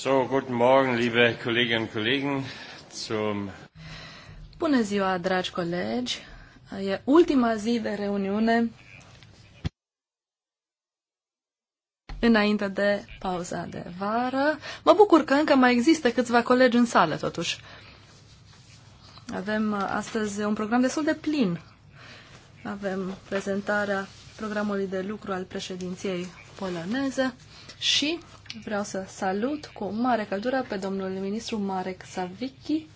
So, guten Morgen, liebe Kolleginnen und Kollegen, zum Bună ziua, dragi colegi! E ultima zi de reuniune înainte de pauza de vară. Mă bucur că încă mai există câțiva colegi în sală, totuși. Avem uh, astăzi un program destul de plin. Avem prezentarea programului de lucru al președinției poloneze și Vreau să salut cu mare căldură pe domnul ministru Marek Savicki,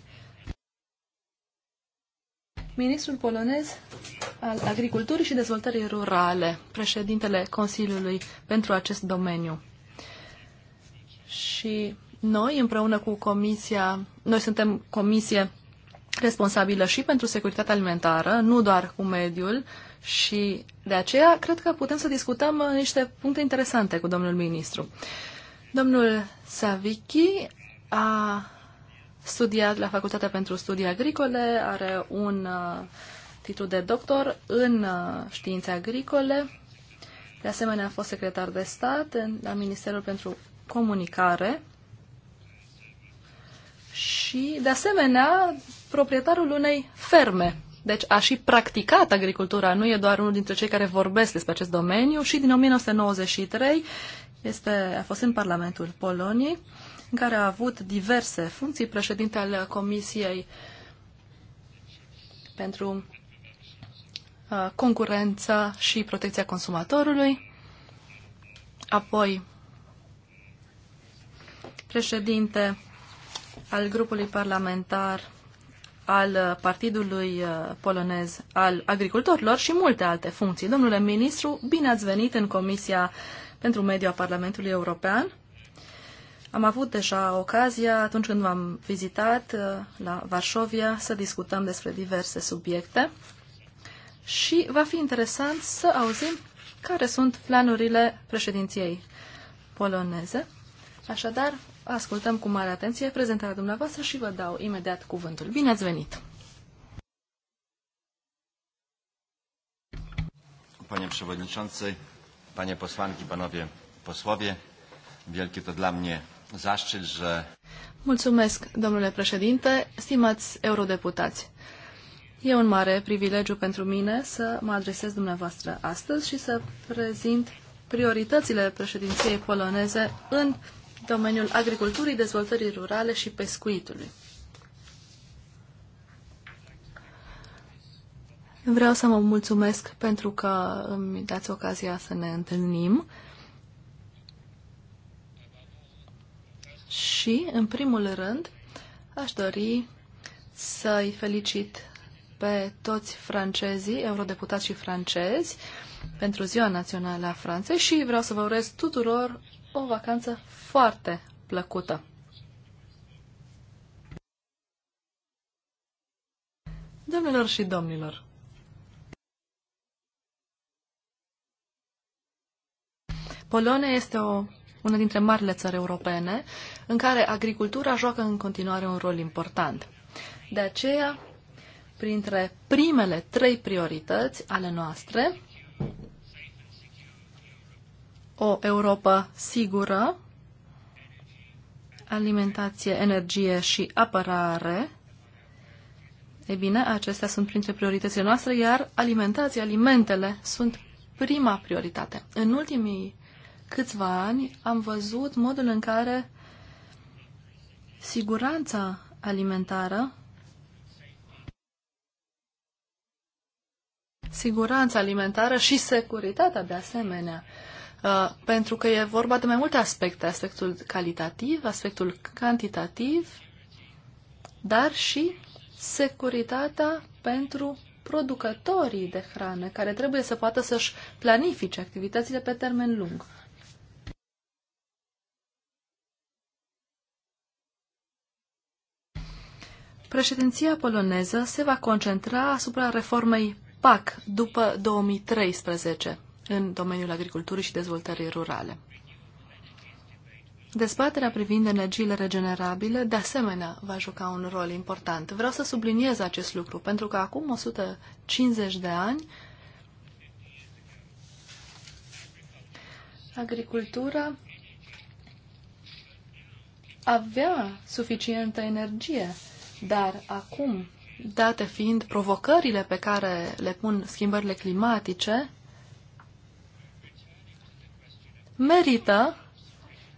ministrul polonez al Agriculturii și Dezvoltării Rurale, președintele Consiliului pentru acest domeniu. Și noi, împreună cu Comisia, noi suntem Comisie responsabilă și pentru securitatea alimentară, nu doar cu mediul, și de aceea cred că putem să discutăm niște puncte interesante cu domnul ministru. Uh, Domnul Savichi a studiat la Facultatea pentru Studii Agricole, are un uh, titlu de doctor în uh, științe agricole. De asemenea, a fost secretar de stat la Ministerul pentru Comunicare și, de asemenea, proprietarul unei ferme. Deci a și practicat agricultura, nu e doar unul dintre cei care vorbesc despre acest domeniu și din 1993 este, a fost în Parlamentul Poloniei, în care a avut diverse funcții, președinte al Comisiei pentru concurența și protecția consumatorului, apoi președinte al grupului parlamentar al Partidului Polonez al Agricultorilor și multe alte funcții. Domnule ministru, bine ați venit în Comisia pentru mediul a Parlamentului European. Am avut deja ocazia, atunci când v-am vizitat uh, la Varșovia, să discutăm despre diverse subiecte și va fi interesant să auzim care sunt planurile președinției poloneze. Așadar, ascultăm cu mare atenție prezentarea dumneavoastră și vă dau imediat cuvântul. Bine ați venit! Panie Przewodniczący, panie posłanki, panowie posłowie. Wielki to dla mnie zaszczyt, że... Mulțumesc, domnule președinte, stimați eurodeputați. E un mare privilegiu pentru mine să mă adresez dumneavoastră astăzi și să prezint prioritățile președinției poloneze în domeniul agriculturii, dezvoltării rurale și pescuitului. Vreau să mă mulțumesc pentru că îmi dați ocazia să ne întâlnim. Și, în primul rând, aș dori să-i felicit pe toți francezii, eurodeputați și francezi, pentru Ziua Națională a Franței și vreau să vă urez tuturor o vacanță foarte plăcută. Domnilor și domnilor, Polonia este o, una dintre marile țări europene în care agricultura joacă în continuare un rol important. De aceea, printre primele trei priorități ale noastre, o Europa sigură, alimentație, energie și apărare, ei bine, acestea sunt printre prioritățile noastre, iar alimentația, alimentele sunt prima prioritate. În ultimii câțiva ani am văzut modul în care siguranța alimentară siguranța alimentară și securitatea de asemenea. Uh, pentru că e vorba de mai multe aspecte, aspectul calitativ, aspectul cantitativ, dar și securitatea pentru producătorii de hrană, care trebuie să poată să-și planifice activitățile pe termen lung. Președinția poloneză se va concentra asupra reformei PAC după 2013 în domeniul agriculturii și dezvoltării rurale. Dezbaterea privind energiile regenerabile, de asemenea, va juca un rol important. Vreau să subliniez acest lucru, pentru că acum 150 de ani, agricultura avea suficientă energie dar acum, date fiind provocările pe care le pun schimbările climatice, merită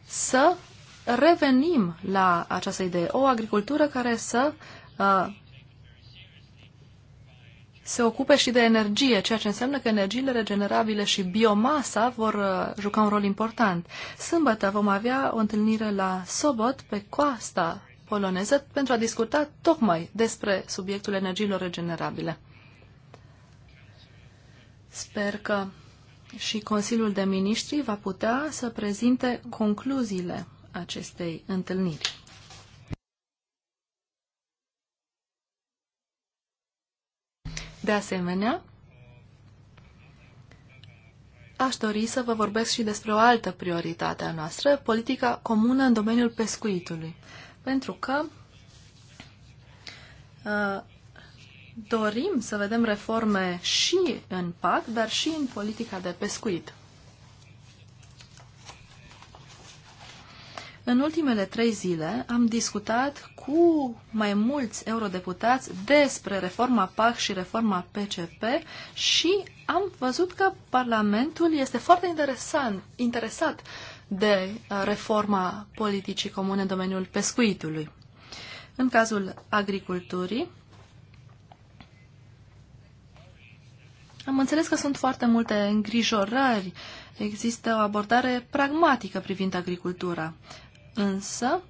să revenim la această idee. O agricultură care să uh, se ocupe și de energie, ceea ce înseamnă că energiile regenerabile și biomasa vor uh, juca un rol important. Sâmbătă vom avea o întâlnire la Sobot, pe coasta poloneză pentru a discuta tocmai despre subiectul energiilor regenerabile. Sper că și Consiliul de Ministri va putea să prezinte concluziile acestei întâlniri. De asemenea, aș dori să vă vorbesc și despre o altă prioritate a noastră, politica comună în domeniul pescuitului pentru că uh, dorim să vedem reforme și în PAC, dar și în politica de pescuit. În ultimele trei zile am discutat cu mai mulți eurodeputați despre reforma PAC și reforma PCP și am văzut că Parlamentul este foarte interesant, interesat de uh, reforma politicii comune în domeniul pescuitului. În cazul agriculturii, am înțeles că sunt foarte multe îngrijorări, există o abordare pragmatică privind agricultura, însă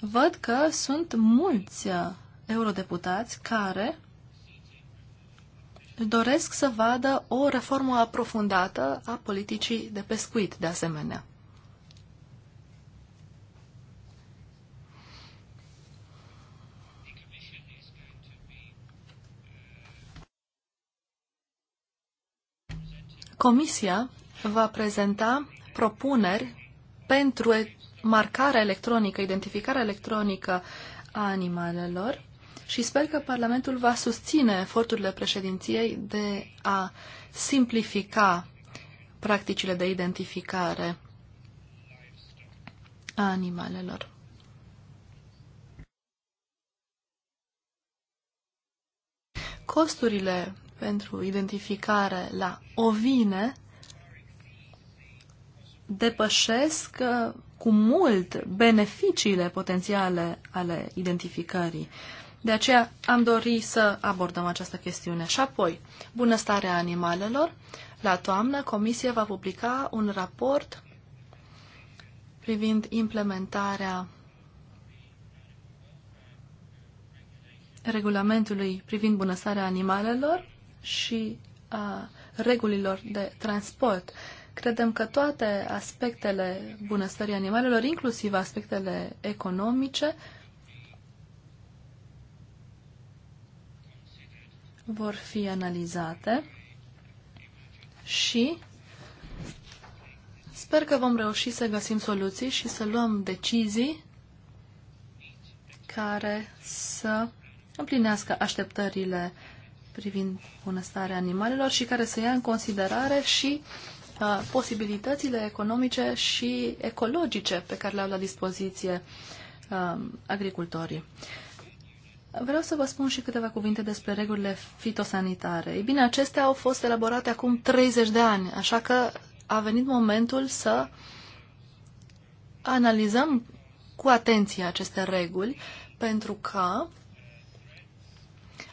văd că sunt mulți uh, eurodeputați care doresc să vadă o reformă aprofundată a politicii de pescuit, de asemenea. Comisia va prezenta propuneri pentru marcarea electronică, identificarea electronică a animalelor și sper că Parlamentul va susține eforturile președinției de a simplifica practicile de identificare a animalelor. Costurile pentru identificare la ovine depășesc uh, cu mult beneficiile potențiale ale identificării. De aceea am dorit să abordăm această chestiune. Și apoi, bunăstarea animalelor. La toamnă, Comisia va publica un raport privind implementarea regulamentului privind bunăstarea animalelor și a regulilor de transport. Credem că toate aspectele bunăstării animalelor, inclusiv aspectele economice, vor fi analizate și sper că vom reuși să găsim soluții și să luăm decizii care să împlinească așteptările privind bunăstarea animalelor și care să ia în considerare și uh, posibilitățile economice și ecologice pe care le au la dispoziție uh, agricultorii. Vreau să vă spun și câteva cuvinte despre regulile fitosanitare. Ei bine, acestea au fost elaborate acum 30 de ani, așa că a venit momentul să analizăm cu atenție aceste reguli, pentru că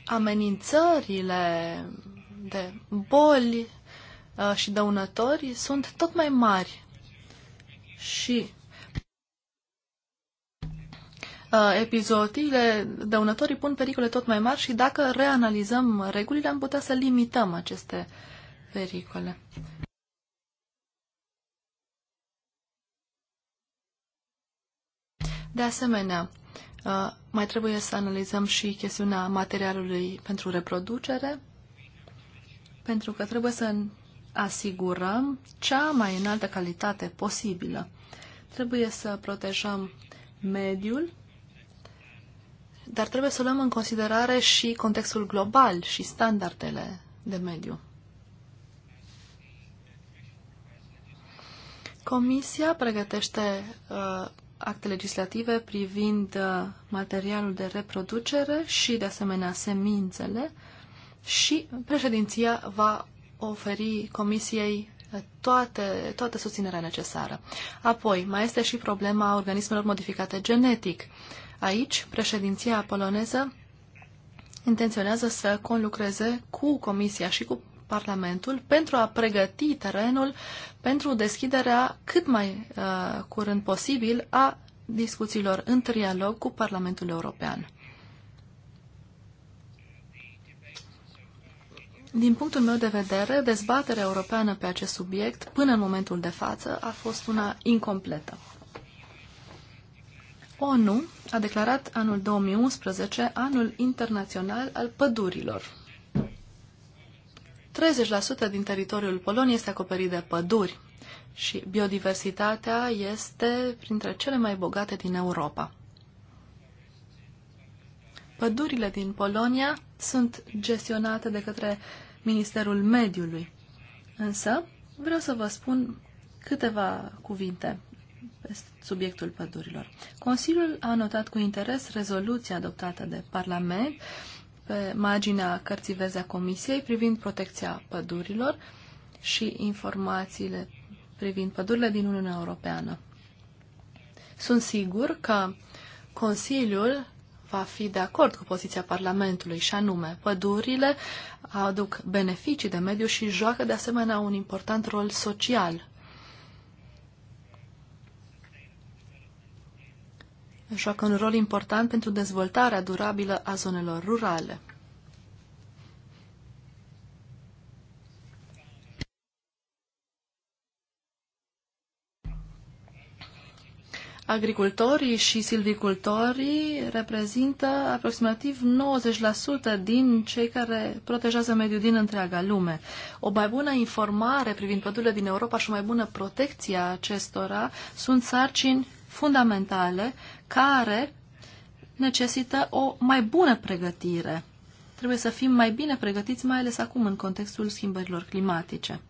amenințările de boli uh, și dăunători sunt tot mai mari și Uh, epizotiile, dăunătorii pun pericole tot mai mari și dacă reanalizăm regulile, am putea să limităm aceste pericole. De asemenea, uh, mai trebuie să analizăm și chestiunea materialului pentru reproducere, pentru că trebuie să asigurăm cea mai înaltă calitate posibilă. Trebuie să protejăm mediul dar trebuie să luăm în considerare și contextul global și standardele de mediu. Comisia pregătește uh, acte legislative privind uh, materialul de reproducere și, de asemenea, semințele și președinția va oferi Comisiei uh, toate, toată susținerea necesară. Apoi, mai este și problema organismelor modificate genetic. Uh, Aici, președinția poloneză intenționează să conlucreze cu Comisia și cu Parlamentul pentru a pregăti terenul pentru deschiderea cât mai uh, curând posibil a discuțiilor în trialog cu Parlamentul European. Din punctul meu de vedere, dezbaterea europeană pe acest subiect, până în momentul de față, a fost una incompletă. ONU a declarat anul 2011 anul internațional al pădurilor. 30% din teritoriul Poloniei este acoperit de păduri și biodiversitatea este printre cele mai bogate din Europa. Pădurile din Polonia sunt gestionate de către Ministerul Mediului. Însă, vreau să vă spun câteva cuvinte subiectul pădurilor. Consiliul a notat cu interes rezoluția adoptată de Parlament pe marginea cărții verzi a Comisiei privind protecția pădurilor și informațiile privind pădurile din Uniunea Europeană. Sunt sigur că Consiliul va fi de acord cu poziția Parlamentului și anume, pădurile aduc beneficii de mediu și joacă de asemenea un important rol social joacă un rol important pentru dezvoltarea durabilă a zonelor rurale. Agricultorii și silvicultorii reprezintă aproximativ 90% din cei care protejează mediul din întreaga lume. O mai bună informare privind pădurile din Europa și o mai bună protecție a acestora sunt sarcini fundamentale care necesită o mai bună pregătire. Trebuie să fim mai bine pregătiți, mai ales acum, în contextul schimbărilor climatice.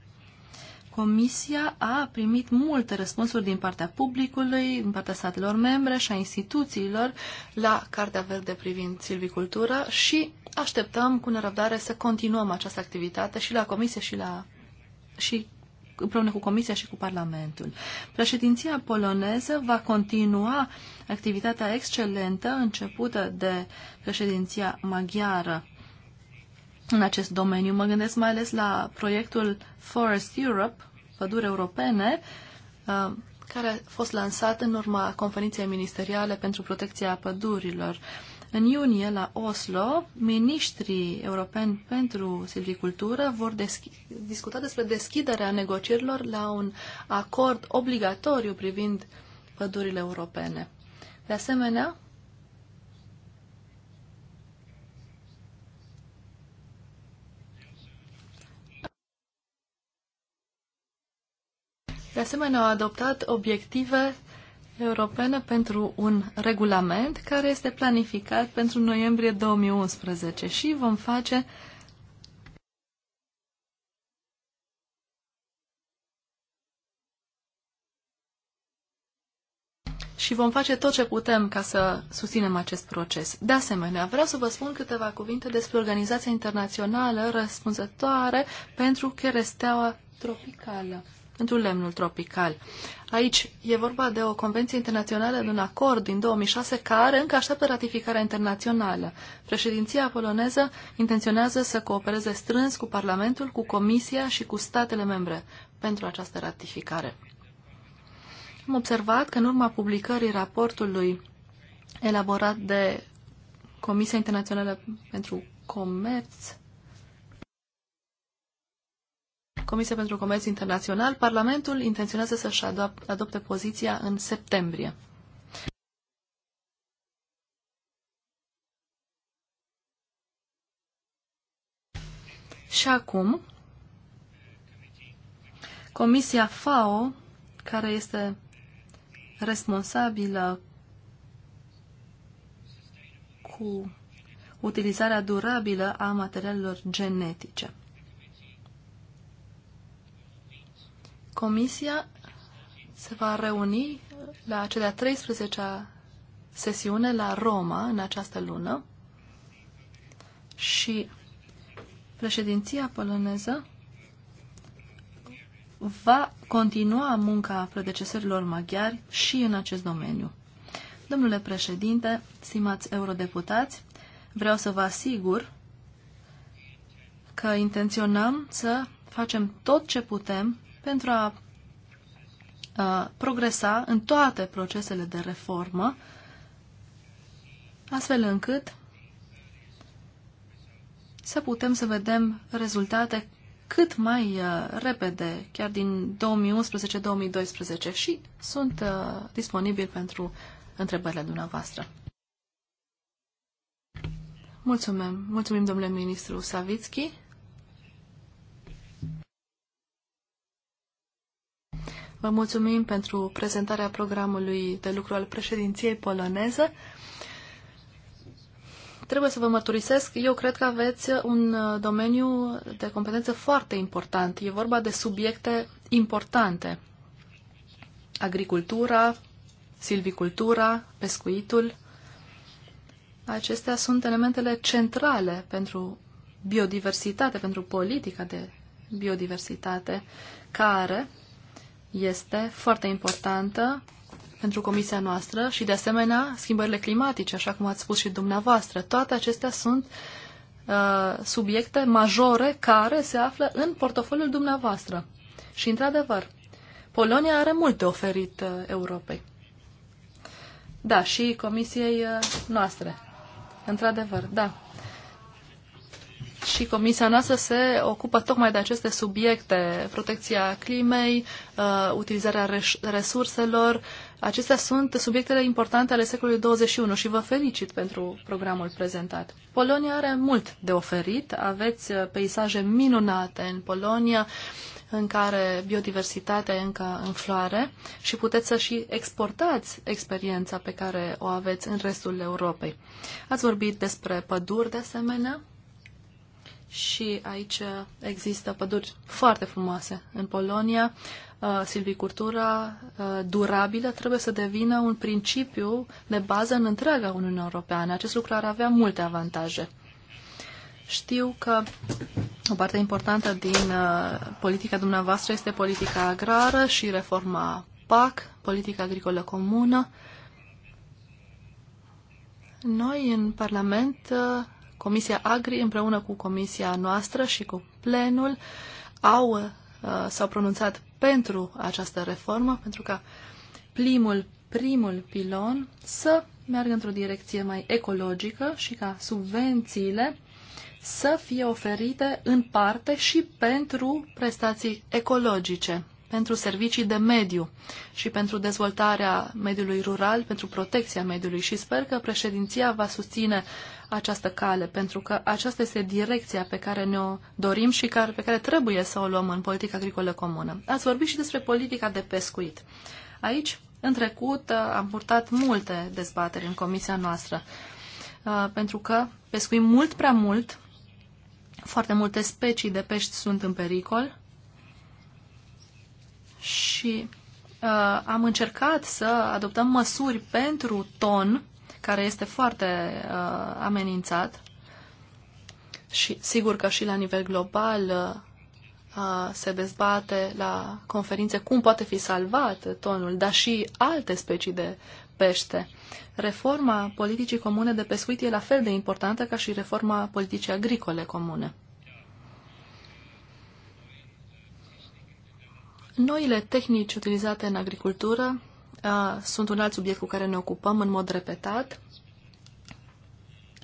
Comisia a primit multe răspunsuri din partea publicului, din partea statelor membre și a instituțiilor la Cartea Verde privind silvicultură și așteptăm cu nerăbdare să continuăm această activitate și la Comisie și la și împreună cu Comisia și cu Parlamentul. Președinția poloneză va continua activitatea excelentă începută de președinția maghiară în acest domeniu. Mă gândesc mai ales la proiectul Forest Europe, păduri europene, uh, care a fost lansat în urma conferinței ministeriale pentru protecția pădurilor. În iunie, la Oslo, ministrii europeni pentru silvicultură vor discuta despre deschiderea negocierilor la un acord obligatoriu privind pădurile europene. De asemenea, De asemenea, au adoptat obiective Europene pentru un regulament care este planificat pentru noiembrie 2011 și vom face și vom face tot ce putem ca să susținem acest proces. De asemenea, vreau să vă spun câteva cuvinte despre Organizația Internațională Răspunzătoare pentru Cheresteaua Tropicală pentru lemnul tropical. Aici e vorba de o convenție internațională, de un acord din 2006, care încă așteaptă ratificarea internațională. Președinția poloneză intenționează să coopereze strâns cu Parlamentul, cu Comisia și cu statele membre pentru această ratificare. Am observat că în urma publicării raportului elaborat de Comisia Internațională pentru Comerț, Comisia pentru Comerț Internațional, Parlamentul intenționează să-și adopte poziția în septembrie. Și acum, Comisia FAO, care este responsabilă cu utilizarea durabilă a materialelor genetice. Comisia se va reuni la cea de-a 13-a sesiune la Roma în această lună și președinția poloneză va continua munca predecesorilor maghiari și în acest domeniu. Domnule președinte, stimați eurodeputați, vreau să vă asigur că intenționăm să facem tot ce putem pentru a, a progresa în toate procesele de reformă, astfel încât să putem să vedem rezultate cât mai uh, repede, chiar din 2011-2012 și sunt uh, disponibil pentru întrebările dumneavoastră. Mulțumim. Mulțumim, domnule ministru Savitski. Vă mulțumim pentru prezentarea programului de lucru al președinției poloneze. Trebuie să vă mărturisesc, eu cred că aveți un domeniu de competență foarte important. E vorba de subiecte importante. Agricultura, silvicultura, pescuitul. Acestea sunt elementele centrale pentru biodiversitate, pentru politica de biodiversitate, care este foarte importantă pentru comisia noastră și, de asemenea, schimbările climatice, așa cum ați spus și dumneavoastră. Toate acestea sunt uh, subiecte majore care se află în portofoliul dumneavoastră. Și, într-adevăr, Polonia are multe oferit uh, Europei. Da, și comisiei uh, noastre. Într-adevăr, da și comisia noastră se ocupă tocmai de aceste subiecte, protecția climei, uh, utilizarea resurselor. Acestea sunt subiectele importante ale secolului 21 și vă felicit pentru programul prezentat. Polonia are mult de oferit, aveți uh, peisaje minunate în Polonia în care biodiversitatea e încă în floare și puteți să și exportați experiența pe care o aveți în restul Europei. Ați vorbit despre păduri de asemenea, și aici există păduri foarte frumoase în Polonia. Uh, silvicultura uh, durabilă trebuie să devină un principiu de bază în întreaga Uniune Europeană. Acest lucru ar avea multe avantaje. Știu că o parte importantă din uh, politica dumneavoastră este politica agrară și reforma PAC, politica agricolă comună. Noi în Parlament Comisia Agri împreună cu Comisia noastră și cu plenul au, uh, s-au pronunțat pentru această reformă, pentru ca primul, primul pilon să meargă într-o direcție mai ecologică și ca subvențiile să fie oferite în parte și pentru prestații ecologice pentru servicii de mediu și pentru dezvoltarea mediului rural, pentru protecția mediului și sper că președinția va susține această cale, pentru că aceasta este direcția pe care ne-o dorim și care, pe care trebuie să o luăm în politica agricolă comună. Ați vorbit și despre politica de pescuit. Aici, în trecut, am purtat multe dezbateri în comisia noastră, uh, pentru că pescuim mult prea mult, foarte multe specii de pești sunt în pericol și uh, am încercat să adoptăm măsuri pentru ton, care este foarte uh, amenințat. Și sigur că și la nivel global uh, se dezbate la conferințe cum poate fi salvat tonul, dar și alte specii de pește. Reforma politicii comune de pescuit e la fel de importantă ca și reforma politicii agricole comune. Noile tehnici utilizate în agricultură uh, sunt un alt subiect cu care ne ocupăm în mod repetat.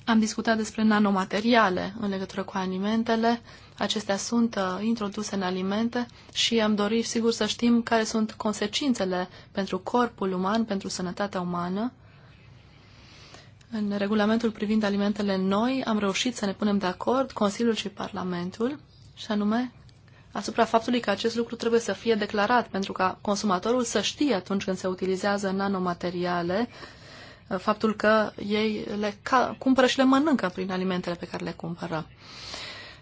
Am discutat despre nanomateriale în legătură cu alimentele. Acestea sunt uh, introduse în alimente și am dorit, sigur, să știm care sunt consecințele pentru corpul uman, pentru sănătatea umană. În regulamentul privind alimentele noi am reușit să ne punem de acord Consiliul și Parlamentul, și anume asupra faptului că acest lucru trebuie să fie declarat, pentru ca consumatorul să știe atunci când se utilizează nanomateriale uh, faptul că ei le cumpără și le mănâncă prin alimentele pe care le cumpără.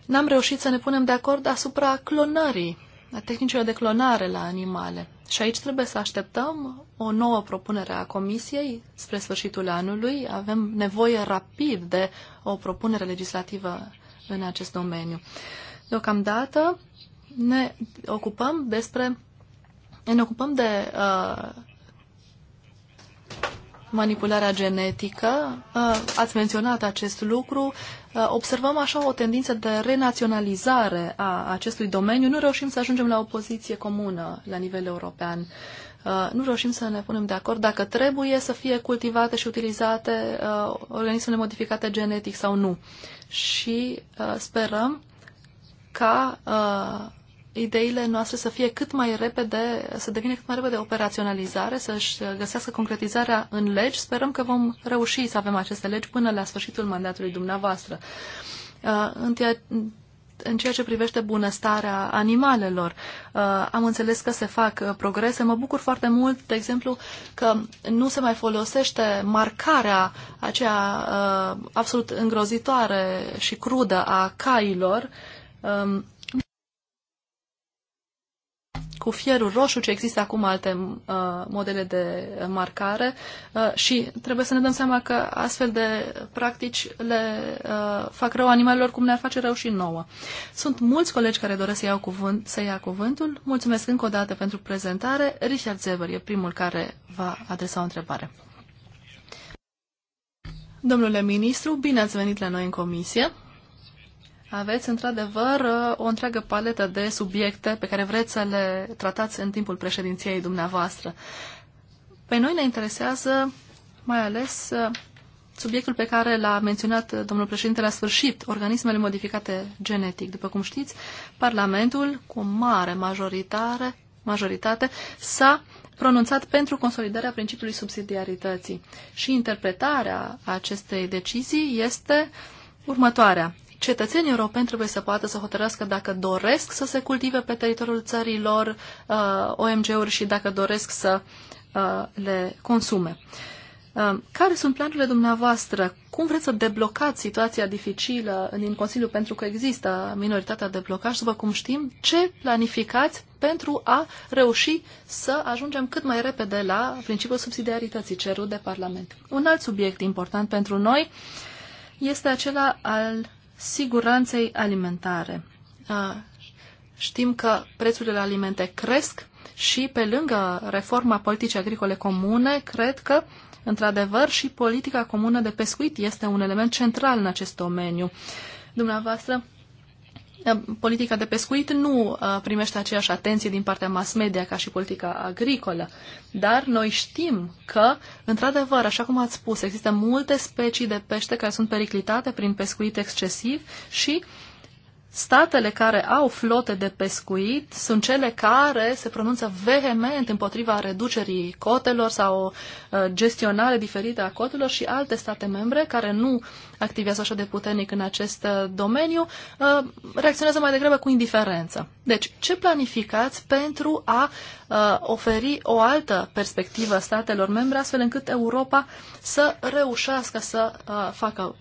N-am reușit să ne punem de acord asupra clonării, a tehnicilor de clonare la animale. Și aici trebuie să așteptăm o nouă propunere a Comisiei spre sfârșitul anului. Avem nevoie rapid de o propunere legislativă în acest domeniu. Deocamdată, ne ocupăm despre ne ocupăm de uh, manipularea genetică. Uh, ați menționat acest lucru. Uh, observăm așa o tendință de renaționalizare a acestui domeniu. Nu reușim să ajungem la o poziție comună la nivel european. Uh, nu reușim să ne punem de acord dacă trebuie să fie cultivate și utilizate uh, organismele modificate genetic sau nu. Și uh, sperăm ca uh, ideile noastre să fie cât mai repede, să devină cât mai repede operaționalizare, să-și găsească concretizarea în legi. Sperăm că vom reuși să avem aceste legi până la sfârșitul mandatului dumneavoastră. Uh, în ceea ce privește bunăstarea animalelor, uh, am înțeles că se fac uh, progrese. Mă bucur foarte mult, de exemplu, că nu se mai folosește marcarea aceea absolut îngrozitoare și crudă a cailor, um, cu fierul roșu, ce există acum alte uh, modele de marcare uh, și trebuie să ne dăm seama că astfel de practici le uh, fac rău animalelor cum ne-ar face rău și nouă. Sunt mulți colegi care doresc să, iau cuvânt, să ia cuvântul. Mulțumesc încă o dată pentru prezentare. Richard Zever e primul care va adresa o întrebare. Domnule ministru, bine ați venit la noi în comisie. Aveți, într-adevăr, uh, o întreagă paletă de subiecte pe care vreți să le tratați în timpul președinției dumneavoastră. Pe noi ne interesează mai ales uh, subiectul pe care l-a menționat uh, domnul președinte la sfârșit, organismele modificate genetic. După cum știți, Parlamentul, cu mare majoritate, majoritate s-a pronunțat pentru consolidarea principiului subsidiarității. Și interpretarea acestei decizii este următoarea cetățenii europeni trebuie să poată să hotărească dacă doresc să se cultive pe teritoriul țărilor uh, OMG-uri și dacă doresc să uh, le consume. Uh, care sunt planurile dumneavoastră? Cum vreți să deblocați situația dificilă din Consiliu pentru că există minoritatea de blocaj, după cum știm? Ce planificați pentru a reuși să ajungem cât mai repede la principiul subsidiarității cerut de Parlament? Un alt subiect important pentru noi este acela al siguranței alimentare. Știm că prețurile la alimente cresc și pe lângă reforma politicii agricole comune, cred că, într-adevăr, și politica comună de pescuit este un element central în acest domeniu. Dumneavoastră politica de pescuit nu uh, primește aceeași atenție din partea mass media ca și politica agricolă, dar noi știm că, într-adevăr, așa cum ați spus, există multe specii de pește care sunt periclitate prin pescuit excesiv și uh, statele care au flote de pescuit sunt cele care se pronunță vehement împotriva reducerii cotelor sau uh, gestionare diferită a cotelor și alte state membre care nu activează așa de puternic în acest uh, domeniu uh, reacționează mai degrabă cu indiferență. Deci, ce planificați pentru a oferi o altă perspectivă statelor membre astfel încât Europa să reușească să facă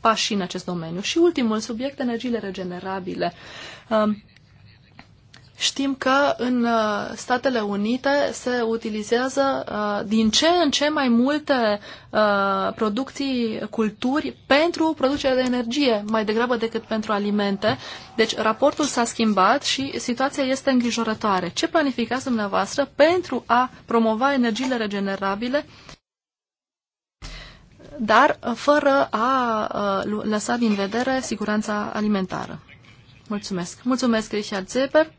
pași în acest domeniu. Și ultimul subiect, energiile regenerabile. Um, știm că în uh, Statele Unite se utilizează uh, din ce în ce mai multe uh, producții, culturi pentru producerea de energie, mai degrabă decât pentru alimente. Deci raportul s-a schimbat și situația este îngrijorătoare. Ce planificați dumneavoastră pentru a promova energiile regenerabile dar uh, fără a uh, lăsa din vedere siguranța alimentară. Mulțumesc. Mulțumesc, Richard Zeper,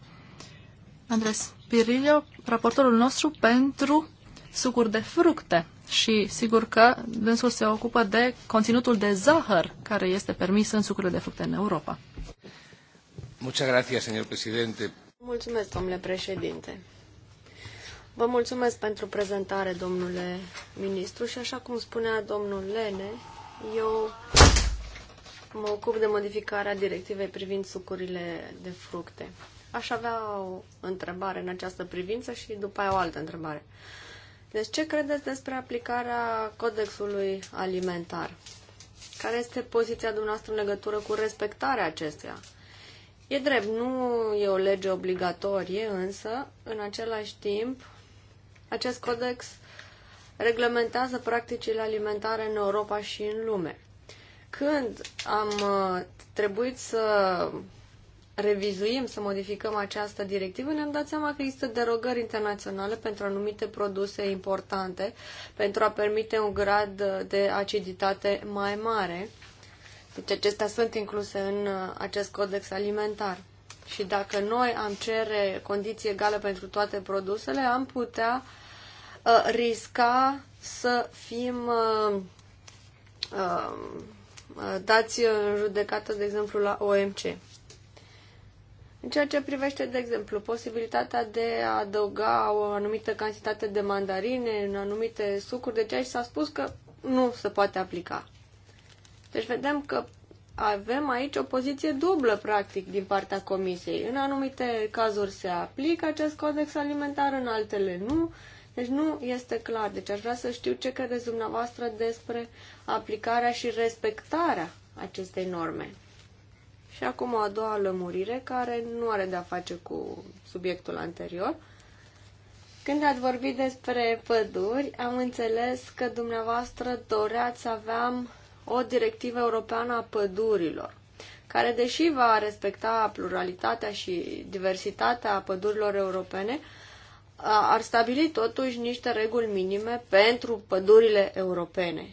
Andres Pirillo, raportorul nostru pentru sucuri de fructe. Și sigur că dânsul se ocupă de conținutul de zahăr care este permis în sucurile de fructe în Europa. Mulțumesc, domnule președinte. Vă mulțumesc pentru prezentare, domnule ministru, și așa cum spunea domnul Lene, eu mă ocup de modificarea directivei privind sucurile de fructe. Aș avea o întrebare în această privință și după aia o altă întrebare. Deci ce credeți despre aplicarea codexului alimentar? Care este poziția dumneavoastră în legătură cu respectarea acesteia? E drept, nu e o lege obligatorie, însă, în același timp, acest codex reglementează practicile alimentare în Europa și în lume. Când am uh, trebuit să revizuim, să modificăm această directivă, ne-am dat seama că există derogări internaționale pentru anumite produse importante, pentru a permite un grad de aciditate mai mare. Deci acestea sunt incluse în uh, acest codex alimentar. Și dacă noi am cere condiții egale pentru toate produsele, am putea uh, Uh, risca să fim uh, uh, dați în judecată, de exemplu, la OMC. În ceea ce privește, de exemplu, posibilitatea de a adăuga o anumită cantitate de mandarine în anumite sucuri de deci ceai, s-a spus că nu se poate aplica. Deci vedem că avem aici o poziție dublă, practic, din partea comisiei. În anumite cazuri se aplică acest codex alimentar, în altele nu. Uh, deci nu este clar. Deci aș vrea să știu ce credeți dumneavoastră despre aplicarea și respectarea acestei norme. Și acum o a doua lămurire care nu are de-a face cu subiectul anterior. Când ați vorbit despre păduri, am înțeles că dumneavoastră doreați să aveam o directivă europeană a pădurilor, care, deși va respecta pluralitatea și diversitatea pădurilor europene, ar stabili totuși niște reguli minime pentru pădurile europene.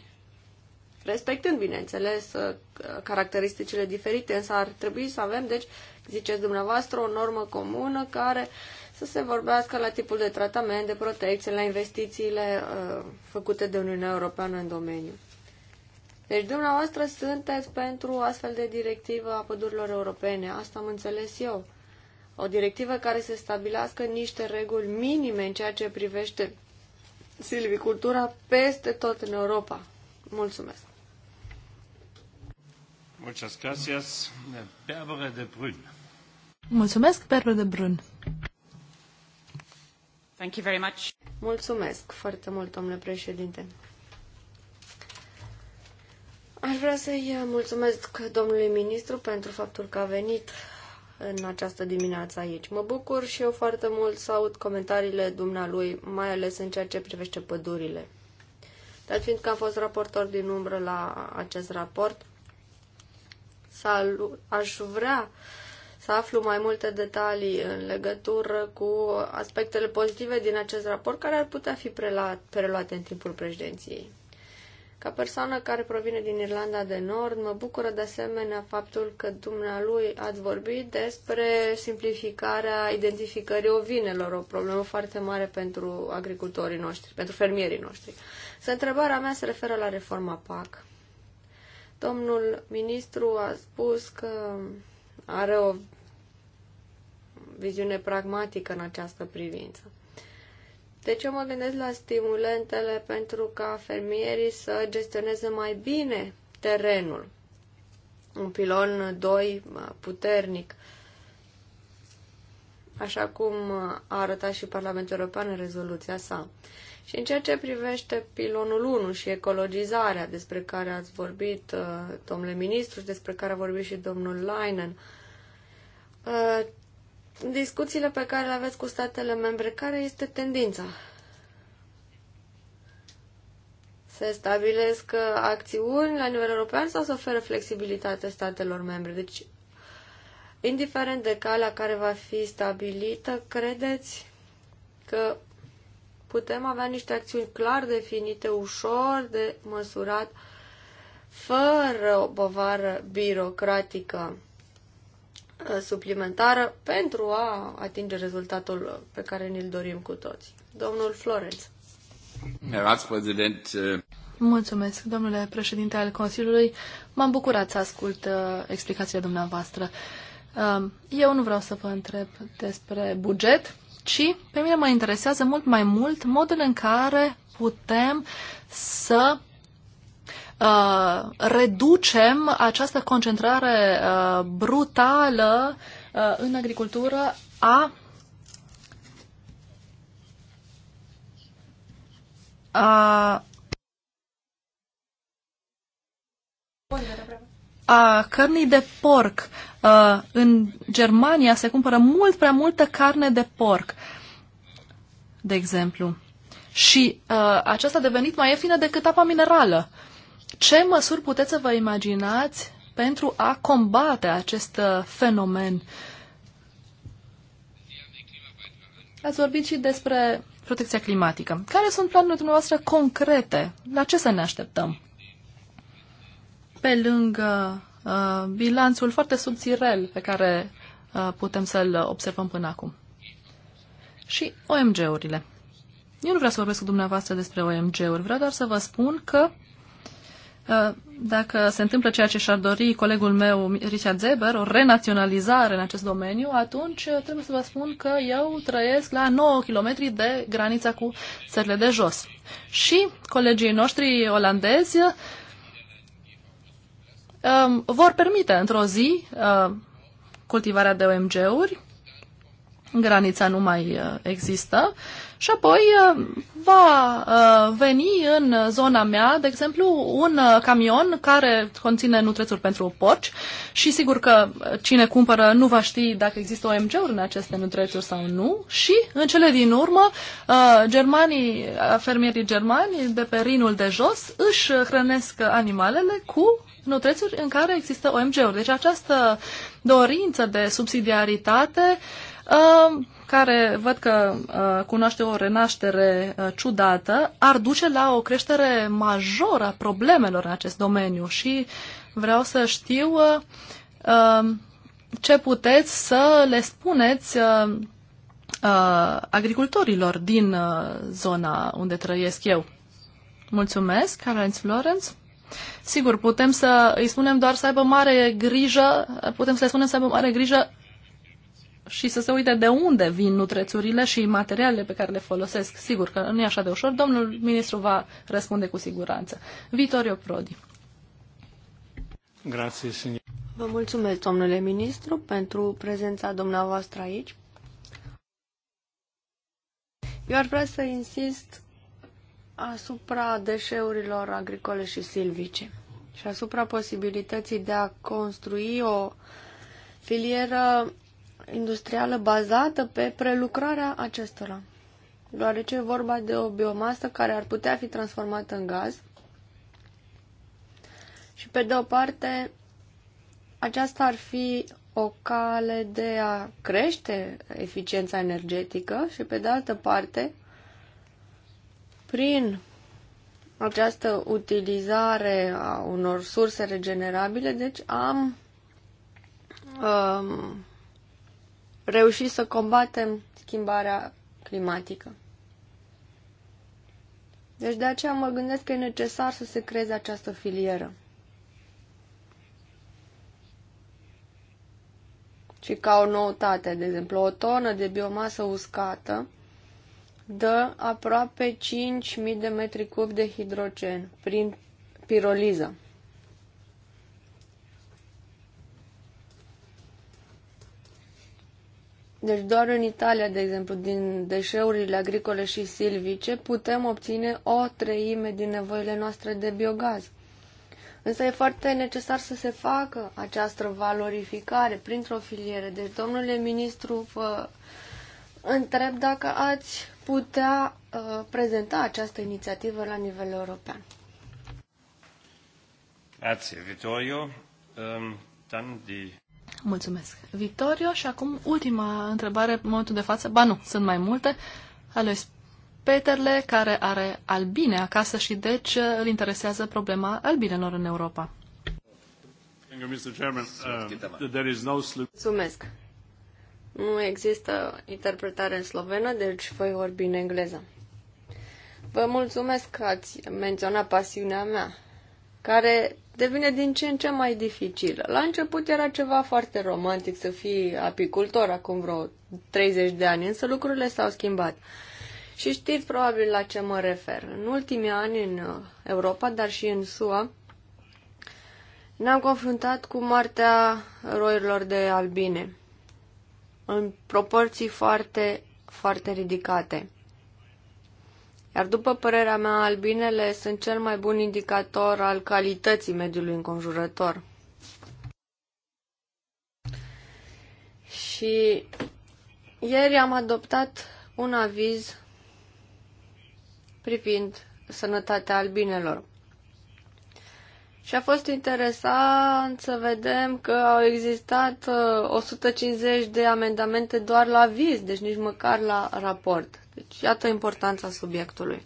Respectând, bineînțeles, caracteristicile diferite, însă ar trebui să avem, deci, ziceți dumneavoastră, o normă comună care să se vorbească la tipul de tratament, de protecție, la investițiile uh, făcute de Uniunea Europeană în domeniu. Deci, dumneavoastră, sunteți pentru astfel de directivă a pădurilor europene. Asta am înțeles eu o directivă care să stabilească niște reguli minime în ceea ce privește silvicultura peste tot în Europa. Mulțumesc! Muchas gracias, de Brun. Mulțumesc, Barbara de Brun. Thank you very much. Mulțumesc foarte mult, domnule președinte. Aș vrea să-i mulțumesc domnului ministru pentru faptul că a venit în această dimineață aici. Mă bucur și eu foarte mult să aud comentariile dumnealui, mai ales în ceea ce privește pădurile. Dar fiindcă am fost raportor din umbră la acest raport, aș vrea să aflu mai multe detalii în legătură cu aspectele pozitive din acest raport care ar putea fi preluate în timpul președinției. Ca persoană care provine din Irlanda de Nord, mă bucură de asemenea faptul că dumnealui ați vorbit despre simplificarea identificării ovinelor, o problemă foarte mare pentru agricultorii noștri, pentru fermierii noștri. Să întrebarea mea se referă la reforma PAC. Domnul ministru a spus că are o viziune pragmatică în această privință. Deci eu mă gândesc la stimulentele pentru ca fermierii să gestioneze mai bine terenul. Un pilon 2 puternic. Așa cum a arătat și Parlamentul European în rezoluția sa. Și în ceea ce privește pilonul 1 și ecologizarea despre care ați vorbit, uh, domnule ministru, și despre care a vorbit și domnul Leinen, uh, discuțiile pe care le aveți cu statele membre, care este tendința? Se stabilesc uh, acțiuni la nivel european sau se oferă flexibilitate statelor membre? Deci, indiferent de calea care va fi stabilită, credeți că putem avea niște acțiuni clar definite, ușor de măsurat, fără o povară birocratică Uh, suplimentară pentru a atinge rezultatul pe care ni-l dorim cu toți. Domnul Florenț. Ratspreședint. Uh, Mulțumesc, domnule președinte al Consiliului. M-am bucurat să ascult uh, explicațiile dumneavoastră. Uh, eu nu vreau să vă întreb despre buget, ci pe mine mă interesează mult mai mult modul în care putem să Uh, reducem această concentrare uh, brutală uh, în agricultură a a a cărnii de porc. Uh, în Germania se cumpără mult prea multă carne de porc, de exemplu. Și uh, aceasta a devenit mai ieftină decât apa minerală. Uh, ce măsuri puteți să vă imaginați pentru a combate acest uh, fenomen? Ați vorbit și despre protecția climatică. Care sunt planurile dumneavoastră concrete? La ce să ne așteptăm? Pe lângă uh, bilanțul foarte subțirel pe care uh, putem să-l observăm până acum. Și OMG-urile. Eu nu vreau să vorbesc cu dumneavoastră despre OMG-uri, vreau doar să vă spun că Uh, dacă se întâmplă ceea ce și-ar dori colegul meu, Richard Zeber, o renaționalizare în acest domeniu, atunci uh, trebuie să vă spun că eu trăiesc la 9 km de granița cu țările de jos. Și colegii noștri olandezi um, vor permite într-o zi uh, cultivarea de OMG-uri, granița nu mai uh, există, uh, și apoi uh, va uh, veni în zona mea, de exemplu, un uh, camion care conține nutrețuri pentru porci și sigur că cine cumpără nu va ști dacă există OMG-uri în aceste nutrețuri sau nu și în cele din urmă germanii, fermierii germani de pe Rinul de jos își hrănesc animalele cu nutrețuri în care există OMG-uri. Deci această dorință de subsidiaritate uh, care văd că uh, cunoaște o renaștere uh, ciudată, ar duce la o creștere majoră a problemelor în acest domeniu și vreau să știu uh, uh ce puteți să le spuneți uh, uh, agricultorilor din uh, zona unde trăiesc eu. Mulțumesc, Caroline Florence. Sigur, putem să îi spunem doar să aibă mare grijă, putem să le spunem să aibă mare grijă și să se uite de unde vin nutrețurile și materialele pe care le folosesc. Sigur că nu e așa de ușor, domnul ministru va răspunde cu siguranță. Vitorio Prodi. Grazie, Vă mulțumesc, domnule ministru, pentru prezența dumneavoastră aici. Eu ar vrea să insist asupra deșeurilor agricole și silvice și asupra posibilității de a construi o filieră industrială bazată pe prelucrarea acestora, deoarece e vorba de o biomasă care ar putea fi transformată în gaz. Și pe de o parte, aceasta ar fi o cale de a crește eficiența energetică și pe de altă parte, prin această utilizare a unor surse regenerabile, deci am um, reuși să combatem schimbarea climatică. Deci de aceea mă gândesc că e necesar să se creeze această filieră. Și ca o noutate, de exemplu, o tonă de biomasă uscată dă aproape 5.000 de metri cub de hidrogen prin piroliză. Deci doar în Italia, de exemplu, din deșeurile agricole și silvice, putem obține o treime din nevoile noastre de biogaz. Însă e foarte necesar să se facă această valorificare printr-o filiere. Deci, domnule ministru, vă întreb dacă ați putea uh, prezenta această inițiativă la nivel european. Grazie, Vittorio. Um, ehm, dann die... Mulțumesc, Victorio. Și acum ultima întrebare în momentul de față. Ba nu, sunt mai multe. Alo, Peterle, care are albine acasă și deci îl interesează problema albinelor în Europa. Uh, mulțumesc. Nu există interpretare în slovenă, deci voi vorbi în engleză. Vă mulțumesc că ați menționat pasiunea mea care devine din ce în ce mai dificilă. La început era ceva foarte romantic să fii apicultor acum vreo 30 de ani, însă lucrurile s-au schimbat. Și știți probabil la ce mă refer. În ultimii ani în uh, Europa, dar și în SUA, ne-am confruntat cu moartea roilor de albine în proporții foarte, foarte ridicate. Iar după părerea mea, albinele sunt cel mai bun indicator al calității mediului înconjurător. Și ieri am adoptat un aviz privind sănătatea albinelor. Și a fost interesant să vedem că au existat 150 uh, de amendamente doar la viz, deci nici măcar la raport. Deci, iată importanța subiectului.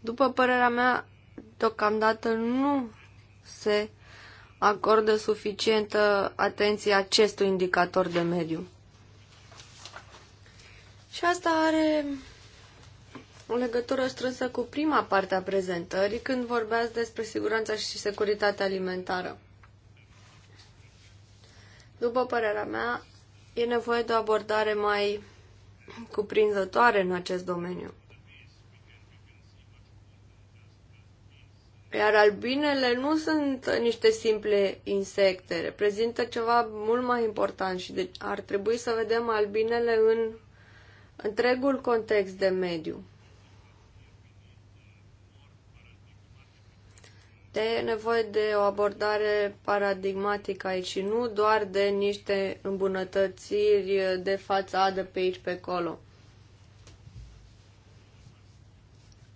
După părerea mea, deocamdată nu se acordă suficientă atenție acestui indicator de mediu. Și asta are o legătură strânsă cu prima parte a prezentării, când vorbeați despre siguranța și securitatea alimentară. După părerea mea, e nevoie de o abordare mai cuprinzătoare în acest domeniu. Iar albinele nu sunt niște simple insecte, reprezintă ceva mult mai important și deci ar trebui să vedem albinele în întregul context de mediu. E nevoie de o abordare paradigmatică aici și nu doar de niște îmbunătățiri de fațadă pe aici, pe acolo.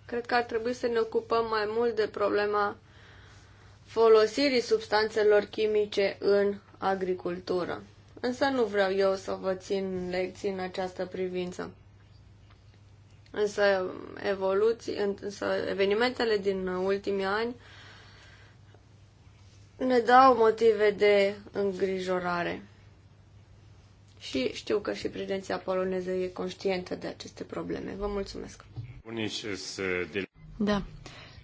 Cred că ar trebui să ne ocupăm mai mult de problema folosirii substanțelor chimice în agricultură. Însă nu vreau eu să vă țin lecții în această privință. Însă, evoluții, însă evenimentele din ultimii ani ne dau motive de îngrijorare. Și știu că și prezenția poloneză e conștientă de aceste probleme. Vă mulțumesc! Da,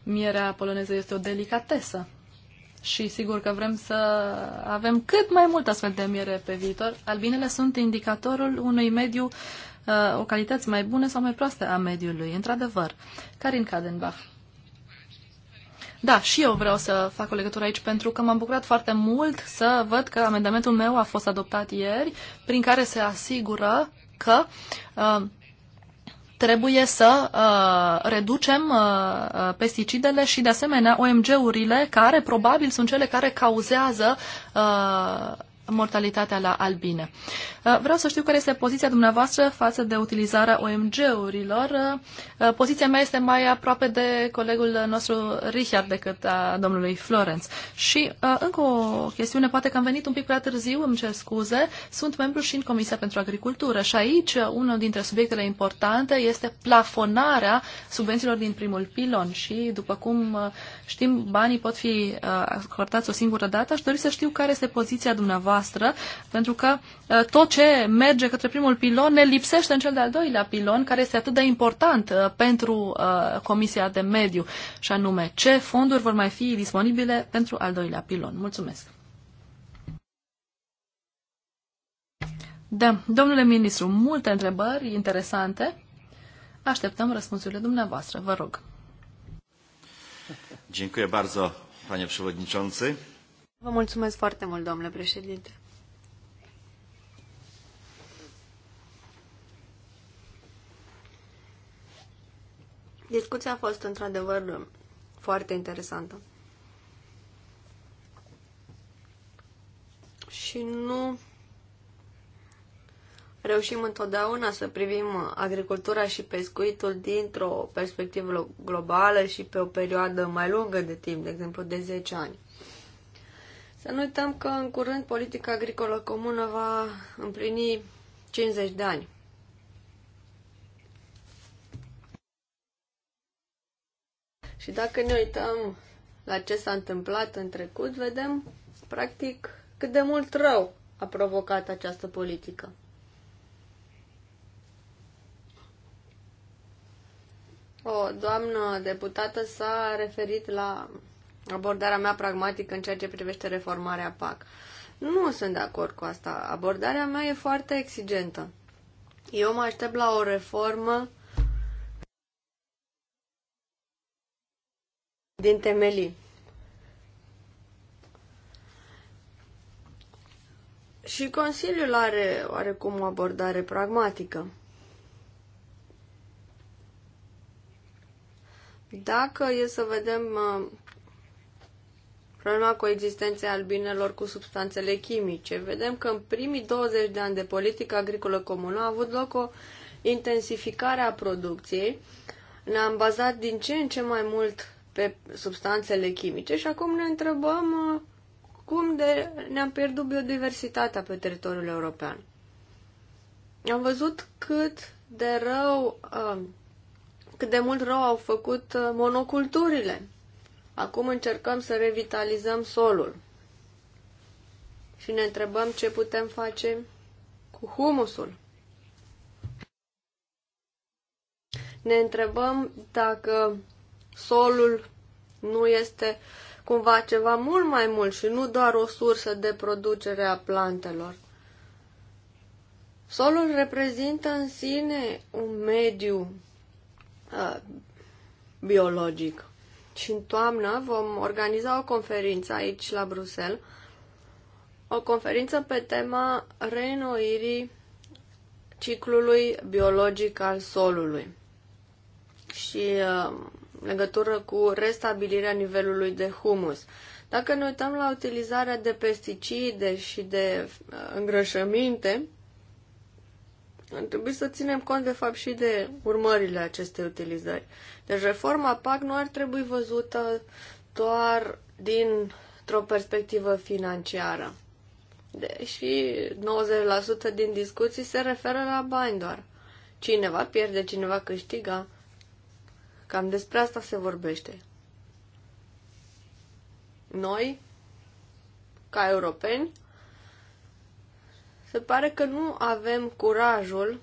mierea poloneză este o delicatesă și sigur că vrem să avem cât mai mult astfel de miere pe viitor. Albinele sunt indicatorul unui mediu, uh, o calități mai bună sau mai proastă a mediului, într-adevăr. Karin Kadenbach. Da, și eu vreau să fac o legătură aici pentru că m-am bucurat foarte mult să văd că amendamentul meu a fost adoptat ieri, prin care se asigură că uh, trebuie să uh, reducem uh, uh pesticidele și, de asemenea, OMG-urile, care probabil sunt cele care cauzează uh, mortalitatea la albine. Uh, vreau să știu care este poziția dumneavoastră față de utilizarea OMG-urilor. Uh, uh, poziția mea este mai aproape de colegul nostru Richard decât a domnului Florence. Și încă o chestiune, poate că am venit un pic prea târziu, îmi cer scuze, sunt membru și în Comisia pentru Agricultură și aici unul dintre subiectele importante este plafonarea subvențiilor din primul pilon și, după cum știm, banii pot fi acordați o singură dată. Aș dori să știu care este poziția dumneavoastră noastră, pentru că uh, tot ce merge către primul pilon ne lipsește în cel de-al doilea pilon, care este atât de important uh, pentru uh, Comisia de Mediu, și anume ce fonduri vor mai fi disponibile pentru al doilea pilon. Mulțumesc! Da, domnule ministru, multe întrebări interesante. Așteptăm răspunsurile dumneavoastră, vă rog. Dziękuję bardzo, panie przewodniczący. Vă mulțumesc foarte mult, domnule președinte. Discuția a fost într-adevăr foarte interesantă. Și nu reușim întotdeauna să privim agricultura și pescuitul dintr-o perspectivă globală și pe o perioadă mai lungă de timp, de exemplu de 10 ani. Să nu uităm că în curând politica agricolă comună va împlini 50 de ani. Și dacă ne uităm la ce s-a întâmplat în trecut, vedem, practic, cât de mult rău a provocat această politică. O doamnă deputată s-a referit la abordarea mea pragmatică în ceea ce privește reformarea PAC. Nu sunt de acord cu asta. Abordarea mea e foarte exigentă. Eu mă aștept la o reformă din temelii. Și Consiliul are oarecum o abordare pragmatică. Dacă e să vedem uh, problema coexistenței albinelor cu substanțele chimice. Vedem că în primii 20 de ani de politică agricolă comună a avut loc o intensificare a producției. Ne-am bazat din ce în ce mai mult pe substanțele chimice și acum ne întrebăm uh, cum de ne-am pierdut biodiversitatea pe teritoriul european. Am văzut cât de rău, uh, cât de mult rău au făcut uh, monoculturile Acum încercăm să revitalizăm solul și ne întrebăm ce putem face cu humusul. Ne întrebăm dacă solul nu este cumva ceva mult mai mult și nu doar o sursă de producere a plantelor. Solul reprezintă în sine un mediu uh, biologic și în toamnă vom organiza o conferință aici la Bruxelles, o conferință pe tema reînnoirii ciclului biologic al solului și uh, legătură cu restabilirea nivelului de humus. Dacă ne uităm la utilizarea de pesticide și de uh, îngrășăminte, ar trebui să ținem cont, de fapt, și de urmările acestei utilizări. Deci reforma PAC nu ar trebui văzută doar dintr-o perspectivă financiară. Deși 90% din discuții se referă la bani doar. Cineva pierde, cineva câștiga. Cam despre asta se vorbește. Noi, ca europeni, se pare că nu avem curajul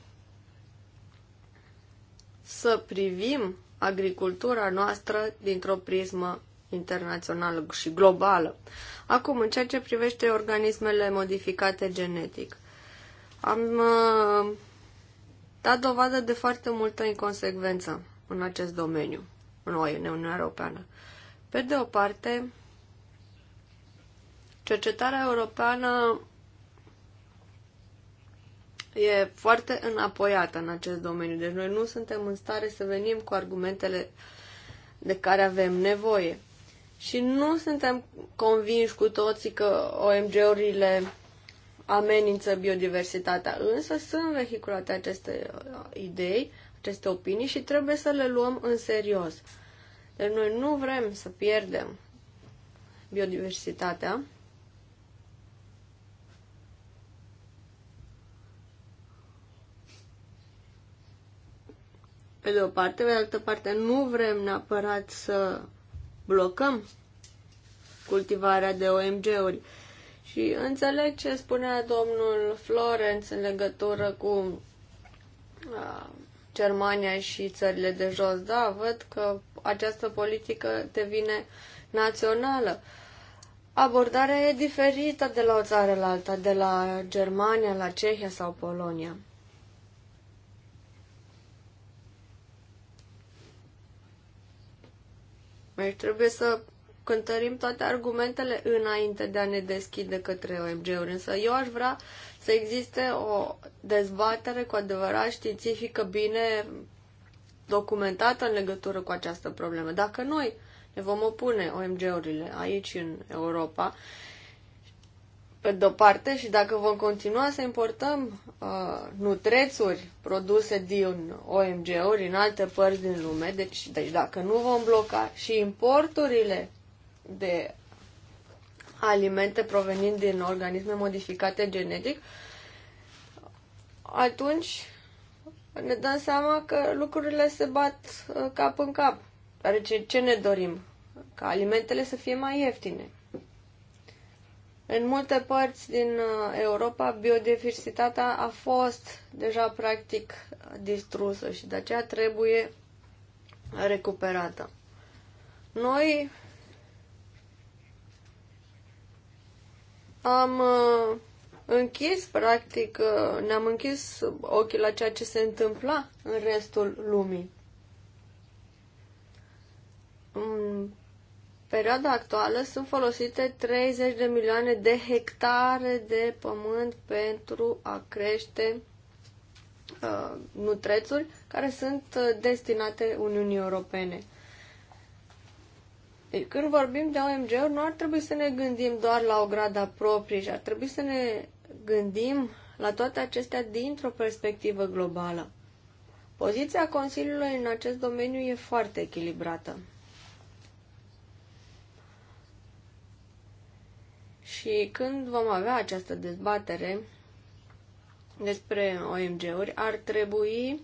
să privim agricultura noastră dintr-o prismă internațională și globală. Acum, în ceea ce privește organismele modificate genetic, am uh, dat dovadă de foarte multă inconsecvență în acest domeniu, noi, în Uniunea Europeană. Pe de o parte, cercetarea europeană e foarte înapoiată în acest domeniu. Deci noi nu suntem în stare să venim cu argumentele de care avem nevoie. Și nu suntem convinși cu toții că OMG-urile amenință biodiversitatea, însă sunt vehiculate aceste uh, idei, aceste opinii și trebuie să le luăm în serios. Deci noi nu vrem să pierdem biodiversitatea, pe de o parte, pe de altă parte nu vrem neapărat să blocăm cultivarea de OMG-uri. Și înțeleg ce spunea domnul Florence în legătură cu a, Germania și țările de jos. Da, văd că această politică devine națională. Abordarea e diferită de la o țară la alta, de la Germania la Cehia sau Polonia. Deci trebuie să cântărim toate argumentele înainte de a ne deschide către OMG-uri. Însă eu aș vrea să existe o dezbatere cu adevărat științifică bine documentată în legătură cu această problemă. Dacă noi ne vom opune OMG-urile aici în Europa pe de-o parte și dacă vom continua să importăm uh, nutrețuri produse din OMG-uri în alte părți din lume, deci, deci dacă nu vom bloca și importurile de alimente provenind din organisme modificate genetic, atunci ne dăm seama că lucrurile se bat uh, cap în cap. Dar ce, ce ne dorim? Ca alimentele să fie mai ieftine. În multe părți din uh, Europa, biodiversitatea a fost deja practic distrusă și de aceea trebuie recuperată. Noi am uh, închis, practic, uh, ne-am închis ochii la ceea ce se întâmpla în restul lumii. Mm, perioada actuală sunt folosite 30 de milioane de hectare de pământ pentru a crește uh, nutrețuri care sunt uh, destinate Uniunii Europene. Deci, când vorbim de OMG-uri, nu ar trebui să ne gândim doar la o grada proprie, ci ar trebui să ne gândim la toate acestea dintr-o perspectivă globală. Poziția Consiliului în acest domeniu e foarte echilibrată. Și când vom avea această dezbatere despre OMG-uri, ar trebui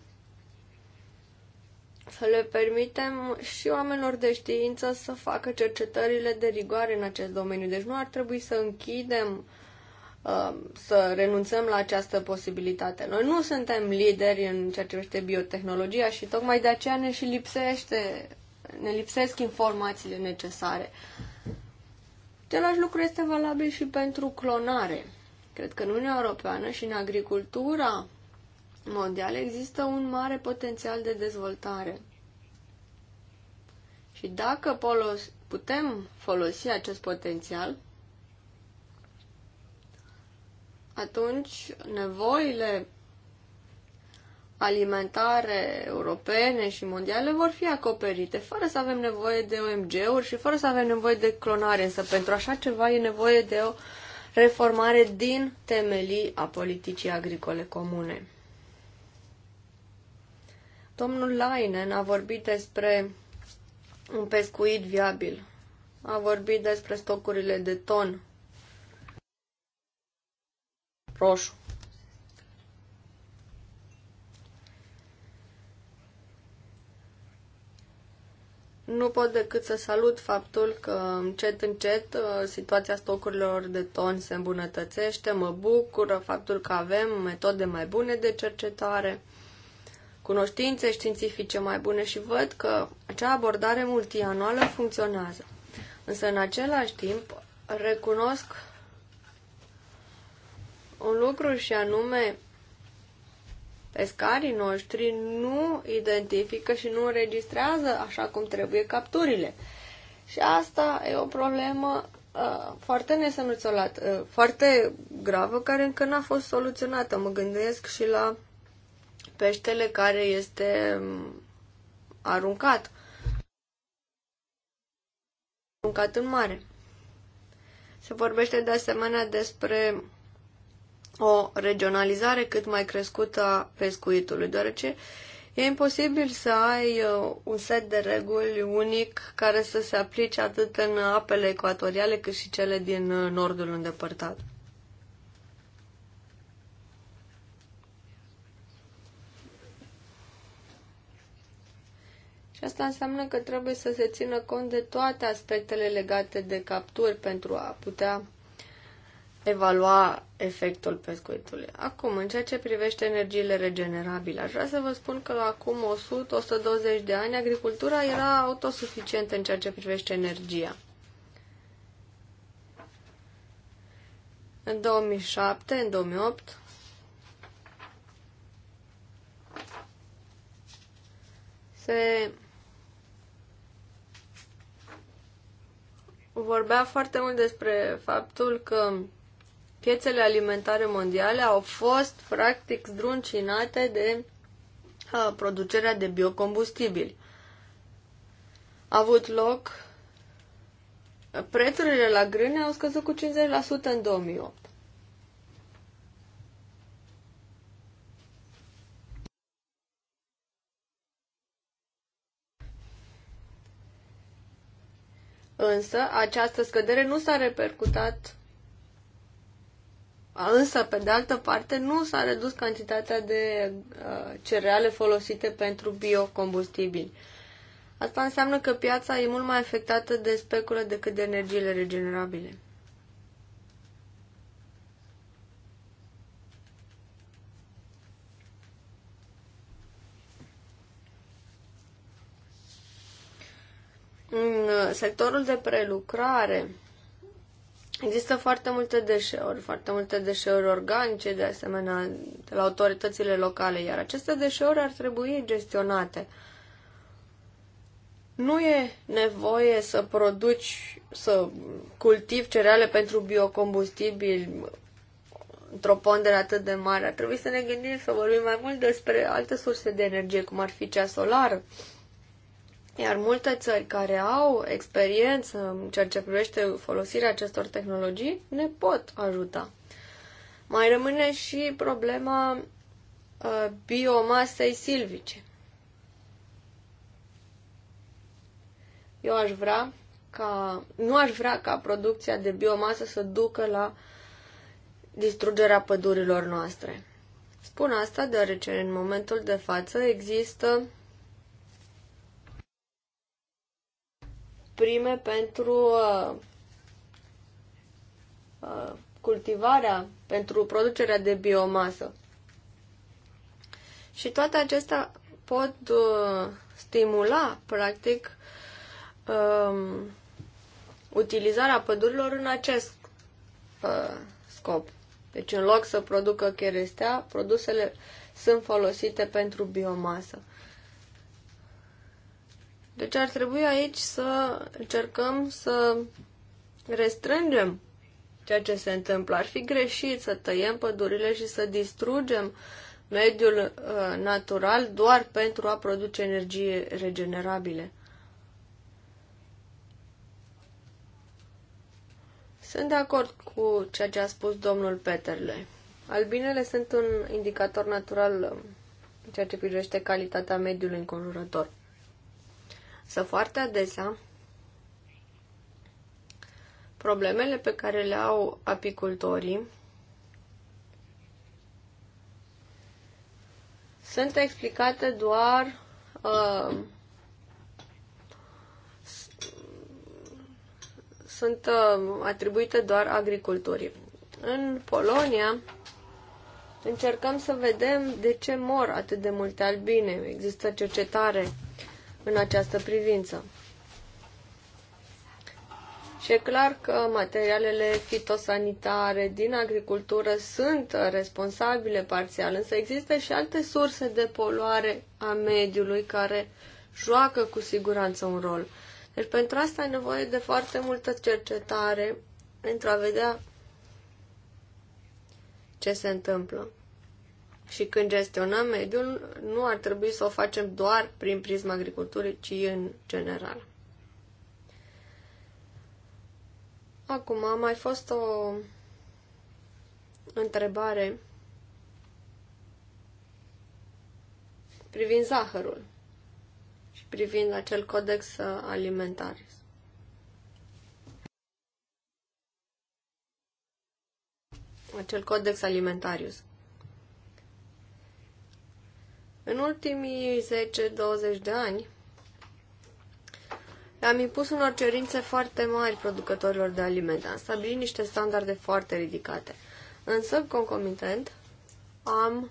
să le permitem și oamenilor de știință să facă cercetările de rigoare în acest domeniu. Deci nu ar trebui să închidem, uh, să renunțăm la această posibilitate. Noi nu suntem lideri în ceea ce privește biotehnologia și tocmai de aceea ne și lipsește, ne lipsesc informațiile necesare. Același lucru este valabil și pentru clonare. Cred că în Uniunea Europeană și în agricultura mondială există un mare potențial de dezvoltare. Și dacă putem folosi acest potențial, atunci nevoile alimentare europene și mondiale vor fi acoperite, fără să avem nevoie de OMG-uri și fără să avem nevoie de clonare. Însă pentru așa ceva e nevoie de o reformare din temelii a politicii agricole comune. Domnul Lainen a vorbit despre un pescuit viabil. A vorbit despre stocurile de ton roșu. Nu pot decât să salut faptul că încet, încet uh, situația stocurilor de ton se îmbunătățește. Mă bucură faptul că avem metode mai bune de cercetare, cunoștințe științifice mai bune și văd că acea abordare multianuală funcționează. Însă, în același timp, recunosc un lucru și anume pescarii noștri nu identifică și nu înregistrează așa cum trebuie capturile. Și asta e o problemă uh, foarte nesănuțolată, uh, foarte gravă, care încă n-a fost soluționată. Mă gândesc și la peștele care este um, aruncat. Aruncat în mare. Se vorbește de asemenea despre o regionalizare cât mai crescută a pescuitului, deoarece e imposibil să ai uh, un set de reguli unic care să se aplice atât în apele ecuatoriale cât și cele din uh, nordul îndepărtat. Și asta înseamnă că trebuie să se țină cont de toate aspectele legate de capturi pentru a putea evalua efectul pescuitului. Acum, în ceea ce privește energiile regenerabile, aș vrea să vă spun că acum 100-120 de ani agricultura era autosuficientă în ceea ce privește energia. În 2007, în 2008, se vorbea foarte mult despre faptul că Piețele alimentare mondiale au fost practic zdruncinate de a, producerea de biocombustibili. A avut loc prețurile la grâne au scăzut cu 50% în 2008. Însă, această scădere nu s-a repercutat Însă, pe de altă parte, nu s-a redus cantitatea de uh, cereale folosite pentru biocombustibili. Asta înseamnă că piața e mult mai afectată de speculă decât de energiile regenerabile. În uh, sectorul de prelucrare, Există foarte multe deșeuri, foarte multe deșeuri organice, de asemenea, de la autoritățile locale, iar aceste deșeuri ar trebui gestionate. Nu e nevoie să produci, să cultivi cereale pentru biocombustibil. într-o pondere atât de mare. Ar trebui să ne gândim să vorbim mai mult despre alte surse de energie, cum ar fi cea solară iar multe țări care au experiență în ceea ce privește folosirea acestor tehnologii ne pot ajuta. Mai rămâne și problema uh, biomasei silvice. Eu aș vrea ca, nu aș vrea ca producția de biomasă să ducă la distrugerea pădurilor noastre. Spun asta deoarece în momentul de față există prime pentru uh, uh, cultivarea, pentru producerea de biomasă. Și toate acestea pot uh, stimula, practic, uh, utilizarea pădurilor în acest uh, scop. Deci, în loc să producă cherestea, produsele sunt folosite pentru biomasă. Deci ar trebui aici să încercăm să restrângem ceea ce se întâmplă. Ar fi greșit să tăiem pădurile și să distrugem mediul uh, natural doar pentru a produce energie regenerabile. Sunt de acord cu ceea ce a spus domnul Peterle. Albinele sunt un indicator natural um, în ceea ce privește calitatea mediului înconjurător. Să foarte adesea problemele pe care le au apicultorii sunt explicate doar uh, sunt uh, atribuite doar agricultorii. În Polonia încercăm să vedem de ce mor atât de multe albine. Există cercetare în această privință. Și e clar că materialele fitosanitare din agricultură sunt responsabile parțial, însă există și alte surse de poluare a mediului care joacă cu siguranță un rol. Deci pentru asta e nevoie de foarte multă cercetare pentru a vedea ce se întâmplă. Și când gestionăm mediul, nu ar trebui să o facem doar prin prisma agriculturii, ci în general. Acum a mai fost o întrebare privind zahărul și privind acel codex alimentar. Acel codex alimentarius. În ultimii 10-20 de ani am impus unor cerințe foarte mari producătorilor de alimente. Am stabilit niște standarde foarte ridicate. Însă, concomitent, am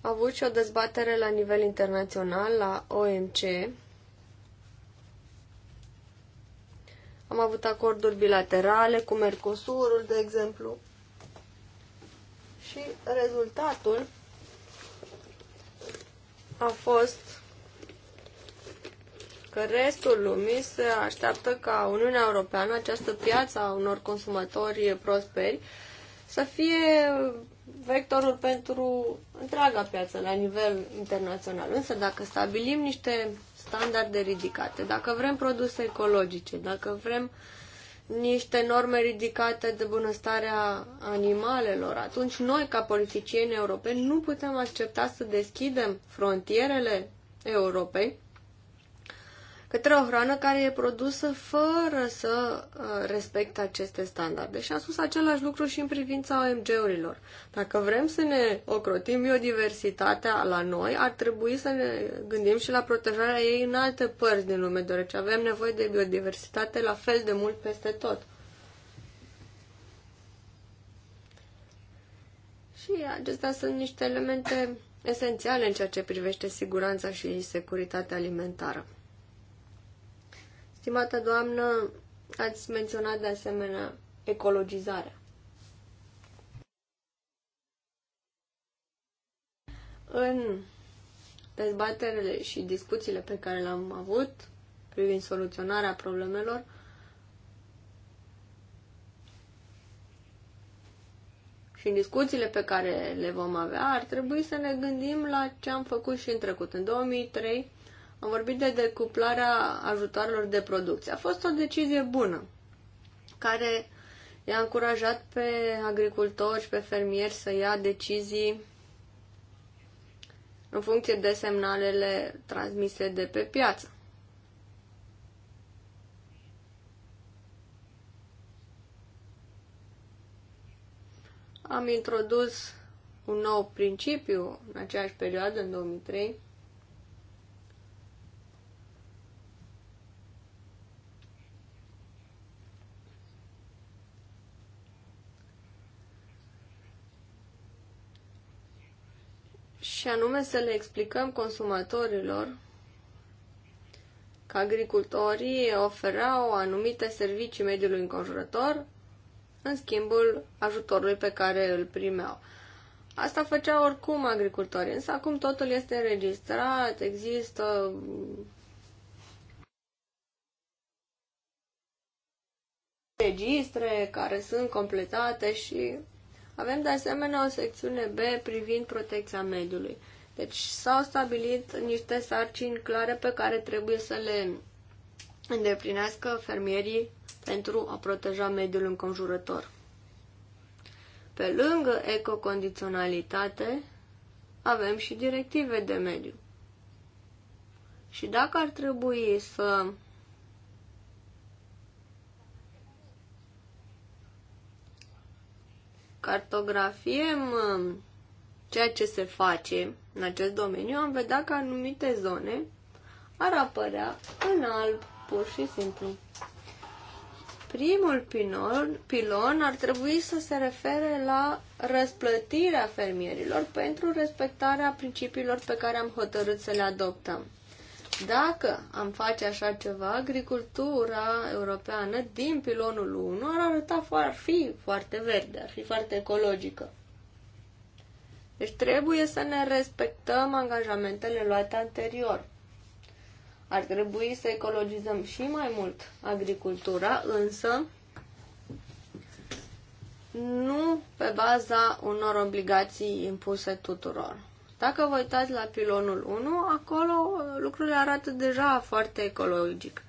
avut și o dezbatere la nivel internațional, la OMC. Am avut acorduri bilaterale cu Mercosurul, de exemplu. Și rezultatul a fost că restul lumii se așteaptă ca Uniunea Europeană, această piață a unor consumatori prosperi, să fie vectorul pentru întreaga piață la nivel internațional. Însă dacă stabilim niște standarde ridicate, dacă vrem produse ecologice, dacă vrem uh, niște norme ridicate de bunăstarea animalelor, atunci noi, ca politicieni europeni, nu putem accepta să deschidem frontierele Europei către o hrană care e produsă fără să uh, respecte aceste standarde. Și am spus același lucru și în privința OMG-urilor. Dacă vrem să ne ocrotim biodiversitatea la noi, ar trebui să ne gândim și la protejarea ei în alte părți din lume, deoarece avem nevoie de biodiversitate la fel de mult peste tot. Și acestea sunt niște elemente esențiale în ceea ce privește siguranța și securitatea alimentară. Stimată doamnă, ați menționat de asemenea ecologizarea. În dezbaterele și discuțiile pe care le-am avut privind soluționarea problemelor, și în discuțiile pe care le vom avea, ar trebui să ne gândim la ce am făcut și în trecut. În 2003 am vorbit de decuplarea ajutoarelor de producție. A fost o decizie bună care i-a încurajat pe agricultori și pe fermieri să ia decizii în funcție de semnalele transmise de pe piață. Am introdus un nou principiu în aceeași perioadă, în 2003, și anume să le explicăm consumatorilor că agricultorii oferau anumite servicii mediului înconjurător în schimbul ajutorului pe care îl primeau. Asta făcea oricum agricultorii, însă acum totul este înregistrat, există registre care sunt completate și avem de asemenea o secțiune B privind protecția mediului. Deci s-au stabilit niște sarcini clare pe care trebuie să le îndeplinească fermierii pentru a proteja mediul înconjurător. Pe lângă ecocondiționalitate, avem și directive de mediu. Și dacă ar trebui să cartografiem um, ceea ce se face în acest domeniu, am vedea că anumite zone ar apărea în alb, pur și simplu. Primul pilon, pilon ar trebui să se refere la răsplătirea fermierilor pentru respectarea principiilor pe care am hotărât să le adoptăm. Dacă am face așa ceva, agricultura europeană din pilonul 1 ar arăta, ar fi foarte verde, ar fi foarte ecologică. Deci trebuie să ne respectăm angajamentele luate anterior. Ar trebui să ecologizăm și mai mult agricultura, însă nu pe baza unor obligații impuse tuturor. Dacă vă uitați la pilonul 1, acolo uh, lucrurile arată deja foarte ecologic.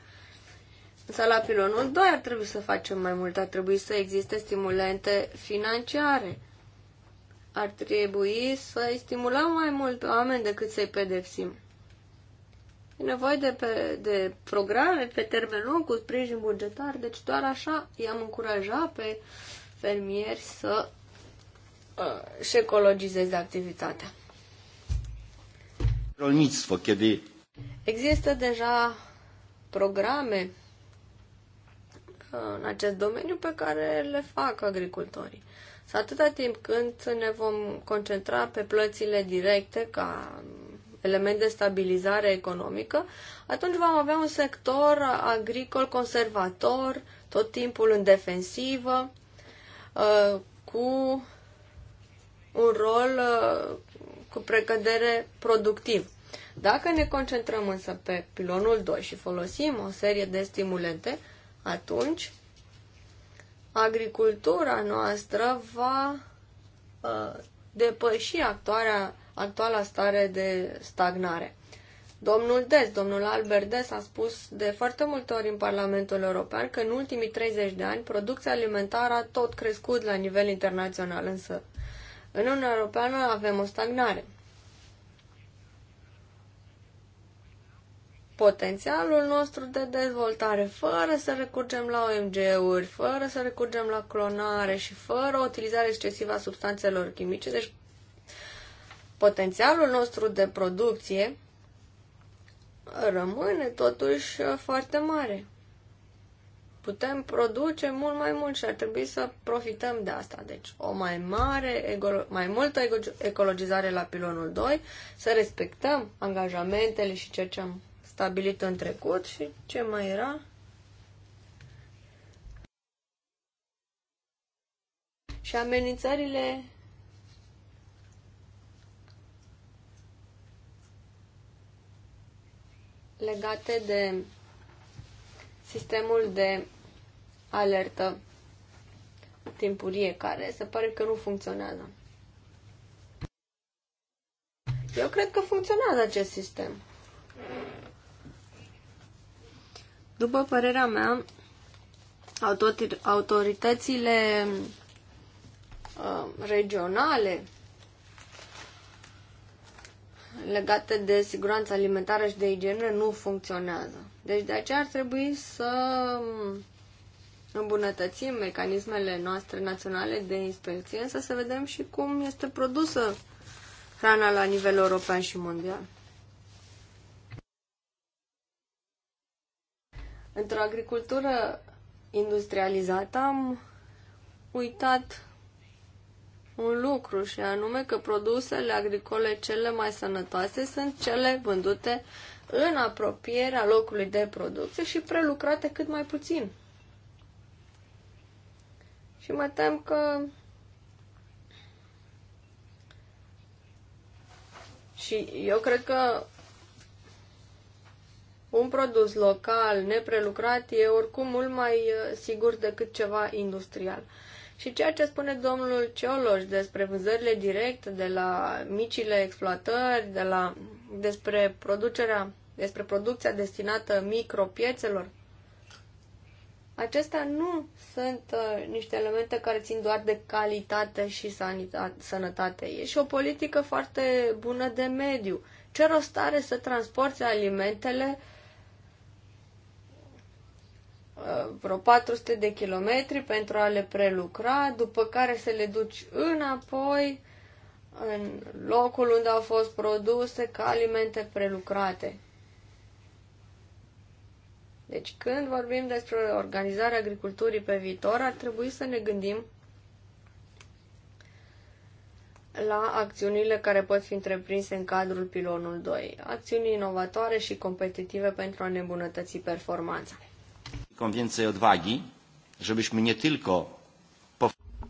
Însă la pilonul 2 ar trebui să facem mai mult, ar trebui să existe stimulente financiare. Ar trebui să stimulăm mai mult pe oameni decât să-i pedepsim. E nevoie de, pe, de programe pe termen lung cu sprijin bugetar, deci doar așa i-am încurajat pe fermieri să uh, și ecologizeze activitatea kiedy... Există deja programe în acest domeniu pe care le fac agricultorii. Să atâta timp când ne vom concentra pe plățile directe ca element de stabilizare economică, atunci vom avea un sector agricol conservator, tot timpul în defensivă, uh, cu un rol uh, cu precădere productiv. Dacă ne concentrăm însă pe pilonul 2 și folosim o serie de stimulente, atunci agricultura noastră va uh, depăși actuarea, actuala stare de stagnare. Domnul Des, domnul Albert Des a spus de foarte multe ori în Parlamentul European că în ultimii 30 de ani producția alimentară a tot crescut la nivel internațional, însă în Uniunea Europeană avem o stagnare. Potențialul nostru de dezvoltare, fără să recurgem la OMG-uri, fără să recurgem la clonare și fără utilizare excesivă a substanțelor chimice, deci potențialul nostru de producție rămâne totuși foarte mare putem produce mult mai mult și ar trebui să profităm de asta. Deci o mai mare, mai multă ecologizare la pilonul 2, să respectăm angajamentele și ceea ce am stabilit în trecut și ce mai era. Și amenințările legate de sistemul de alertă timpurie care se pare că nu funcționează. Eu cred că funcționează acest sistem. După părerea mea, autoritățile uh, regionale legate de siguranță alimentară și de igienă nu funcționează. Deci de aceea ar trebui să îmbunătățim mecanismele noastre naționale de inspecție, însă să vedem și cum este produsă hrana la nivel european și mondial. Într-o agricultură industrializată am uitat un lucru și anume că produsele agricole cele mai sănătoase sunt cele vândute în apropierea locului de producție și prelucrate cât mai puțin. Și mă tem că Și eu cred că un produs local, neprelucrat, e oricum mult mai uh, sigur decât ceva industrial. Și ceea ce spune domnul Cioloș despre vânzările directe de la micile exploatări, de la, despre, producerea, despre producția destinată micropiețelor, acestea nu sunt uh, niște elemente care țin doar de calitate și sănătate. E și o politică foarte bună de mediu. Ce rost are să transporte alimentele uh, vreo 400 de kilometri pentru a le prelucra, după care să le duci înapoi în locul unde au fost produse ca alimente prelucrate. Deci când vorbim despre organizarea agriculturii pe viitor, ar trebui să ne gândim la acțiunile care pot fi întreprinse în cadrul pilonul 2, acțiuni inovatoare și competitive pentru a ne îmbunătăți performanța.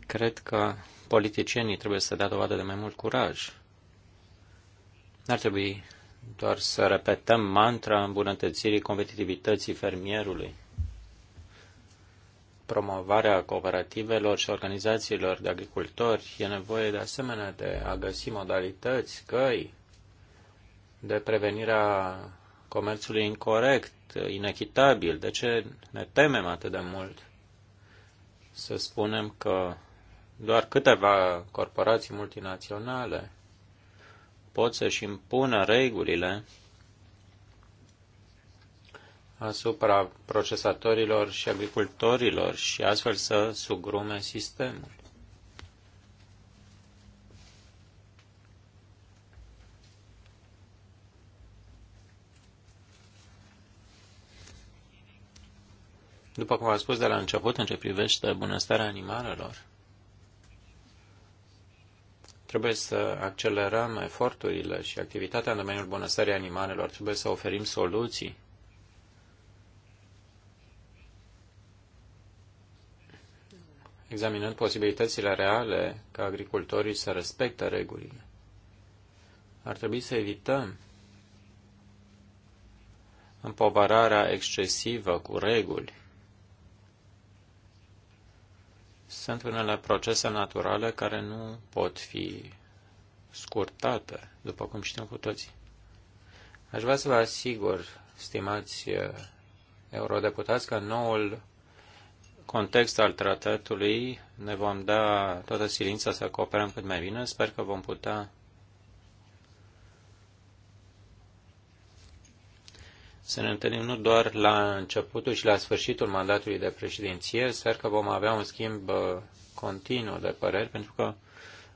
Cred că politicienii trebuie să dea dovadă de mai mult curaj. N-ar trebui doar să repetăm mantra îmbunătățirii competitivității fermierului, promovarea cooperativelor și organizațiilor de agricultori, e nevoie de asemenea de a găsi modalități, căi de prevenirea comerțului incorrect, inechitabil. De ce ne temem atât de mult? Să spunem că doar câteva corporații multinaționale pot să-și impună regulile asupra procesatorilor și agricultorilor și astfel să sugrume sistemul. După cum am spus de la început, în ce privește bunăstarea animalelor, Trebuie să accelerăm eforturile și activitatea în domeniul bunăstării animalelor. Trebuie să oferim soluții examinând posibilitățile reale ca agricultorii să respecte regulile. Ar trebui să evităm împovărarea excesivă cu reguli sunt unele procese naturale care nu pot fi scurtate, după cum știm cu toții. Aș vrea să vă asigur, stimați eh, eurodeputați, că în noul context al tratatului ne vom da toată silința să cooperăm cât mai bine. Sper că vom putea să ne întâlnim nu doar la începutul și la sfârșitul mandatului de președinție. Sper că vom avea un schimb uh, continuu de păreri, pentru că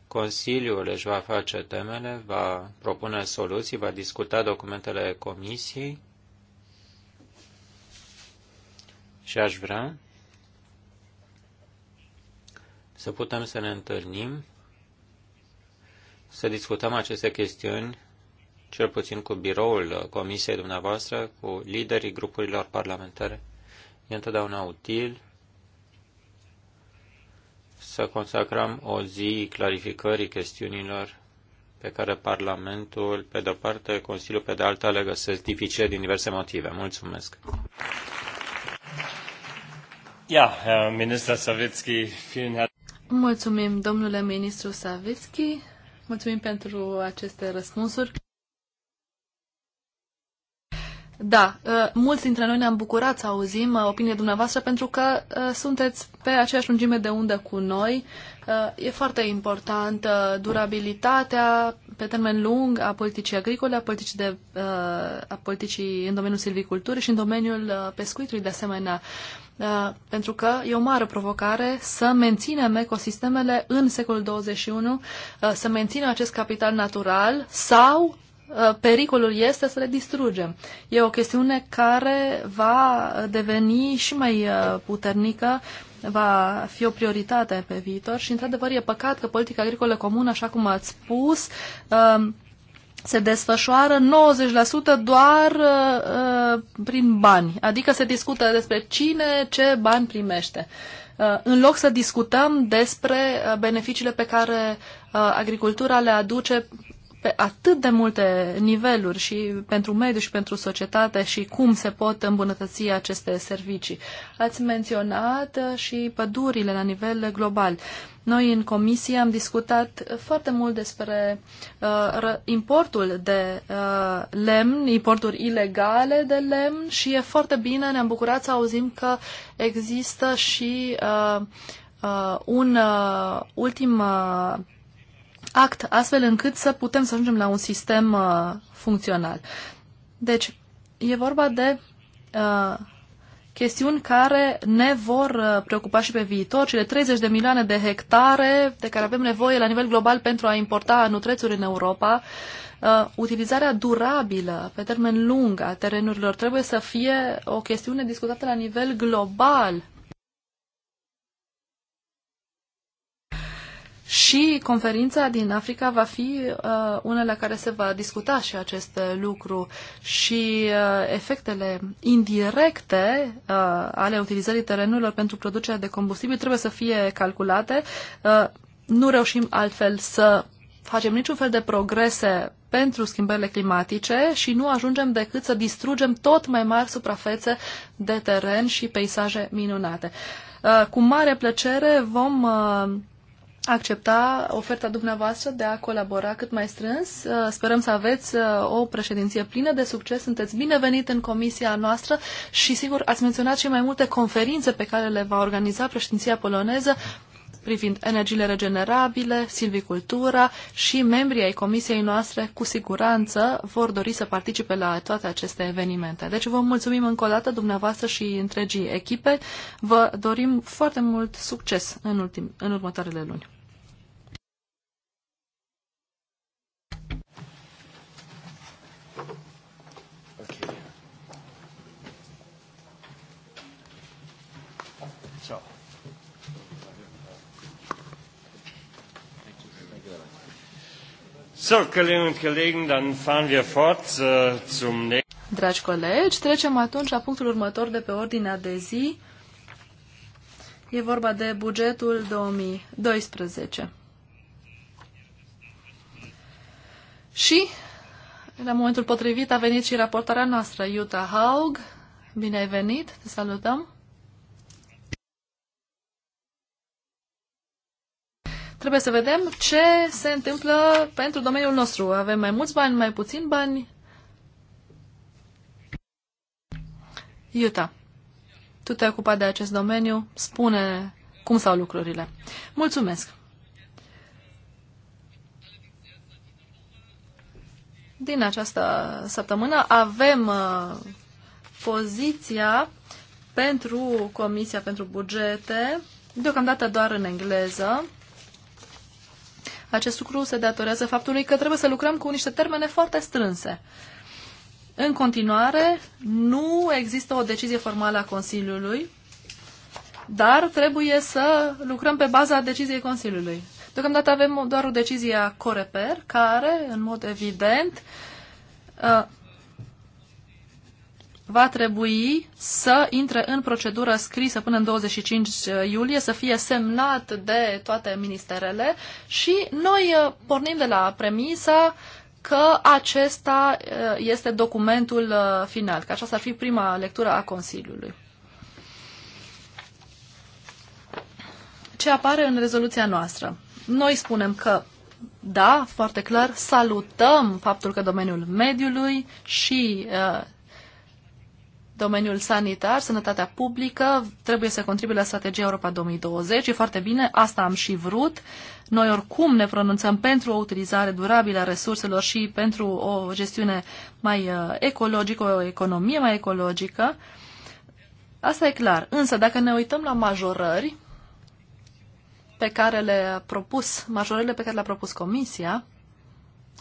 Consiliul își va face temele, va propune soluții, va discuta documentele Comisiei și aș vrea să putem să ne întâlnim, să discutăm aceste chestiuni cel puțin cu biroul comisiei dumneavoastră, cu liderii grupurilor parlamentare. E întotdeauna util să consacrăm o zi clarificării chestiunilor pe care Parlamentul, pe de-o parte, Consiliul, pe de alta, le găsesc dificile din diverse motive. Mulțumesc! Ja, ministra Savitski, vielen Dank. Mulțumim, domnule ministru Savitski. Mulțumim pentru aceste răspunsuri. Da, uh, mulți dintre noi ne-am bucurat să auzim uh, opinia dumneavoastră pentru că uh, sunteți pe aceeași lungime de undă cu noi. E foarte important durabilitatea pe termen lung a politicii agricole, a politicii, de, a politicii în domeniul silviculturii și în domeniul pescuitului de asemenea. Pentru că e o mare provocare să menținem ecosistemele în secolul 21, să menținem acest capital natural sau Uh, pericolul este să le distrugem. E o chestiune care va deveni și mai uh, puternică, va fi o prioritate pe viitor și, într-adevăr, e păcat că politica agricolă comună, așa cum ați spus, um, se desfășoară 90% doar uh, prin bani, adică se discută despre cine ce bani primește în loc să discutăm despre beneficiile pe care agricultura le aduce pe atât de multe niveluri și pentru mediu și pentru societate și cum se pot îmbunătăți aceste servicii. Ați menționat uh, și pădurile la nivel global. Noi în comisie am discutat foarte mult despre uh, importul de uh, lemn, importuri ilegale de lemn și e foarte bine, ne-am bucurat să auzim că există și uh, uh, un uh, ultim uh, act, astfel încât să putem să ajungem la un sistem uh, funcțional. Deci, e vorba de uh, chestiuni care ne vor uh, preocupa și pe viitor. Cele 30 de milioane de hectare de care avem nevoie la nivel global pentru a importa nutrețuri în Europa, uh, utilizarea durabilă pe termen lung a terenurilor trebuie să fie o chestiune discutată la nivel global Și conferința din Africa va fi uh, una la care se va discuta și acest lucru și uh, efectele indirecte uh, ale utilizării terenurilor pentru producerea de combustibil trebuie să fie calculate. Uh, nu reușim altfel să facem niciun fel de progrese pentru schimbările climatice și nu ajungem decât să distrugem tot mai mari suprafețe de teren și peisaje minunate. Uh, cu mare plăcere vom uh, accepta oferta dumneavoastră de a colabora cât mai strâns. Uh, sperăm să aveți uh, o președinție plină de succes. Sunteți binevenit în comisia noastră și, sigur, ați menționat și mai multe conferințe pe care le va organiza președinția poloneză privind energiile regenerabile, silvicultura și membrii ai comisiei noastre cu siguranță vor dori să participe la toate aceste evenimente. Deci vă mulțumim încă o dată dumneavoastră și întregii echipe. Vă dorim foarte mult succes în, ultim, în următoarele luni. So, dann fahren wir fort äh, zum Dragi colegi, trecem atunci la punctul următor de pe ordinea de zi. E vorba de bugetul 2012. Și, la momentul potrivit, a venit și raportarea noastră, Iuta Haug. Bine ai venit, te salutăm. Trebuie să vedem ce se întâmplă pentru domeniul nostru. Avem mai mulți bani, mai puțin bani? Iuta, tu te-ai ocupat de acest domeniu, spune cum stau lucrurile. Mulțumesc! Din această săptămână avem uh, poziția pentru Comisia pentru Bugete, deocamdată doar în engleză. Acest lucru se datorează faptului că trebuie să lucrăm cu niște termene foarte strânse. În continuare, nu există o decizie formală a Consiliului, dar trebuie să lucrăm pe baza deciziei Consiliului. Deocamdată avem doar o decizie a Coreper, care, în mod evident, uh, va trebui să intre în procedură scrisă până în 25 uh, iulie, să fie semnat de toate ministerele și noi uh, pornim de la premisa că acesta uh, este documentul final, că aceasta ar fi prima lectură a Consiliului. Ce apare în rezoluția noastră? Noi spunem că da, foarte clar, salutăm faptul că domeniul mediului și uh, domeniul sanitar, sănătatea publică, trebuie să contribuie la strategia Europa 2020. E foarte bine, asta am și vrut. Noi oricum ne pronunțăm pentru o utilizare durabilă a resurselor și pentru o gestiune mai uh, ecologică, o economie mai ecologică. Asta e clar. Însă, dacă ne uităm la majorări pe care le-a propus, majorările pe care le-a propus Comisia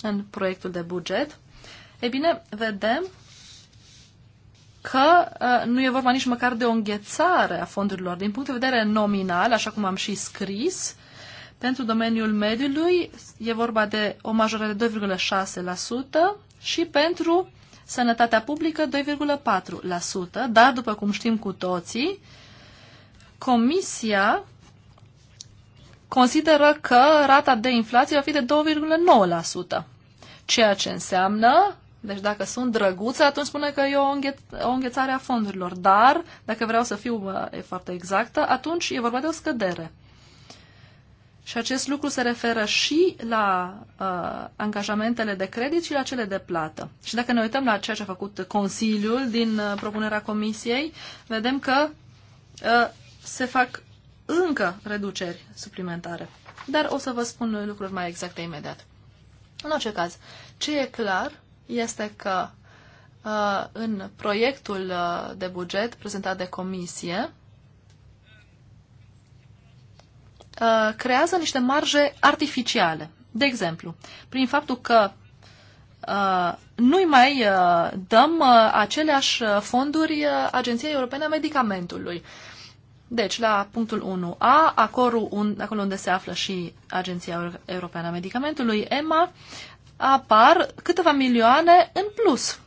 în proiectul de buget, e bine, vedem că uh, nu e vorba nici măcar de o înghețare a fondurilor. Din punct de vedere nominal, așa cum am și scris, pentru domeniul mediului e vorba de o majorare de 2,6% și pentru sănătatea publică 2,4%. Dar, după cum știm cu toții, Comisia consideră că rata de inflație va fi de 2,9%, ceea ce înseamnă deci dacă sunt drăguță, atunci spune că e o, înghe- o înghețare a fondurilor. Dar, dacă vreau să fiu e foarte exactă, atunci e vorba de o scădere. Și acest lucru se referă și la uh, angajamentele de credit și la cele de plată. Și dacă ne uităm la ceea ce a făcut Consiliul din uh, propunerea Comisiei, vedem că uh, se fac încă reduceri suplimentare. Dar o să vă spun lucruri mai exacte imediat. În orice caz, ce e clar este că uh, în proiectul uh, de buget prezentat de comisie uh, creează niște marje artificiale. De exemplu, prin faptul că nu-i mai dăm aceleași fonduri Agenției Europene a Medicamentului. Deci, la punctul 1a, acolo unde se află și Agenția Europeană a Medicamentului, EMA, apar câteva milioane în plus.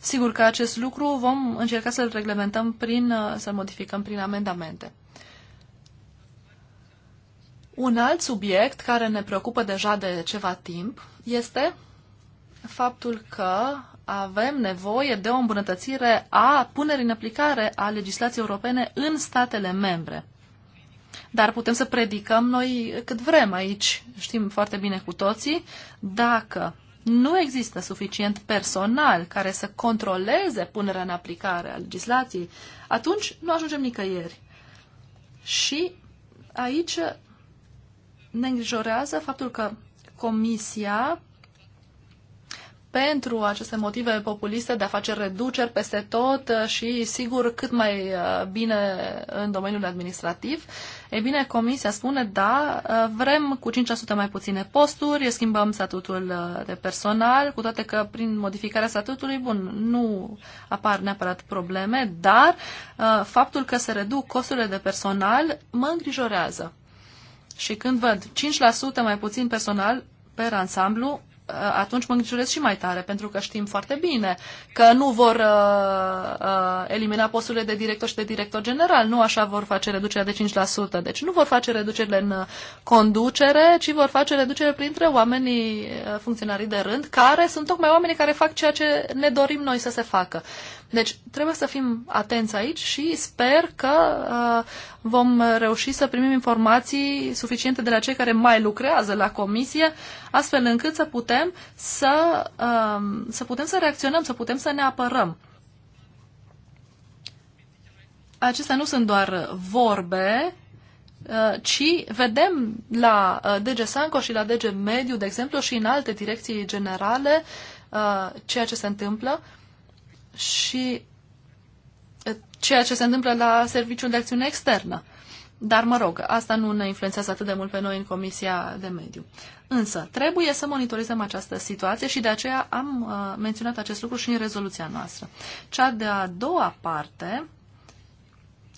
Sigur că acest lucru vom încerca să-l reglementăm prin, uh, să-l modificăm prin amendamente. Un alt subiect care ne preocupă deja de ceva timp este faptul că avem nevoie de o îmbunătățire a punerii în aplicare a legislației europene în statele membre. Dar putem să predicăm noi cât vrem aici, știm foarte bine cu toții, dacă nu există suficient personal care să controleze punerea în aplicare a legislației, atunci nu ajungem nicăieri. Și aici ne îngrijorează faptul că Comisia pentru aceste motive populiste de a face reduceri peste tot și, sigur, cât mai uh, bine în domeniul administrativ. E bine, Comisia spune, da, uh, vrem cu 5% mai puține posturi, schimbăm statutul uh, de personal, cu toate că prin modificarea statutului, bun, nu apar neapărat probleme, dar faptul că se reduc costurile de personal mă îngrijorează. Și când văd 5% mai puțin personal per ansamblu, Uh, atunci mă îngrijorez și mai tare, pentru că știm foarte bine că nu vor uh, uh, elimina posturile de director și de director general, nu așa vor face reducerea de 5%. Deci nu vor face reducerile în uh, conducere, ci vor face reducere printre oamenii, uh, funcționarii de rând, care sunt tocmai oamenii care fac ceea ce ne dorim noi să se facă. Deci trebuie să fim atenți aici și sper că uh, vom reuși să primim informații suficiente de la cei care mai lucrează la comisie, astfel încât să putem să, uh, să putem să reacționăm, să putem să ne apărăm. Acestea nu sunt doar vorbe, uh, ci vedem la uh, DG Sanco și la DG Mediu, de exemplu, și în alte direcții generale uh, ceea ce se întâmplă și ceea ce se întâmplă la Serviciul de Acțiune Externă. Dar, mă rog, asta nu ne influențează atât de mult pe noi în Comisia de Mediu. Însă, trebuie să monitorizăm această situație și de aceea am uh, menționat acest lucru și în rezoluția noastră. Cea de-a doua parte,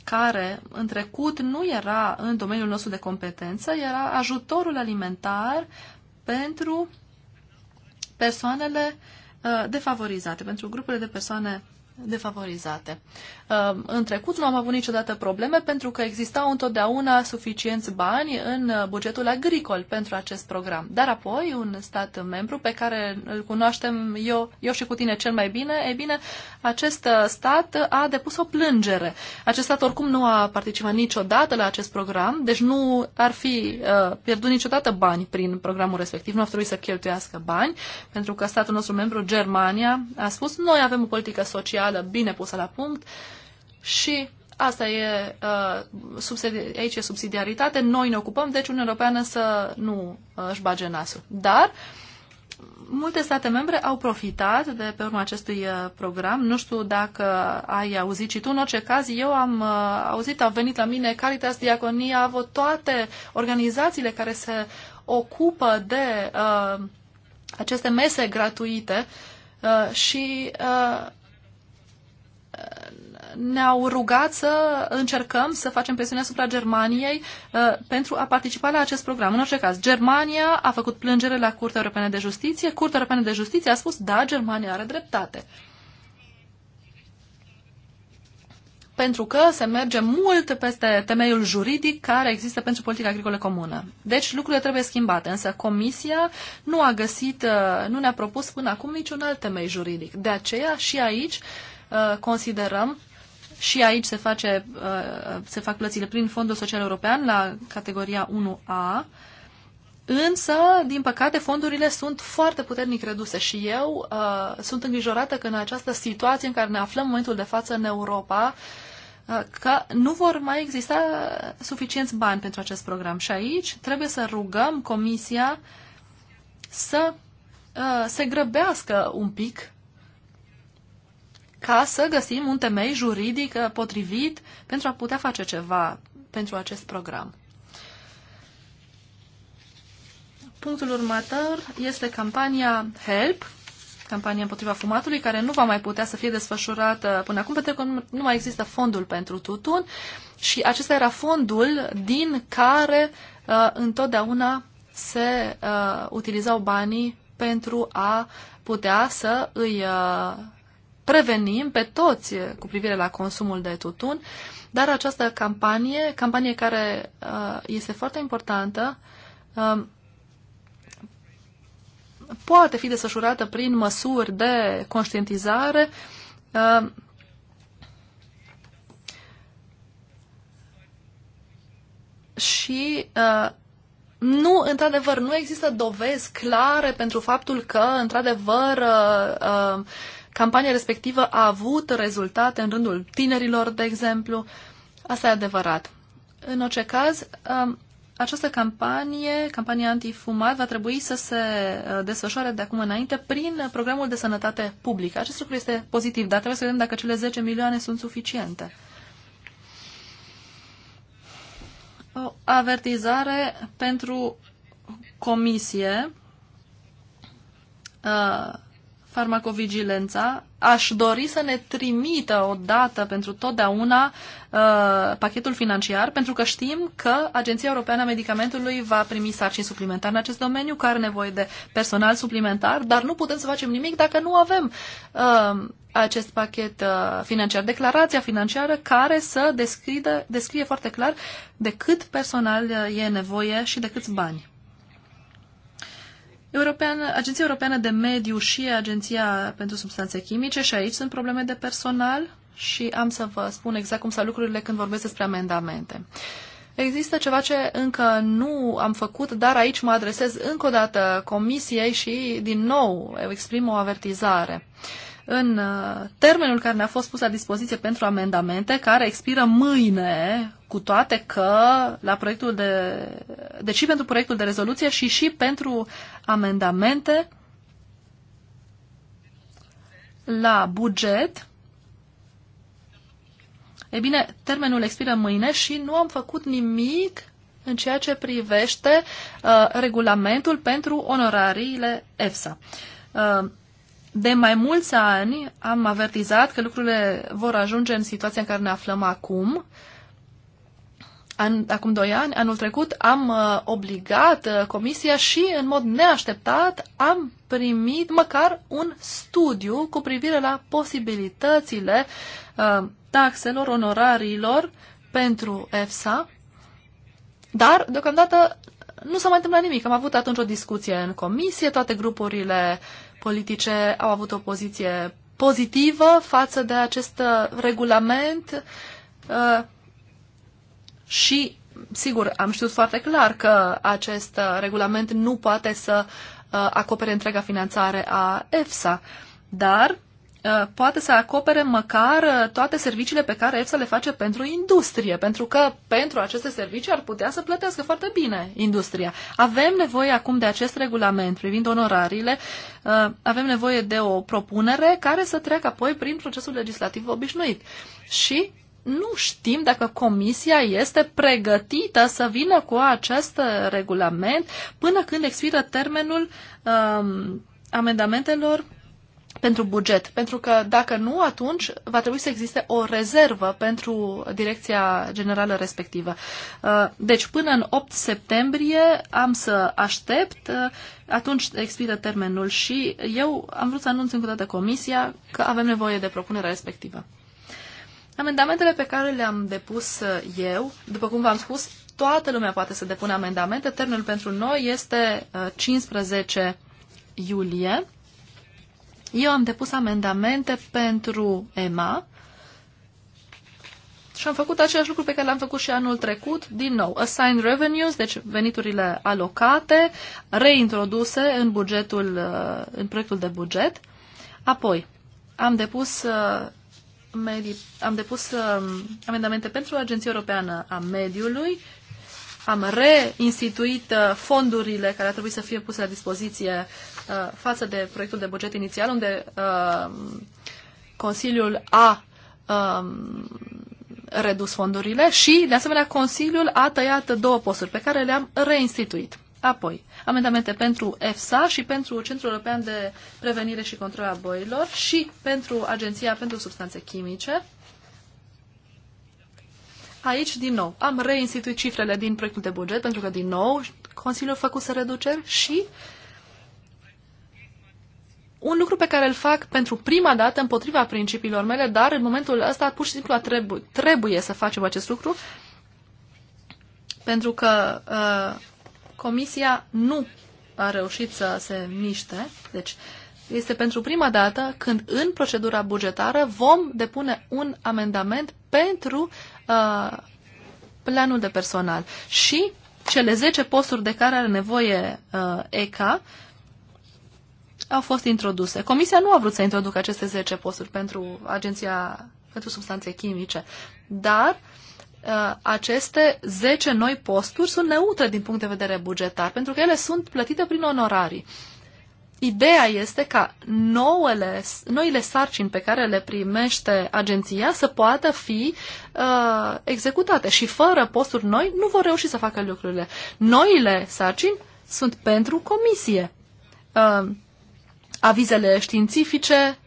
care în trecut nu era în domeniul nostru de competență, era ajutorul alimentar pentru persoanele uh, Uh, defavorizate, pentru grupurile de persoane defavorizate. Ehm, în trecut nu am avut niciodată probleme pentru că existau întotdeauna suficienți bani în uh, bugetul agricol pentru acest program. Dar apoi un stat membru pe care îl cunoaștem eu, eu și cu tine cel mai bine, e bine, acest uh, stat a depus o plângere. Acest stat oricum nu a participat niciodată la acest program, deci nu ar fi uh, pierdut niciodată bani prin programul respectiv, nu ar trebui să cheltuiască bani, pentru că statul nostru membru, Germania, a spus noi avem o politică socială bine pusă la punct, și asta e, uh, aici e subsidiaritate, noi ne ocupăm, deci Uniunea Europeană să nu uh, își bage nasul. Dar multe state membre au profitat de pe urma acestui uh, program. Nu știu dacă ai auzit și tu, în orice caz, eu am auzit, au venit la mine Caritas, Diaconia, avut toate organizațiile care se ocupă de uh, aceste mese gratuite uh, și uh, ne-au rugat să încercăm să facem presiune asupra Germaniei uh, pentru a participa la acest program. În orice caz, Germania a făcut plângere la Curtea Europeană de Justiție. Curtea Europeană de Justiție a spus, da, Germania are dreptate. Pentru că se merge mult peste temeiul juridic care există pentru politica agricolă comună. Deci lucrurile trebuie schimbate, însă Comisia nu a găsit, uh, nu ne-a propus până acum niciun alt temei juridic. De aceea și aici uh, considerăm și aici se, face, uh, se fac plățile prin Fondul Social European la categoria 1A, însă, din păcate, fondurile sunt foarte puternic reduse și eu uh, sunt îngrijorată că în această situație în care ne aflăm în momentul de față în Europa, uh, că nu vor mai exista suficienți bani pentru acest program. Și aici trebuie să rugăm Comisia să uh, se grăbească un pic ca să găsim un temei juridic uh, potrivit pentru a putea face ceva pentru acest program. Punctul următor este campania HELP, campania împotriva fumatului, care nu va mai putea să fie desfășurată până acum, pentru că nu mai există fondul pentru tutun și acesta era fondul din care uh, întotdeauna se uh, utilizau banii pentru a putea să îi uh, prevenim pe toți eh, cu privire la consumul de tutun, dar această campanie, campanie care eh, este foarte importantă, eh, poate fi desfășurată prin măsuri de conștientizare și nu, într-adevăr, nu există dovezi clare pentru faptul că, într-adevăr, campania respectivă a avut rezultate în rândul tinerilor, de exemplu. Asta e adevărat. În orice caz, um, această campanie, campania antifumat, va trebui să se uh, desfășoare de acum înainte prin programul de sănătate publică. Acest lucru este pozitiv, dar trebuie să vedem dacă cele 10 milioane sunt suficiente. O avertizare pentru comisie. Uh, farmacovigilența, aș dori să ne trimită o dată pentru totdeauna uh, pachetul financiar, pentru că știm că Agenția Europeană a Medicamentului va primi sarcini suplimentare în acest domeniu, care are nevoie de personal suplimentar, dar nu putem să facem nimic dacă nu avem uh, acest pachet uh, financiar, declarația financiară care să descrie, descrie foarte clar de cât personal uh, e nevoie și de câți bani. European, Agenția Europeană de Mediu și Agenția pentru Substanțe Chimice și aici sunt probleme de personal și am să vă spun exact cum sunt lucrurile când vorbesc despre amendamente. Există ceva ce încă nu am făcut, dar aici mă adresez încă o dată comisiei și din nou exprim o avertizare în uh, termenul care ne-a fost pus la dispoziție pentru amendamente, care expiră mâine, cu toate că la proiectul de, deci și pentru proiectul de rezoluție și și pentru amendamente la buget, e bine, termenul expiră mâine și nu am făcut nimic în ceea ce privește uh, regulamentul pentru onorariile EFSA. Uh, de mai mulți ani am avertizat că lucrurile vor ajunge în situația în care ne aflăm acum. An, acum doi ani, anul trecut, am uh, obligat uh, comisia și, în mod neașteptat, am primit măcar un studiu cu privire la posibilitățile uh, taxelor, onorariilor pentru EFSA, dar, deocamdată, nu s-a mai întâmplat nimic. Am avut atunci o discuție în comisie, toate grupurile politice au avut o poziție pozitivă față de acest uh, regulament uh, și, sigur, am știut foarte clar că acest uh, regulament nu poate să acopere întreaga finanțare a EFSA, dar Uh, poate să acopere măcar uh, toate serviciile pe care EFSA le face pentru industrie, pentru că pentru aceste servicii ar putea să plătească foarte bine industria. Avem nevoie acum de acest regulament privind onorariile, uh, avem nevoie de o propunere care să treacă apoi prin procesul legislativ obișnuit. Și nu știm dacă comisia este pregătită să vină cu acest regulament până când expiră termenul um, amendamentelor pentru buget, pentru că dacă nu, atunci va trebui să existe o rezervă pentru direcția generală respectivă. Uh, deci până în 8 septembrie am să aștept, uh, atunci expiră termenul și eu am vrut să anunț încă o dată comisia că avem nevoie de propunerea respectivă. Amendamentele pe care le-am depus uh, eu, după cum v-am spus, toată lumea poate să depună amendamente. Termenul pentru noi este 15 iulie eu am depus amendamente pentru EMA și am făcut același lucru pe care l-am făcut și anul trecut, din nou, Assigned revenues, deci veniturile alocate, reintroduse în bugetul, uh, în proiectul de buget. Apoi, am depus uh, am depus um, amendamente pentru Agenția Europeană a Mediului am reinstituit uh, fondurile care ar trebui să fie puse la dispoziție uh, față de proiectul de buget inițial, unde uh, Consiliul a um, redus fondurile și, de asemenea, Consiliul a tăiat două posturi pe care le-am reinstituit. Apoi, amendamente pentru EFSA și pentru Centrul European de Prevenire și Control a Boilor și pentru Agenția pentru Substanțe Chimice Aici, din nou, am reinstituit cifrele din proiectul de buget, pentru că, din nou, Consiliul a făcut să reduceri și un lucru pe care îl fac pentru prima dată împotriva principiilor mele, dar în momentul ăsta pur și simplu trebu- trebuie să facem acest lucru, pentru că uh, Comisia nu a reușit să se miște. Deci, este pentru prima dată când în procedura bugetară vom depune un amendament pentru Uh, planul de personal. Și cele 10 posturi de care are nevoie uh, ECA au fost introduse. Comisia nu a vrut să introducă aceste 10 posturi pentru Agenția pentru Substanțe Chimice, dar uh, aceste 10 noi posturi sunt neutre din punct de vedere bugetar, pentru că ele sunt plătite prin onorarii. Uh, Ideea este ca nouele, noile sarcini pe care le primește agenția să poată fi uh, executate și fără posturi noi nu vor reuși să facă lucrurile. Noile sarcini sunt pentru comisie. Uh, avizele științifice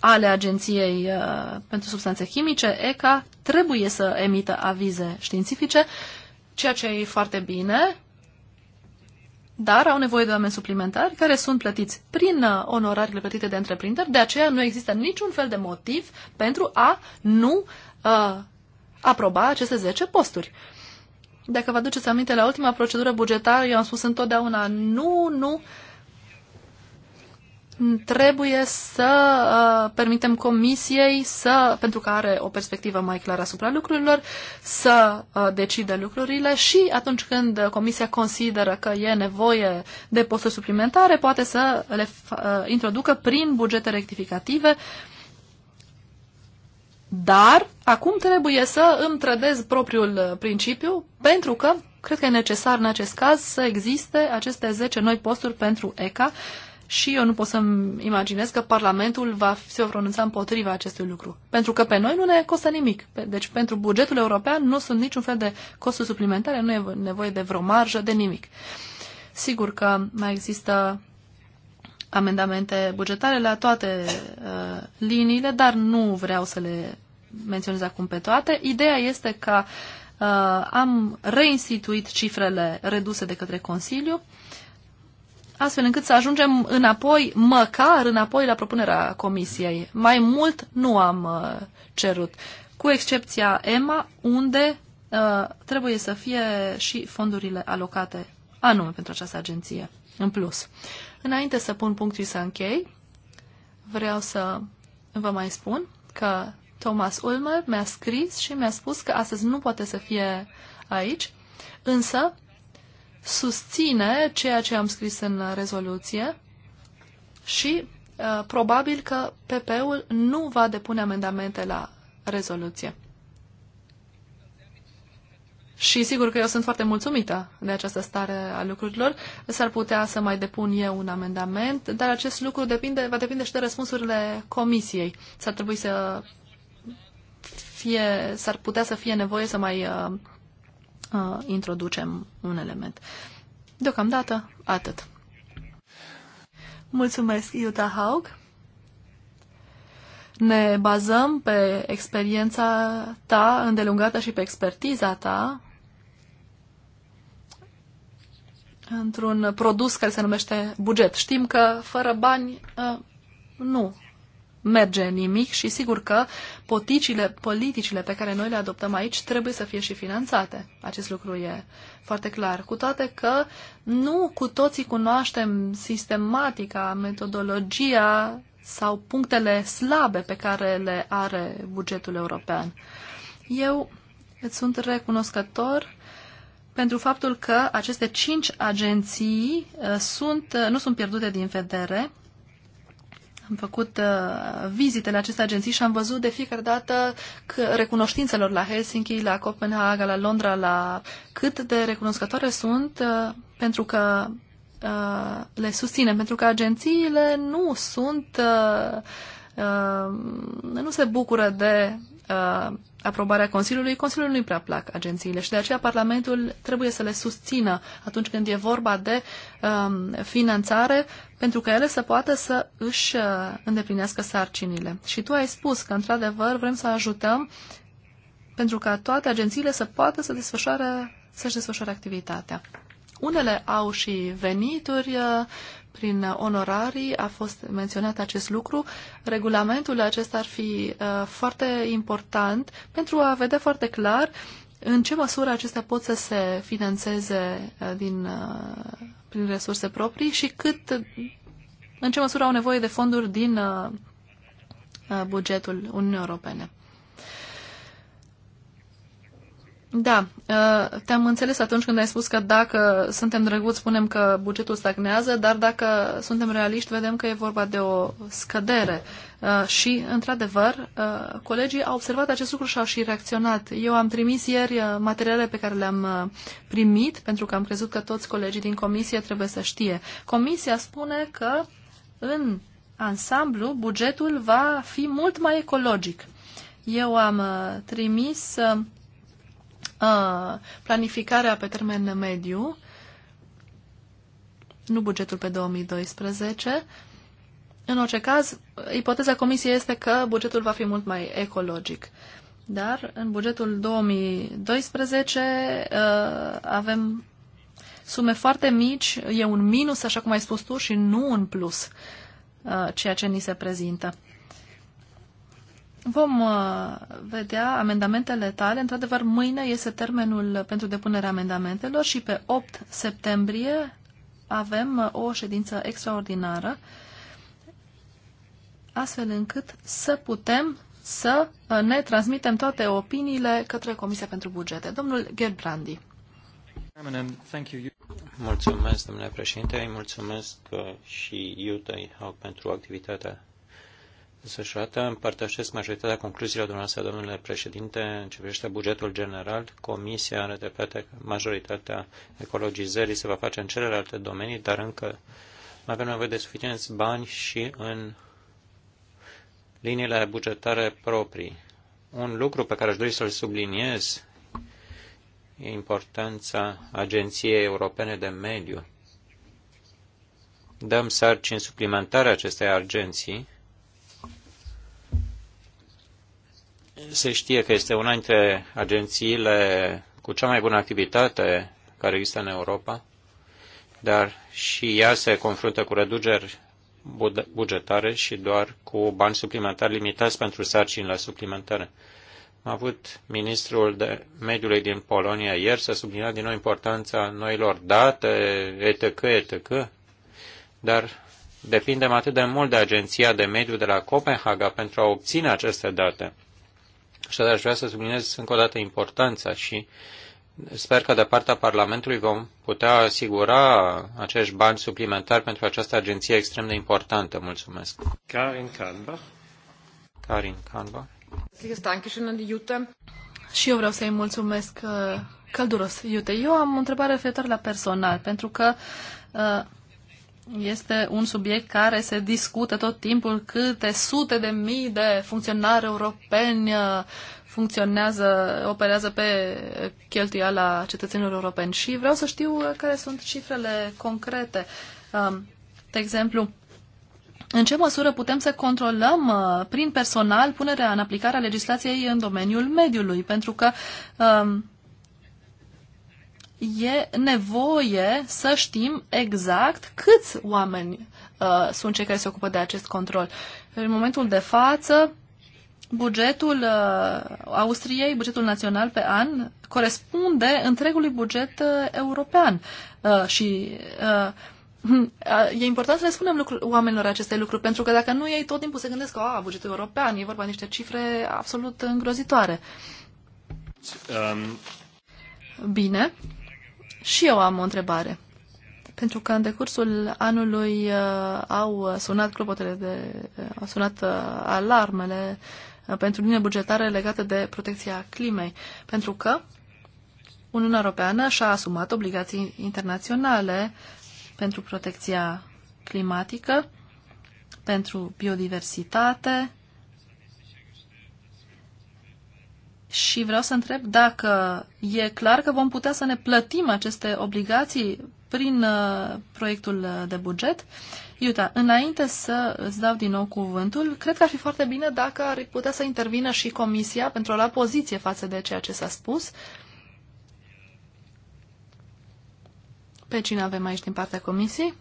ale Agenției uh, pentru Substanțe Chimice, ECA, trebuie să emită avize științifice, ceea ce e foarte bine, dar au nevoie de oameni suplimentari care sunt plătiți prin uh, onorarile plătite de întreprinderi, de aceea nu există niciun fel de motiv pentru a nu uh, aproba aceste 10 posturi. Dacă vă aduceți aminte la ultima procedură bugetară, eu am spus întotdeauna nu, nu, uh, trebuie să uh, permitem comisiei să, pentru că are o perspectivă mai clară asupra lucrurilor, să uh, decide lucrurile și atunci când comisia consideră că e nevoie de posturi suplimentare, poate să le uh, introducă prin bugete rectificative. Dar acum trebuie să îmi trădez propriul uh, principiu pentru că cred că e necesar în acest caz să existe aceste 10 noi posturi pentru ECA și eu nu pot să-mi imaginez că Parlamentul va se pronunța împotriva acestui lucru. Pentru că pe noi nu ne costă nimic. Deci pentru bugetul european nu sunt niciun fel de costuri suplimentare, nu e nevoie de vreo marjă, de nimic. Sigur că mai există amendamente bugetare la toate uh, liniile, dar nu vreau să le menționez acum pe toate. Ideea este că uh, am reinstituit cifrele reduse de către Consiliu uh, astfel încât să ajungem înapoi, măcar înapoi la propunerea comisiei. Mai mult nu am uh, cerut, cu excepția EMA, unde uh, trebuie să fie și fondurile alocate anume pentru această agenție, în plus. Înainte să pun punct și să închei, vreau să vă mai spun că Thomas Ulmer mi-a scris și mi-a spus că astăzi nu poate să fie aici, însă susține ceea ce am scris în rezoluție și uh, probabil că PP-ul nu va depune amendamente la rezoluție. Și sigur că eu sunt foarte mulțumită de această stare a lucrurilor. S-ar putea să mai depun eu un amendament, dar acest lucru depinde, va depinde și de răspunsurile comisiei. S-ar trebui să fie, s-ar putea să fie nevoie să mai uh, uh, introducem un element. Deocamdată, atât. Mulțumesc, Iuta Haug. Ne bazăm pe experiența ta îndelungată și pe expertiza ta într-un produs care se numește buget. Știm că fără bani nu merge nimic și sigur că poticile, politicile pe care noi le adoptăm aici trebuie să fie și finanțate. Acest lucru e foarte clar. Cu toate că nu cu toții cunoaștem sistematica, metodologia sau punctele slabe pe care le are bugetul european. Eu îți sunt recunoscător pentru faptul că aceste cinci agenții uh, sunt, uh, nu sunt pierdute din vedere, am făcut uh, vizite la aceste agenții și am văzut de fiecare dată că recunoștințelor la Helsinki, la Copenhaga, la Londra, la cât de recunoscătoare sunt uh, pentru că uh, le susținem, pentru că agențiile nu sunt, nu se bucură de aprobarea Consiliului, Consiliul nu-i prea plac agențiile și de aceea Parlamentul trebuie să le susțină atunci când e vorba de um, finanțare pentru că ele să poată să își uh, îndeplinească sarcinile. Și tu ai spus că, într-adevăr, vrem să ajutăm pentru ca toate agențiile să poată să desfășoare, să-și desfășoare activitatea. Unele au și venituri uh, prin onorarii a fost menționat acest lucru. Regulamentul acesta ar fi uh, foarte important pentru a vedea foarte clar în ce măsură acestea pot să se financeze uh, din, uh, prin resurse proprii și cât, în ce măsură au nevoie de fonduri din uh, uh, bugetul Uniunii Europene. Da, uh, te-am înțeles atunci când ai spus că dacă suntem drăguți, spunem că bugetul stagnează, dar dacă suntem realiști, vedem că e vorba de o scădere. Uh, și, într-adevăr, uh, colegii au observat acest lucru și au și reacționat. Eu am trimis ieri materiale pe care le-am primit, pentru că am crezut că toți colegii din comisie trebuie să știe. Comisia spune că, în ansamblu, bugetul va fi mult mai ecologic. Eu am trimis planificarea pe termen mediu, nu bugetul pe 2012. În orice caz, ipoteza Comisiei este că bugetul va fi mult mai ecologic. Dar în bugetul 2012 avem sume foarte mici, e un minus, așa cum ai spus tu, și nu un plus ceea ce ni se prezintă. Vom uh, vedea amendamentele tale. Într-adevăr, mâine este termenul pentru depunerea amendamentelor și pe 8 septembrie avem uh, o ședință extraordinară, astfel încât să putem să uh, ne transmitem toate opiniile către Comisia pentru Bugete. Domnul Gerbrandi. Mulțumesc, domnule președinte, mulțumesc și Iutei pentru activitatea desfășurată. Împărtășesc majoritatea concluziilor dumneavoastră, domnule președinte, în ce privește bugetul general. Comisia are dreptate că majoritatea ecologizării se va face în celelalte domenii, dar încă mai avem nevoie de suficienți bani și în liniile bugetare proprii. Un lucru pe care aș dori să-l subliniez e importanța Agenției Europene de Mediu. Dăm sarcini suplimentare acestei agenții se știe că este una dintre agențiile cu cea mai bună activitate care există în Europa, dar și ea se confruntă cu reduceri bugetare și doar cu bani suplimentari limitați pentru sarcinile suplimentare. Am avut ministrul de mediului din Polonia ieri să sublinia din nou importanța noilor date, etc., etc., dar depindem atât de mult de Agenția de Mediu de la Copenhaga pentru a obține aceste date. Așadar, aș vrea să subliniez încă o dată importanța și sper că de partea Parlamentului vom putea asigura acești bani suplimentari pentru această agenție extrem de importantă. Mulțumesc. Karin Kanbach. Karin Kanbach. Și eu vreau să-i mulțumesc uh, călduros, Iute. Eu am o întrebare referitoare la personal, pentru că uh, este un subiect care se discută tot timpul câte sute de mii de funcționari europeni uh, funcționează, operează pe cheltuiala cetățenilor europeni și vreau să știu uh, care sunt cifrele concrete. Um, de exemplu, în ce măsură putem să controlăm uh, prin personal punerea în aplicare a legislației în domeniul mediului? Pentru că um, e nevoie să știm exact câți oameni uh, sunt cei care se ocupă de acest control. În momentul de față, bugetul uh, Austriei, bugetul național pe an, corespunde întregului buget uh, european. Uh, și uh, E important să le spunem lucru, oamenilor aceste lucruri, pentru că dacă nu, ei tot timpul se gândesc că, a, bugetul european, e vorba de niște cifre absolut îngrozitoare. Um... Bine. Și eu am o întrebare. Pentru că în decursul anului uh, au sunat clopotele de, uh, au sunat uh, alarmele uh, pentru linie bugetare legate de protecția climei. Pentru că Uniunea Europeană și-a asumat obligații internaționale pentru protecția climatică, pentru biodiversitate, Și vreau să întreb dacă e clar că vom putea să ne plătim aceste obligații prin uh, proiectul uh, de buget. Iuta, înainte să îți dau din nou cuvântul, cred că ar fi foarte bine dacă ar putea să intervină și Comisia pentru a lua poziție față de ceea ce s-a spus. Pe cine avem aici din partea Comisiei?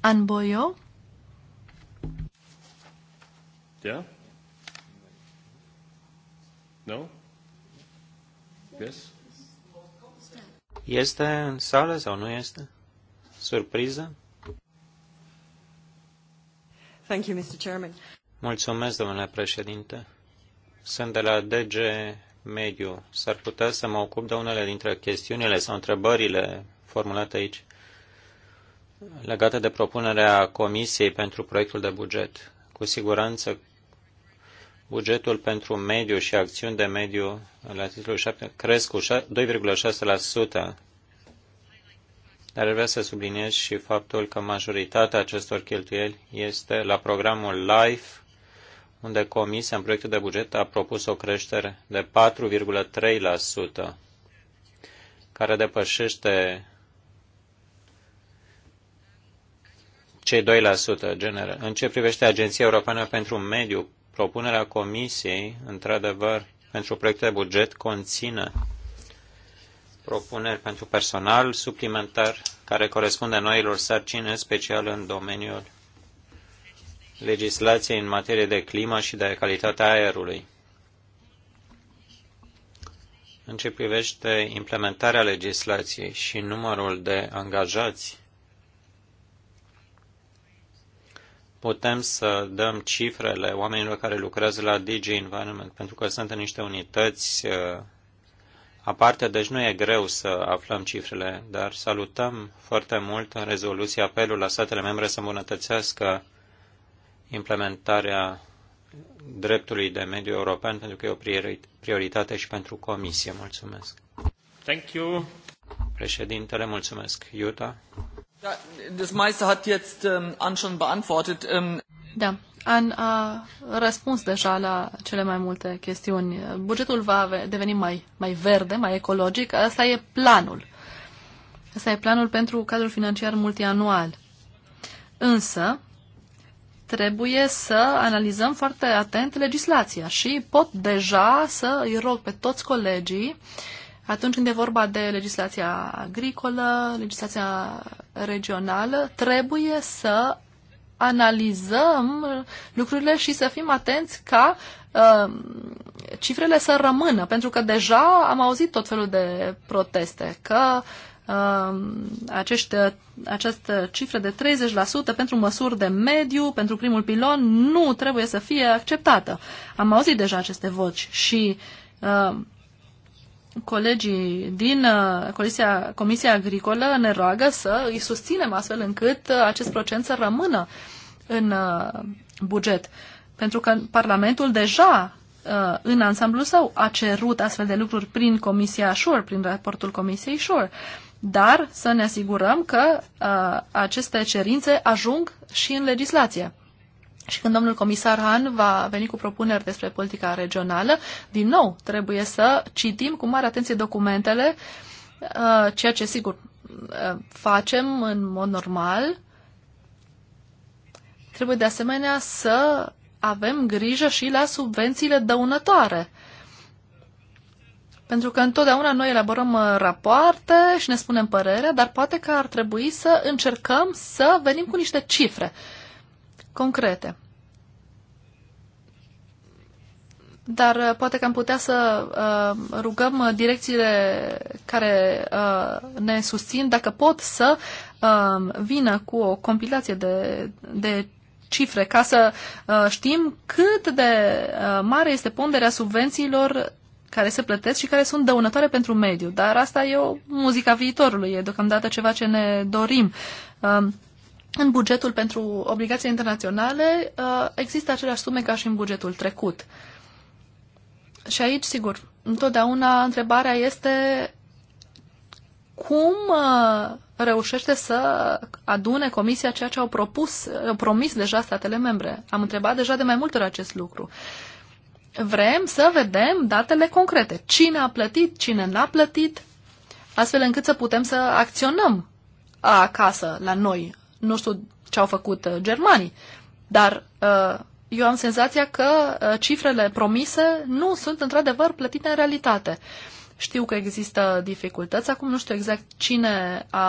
Anboio? Da? Yeah. No. Yes? Este în sală sau nu este? Surpriză? Thank you, Mr. Chairman. Mulțumesc, domnule președinte. Sunt de la DG Mediu. S-ar putea să mă ocup de unele dintre chestiunile sau întrebările formulate aici legate de propunerea Comisiei pentru proiectul de buget. Cu siguranță bugetul pentru mediu și acțiuni de mediu la titlul 7 cresc cu 2,6%. Dar vreau să subliniez și faptul că majoritatea acestor cheltuieli este la programul LIFE, unde Comisia în proiectul de buget a propus o creștere de 4,3%, care depășește cei 2% general. În ce privește Agenția Europeană pentru Mediu, propunerea Comisiei, într-adevăr, pentru proiectul de buget conține propuneri pentru personal suplimentar care corespunde noilor sarcini, în special în domeniul legislației în materie de climă și de calitatea aerului. În ce privește implementarea legislației și numărul de angajați putem să dăm cifrele oamenilor care lucrează la DG Environment, pentru că sunt în niște unități uh, aparte, deci nu e greu să aflăm cifrele, dar salutăm foarte mult în rezoluție apelul la statele membre să îmbunătățească implementarea dreptului de mediu european, pentru că e o prioritate și pentru Comisie. Mulțumesc. Thank you. Președintele, mulțumesc. Iuta. Das meiste hat jetzt ähm, An schon beantwortet. Ähm, da, An a răspuns deja la cele mai multe chestiuni. Bugetul va deveni mai, mai verde, mai ecologic. Asta e planul. Asta e planul pentru cadrul financiar multianual. Însă, trebuie să analizăm foarte atent legislația și pot deja să îi rog pe toți colegii uh, atunci când e vorba de legislația agricolă, legislația regională, trebuie să analizăm lucrurile și să fim atenți ca uh, cifrele să rămână, pentru că deja am auzit tot felul de proteste că uh, acești, această cifră de 30% pentru măsuri de mediu, pentru primul pilon, nu trebuie să fie acceptată. Am auzit deja aceste voci și uh, colegii din uh, Comisia, Comisia Agricolă ne roagă să îi susținem astfel încât uh, acest procent să rămână în uh, buget. Pentru că Parlamentul deja în ansamblu său a cerut astfel de lucruri prin Comisia Șor, prin raportul Comisiei Șor, Dar să ne asigurăm că aceste cerințe ajung și în legislație. Și când domnul comisar Han va veni cu propuneri despre politica regională, din nou trebuie să citim cu mare atenție documentele, uh, ceea ce sigur uh, facem în mod normal. Trebuie de asemenea să avem grijă și la subvențiile dăunătoare. Pentru că întotdeauna noi elaborăm uh, rapoarte și ne spunem părerea, dar poate că ar trebui să încercăm să venim cu niște cifre concrete. Dar uh, poate că am putea să uh, rugăm uh, direcțiile care uh, ne susțin dacă pot să uh, vină cu o compilație de, de cifre ca să uh, știm cât de uh, mare este ponderea subvențiilor care se plătesc și care sunt dăunătoare pentru mediu. Dar asta e o muzica viitorului, e deocamdată ceva ce ne dorim. Uh, în bugetul pentru obligații internaționale uh, există aceleași sume ca și în bugetul trecut. Și aici, sigur, întotdeauna întrebarea este cum uh, reușește să adune Comisia ceea ce au propus, uh, promis deja statele membre. Am întrebat deja de mai multe ori acest lucru. Vrem să vedem datele concrete. Cine a plătit, cine n-a plătit, astfel încât să putem să acționăm acasă, la noi, nu știu ce au făcut uh, germanii, dar uh, eu am senzația că uh, cifrele promise nu sunt într-adevăr plătite în realitate. Știu că există dificultăți, acum nu știu exact cine a,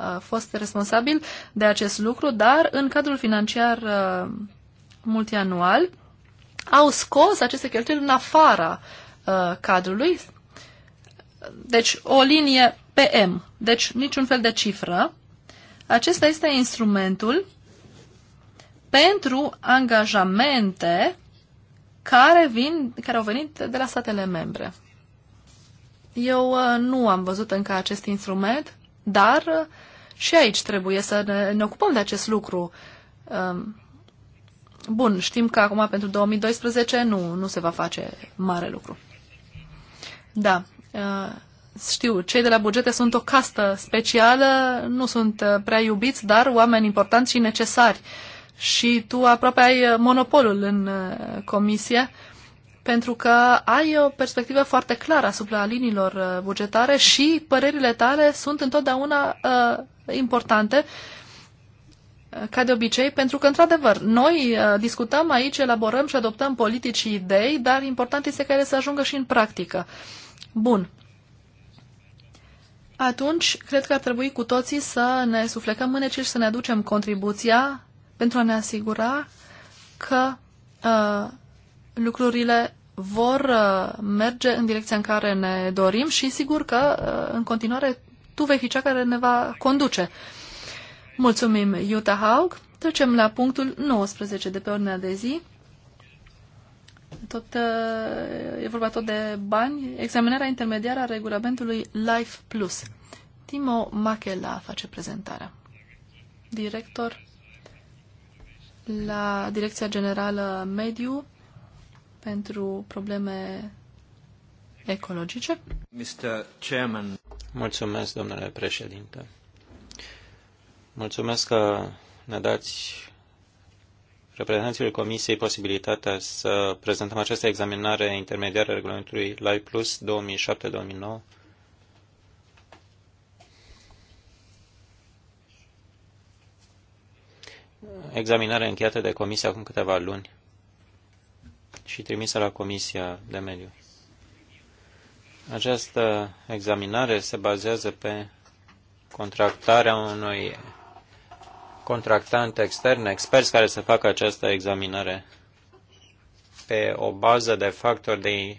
a fost responsabil de acest lucru, dar în cadrul financiar uh, multianual au scos aceste cheltuieli în afara uh, cadrului, deci o linie PM, deci niciun fel de cifră acesta este instrumentul pentru angajamente care, vin, care au venit de la statele membre. Eu uh, nu am văzut încă acest instrument, dar uh, și aici trebuie să ne, ne ocupăm de acest lucru. Um, bun, știm că acum pentru 2012 nu, nu se va face mare lucru. Da, uh, știu, cei de la bugete sunt o castă specială, nu sunt uh, prea iubiți, dar oameni importanți și necesari. Și tu aproape ai uh, monopolul în uh, comisie, pentru că ai o perspectivă foarte clară asupra liniilor bugetare și părerile tale sunt întotdeauna uh, importante, ca de obicei, pentru că, într-adevăr, noi discutăm aici, elaborăm și adoptăm politici idei, dar important este ca ele să ajungă și în practică. Bun atunci cred că ar trebui cu toții să ne suflecăm mânecii și să ne aducem contribuția pentru a ne asigura că uh, lucrurile vor uh, merge în direcția în care ne dorim și sigur că uh, în continuare tu vei fi cea care ne va conduce. Mulțumim, Jutta Haug. Trecem la punctul 19 de pe ordinea de zi tot, uh, e vorba tot de bani, examinarea intermediară a regulamentului Life Plus. Timo Machela face prezentarea. Director la Direcția Generală Mediu pentru probleme ecologice. Mr. Chairman. Mulțumesc, domnule președinte. Mulțumesc că ne dați reprezentanților Comisiei posibilitatea să prezentăm această examinare intermediară a regulamentului LAI Plus 2007-2009 examinare încheiată de comisie acum câteva luni și trimisă la Comisia de Mediu. Această examinare se bazează pe contractarea unui contractante externe, experți care să facă această examinare pe o bază de factori de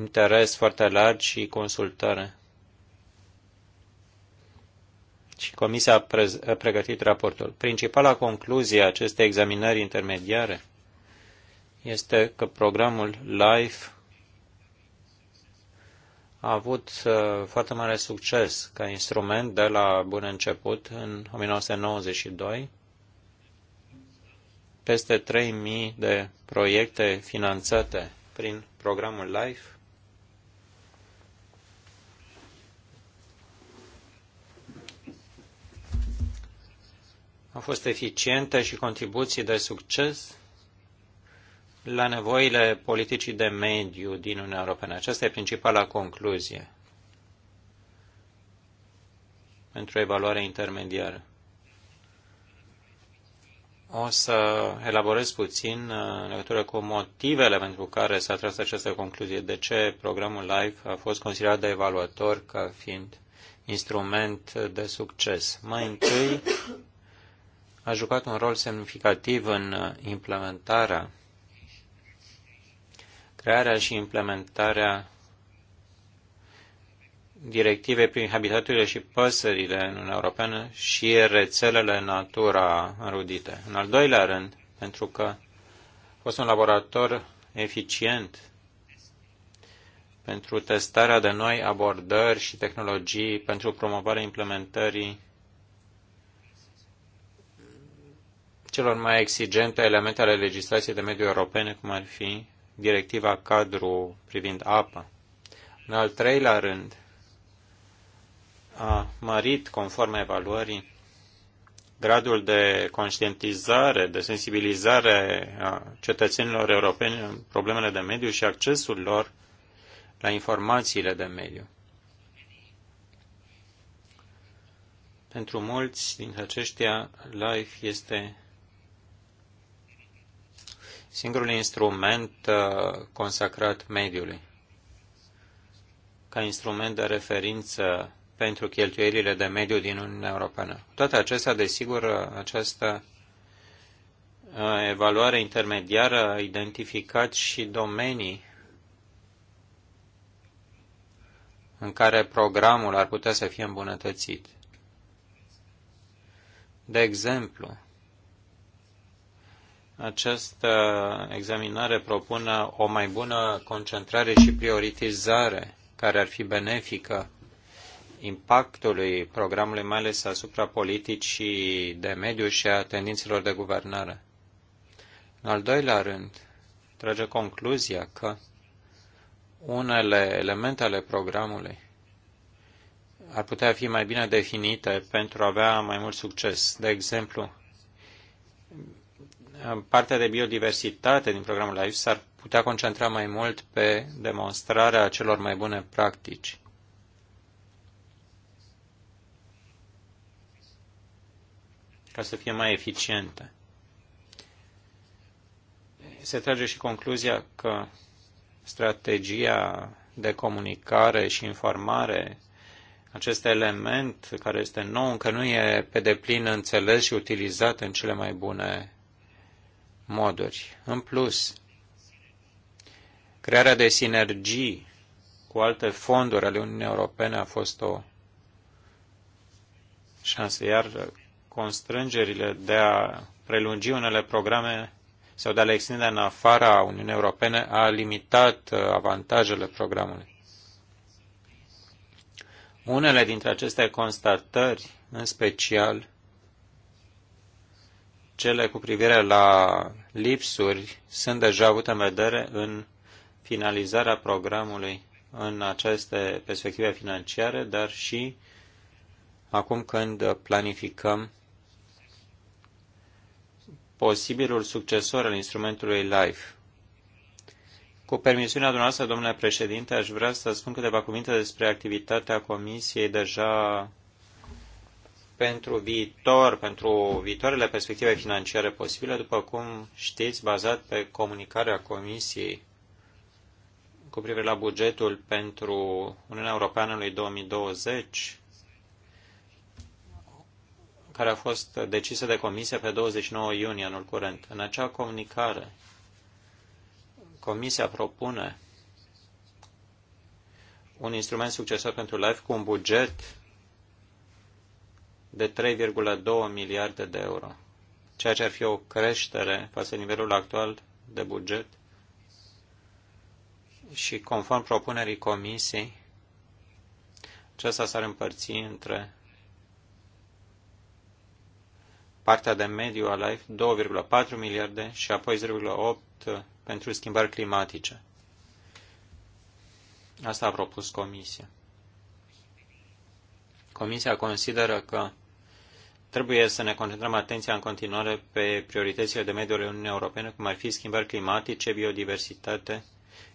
interes foarte larg și consultare. Și Comisia a, a pregătit raportul. Principala concluzie a acestei examinări intermediare este că programul LIFE a avut uh, foarte mare succes ca instrument de la bun început în 1992. Peste 3.000 de proiecte finanțate prin programul LIFE au fost eficiente și contribuții de succes la nevoile politicii de mediu din Uniunea Europeană. Aceasta e principala concluzie pentru evaluare intermediară. O să elaborez puțin uh, în legătură cu motivele pentru care s-a tras această concluzie, de ce programul LIFE a fost considerat de evaluator ca fiind instrument de succes. Mai întâi, a jucat un rol semnificativ în uh, implementarea Crearea și implementarea directivei prin habitaturile și păsările în Uniunea Europeană și rețelele natura înrudite. În al doilea rând, pentru că a fost un laborator eficient pentru testarea de noi abordări și tehnologii, pentru promovarea implementării celor mai exigente elemente ale legislației de mediu europene, cum ar fi directiva cadru privind apa. În al treilea rând, a mărit, conform evaluării, gradul de conștientizare, de sensibilizare a cetățenilor europeni în problemele de mediu și accesul lor la informațiile de mediu. Pentru mulți dintre aceștia, LIFE este singurul instrument uh, consacrat mediului ca instrument de referință pentru cheltuielile de mediu din Uniunea Europeană. Toate acestea, desigur, uh, această uh, evaluare intermediară a identificat și domenii în care programul ar putea să fie îmbunătățit. De exemplu, această examinare propune o mai bună concentrare și prioritizare care ar fi benefică impactului programului, mai ales asupra politicii de mediu și a tendințelor de guvernare. În al doilea rând, trage concluzia că unele elemente ale programului ar putea fi mai bine definite pentru a avea mai mult succes. De exemplu, partea de biodiversitate din programul LIFE s-ar putea concentra mai mult pe demonstrarea celor mai bune practici. ca să fie mai eficiente. Se trage și concluzia că strategia de comunicare și informare, acest element care este nou, încă nu e pe deplin înțeles și utilizat în cele mai bune moduri. În plus, crearea de sinergii cu alte fonduri ale Uniunii Europene a fost o șansă, iar constrângerile de a prelungi unele programe sau de a le extinde în afara Uniunii Europene a limitat uh, avantajele programului. Unele dintre aceste constatări, în special, cele cu privire la lipsuri sunt deja avute în vedere în finalizarea programului în aceste perspective financiare, dar și acum când planificăm posibilul succesor al instrumentului LIFE. Cu permisiunea dumneavoastră, domnule președinte, aș vrea să spun câteva cuvinte despre activitatea comisiei deja pentru viitor, pentru viitoarele perspective financiare posibile, după cum știți, bazat pe comunicarea Comisiei cu privire la bugetul pentru Uniunea Europeană lui 2020, care a fost decisă de Comisie pe 29 iunie anul curent. În acea comunicare, Comisia propune un instrument succesor pentru LIFE cu un buget de 3,2 miliarde de euro, ceea ce ar fi o creștere față nivelul actual de buget și conform propunerii comisiei, acesta s-ar împărți între partea de mediu a LIFE 2,4 miliarde și apoi 0,8 pentru schimbări climatice. Asta a propus Comisia. Comisia consideră că Trebuie să ne concentrăm atenția în continuare pe prioritățile de mediu ale Uniunii Europene, cum ar fi schimbări climatice, biodiversitate,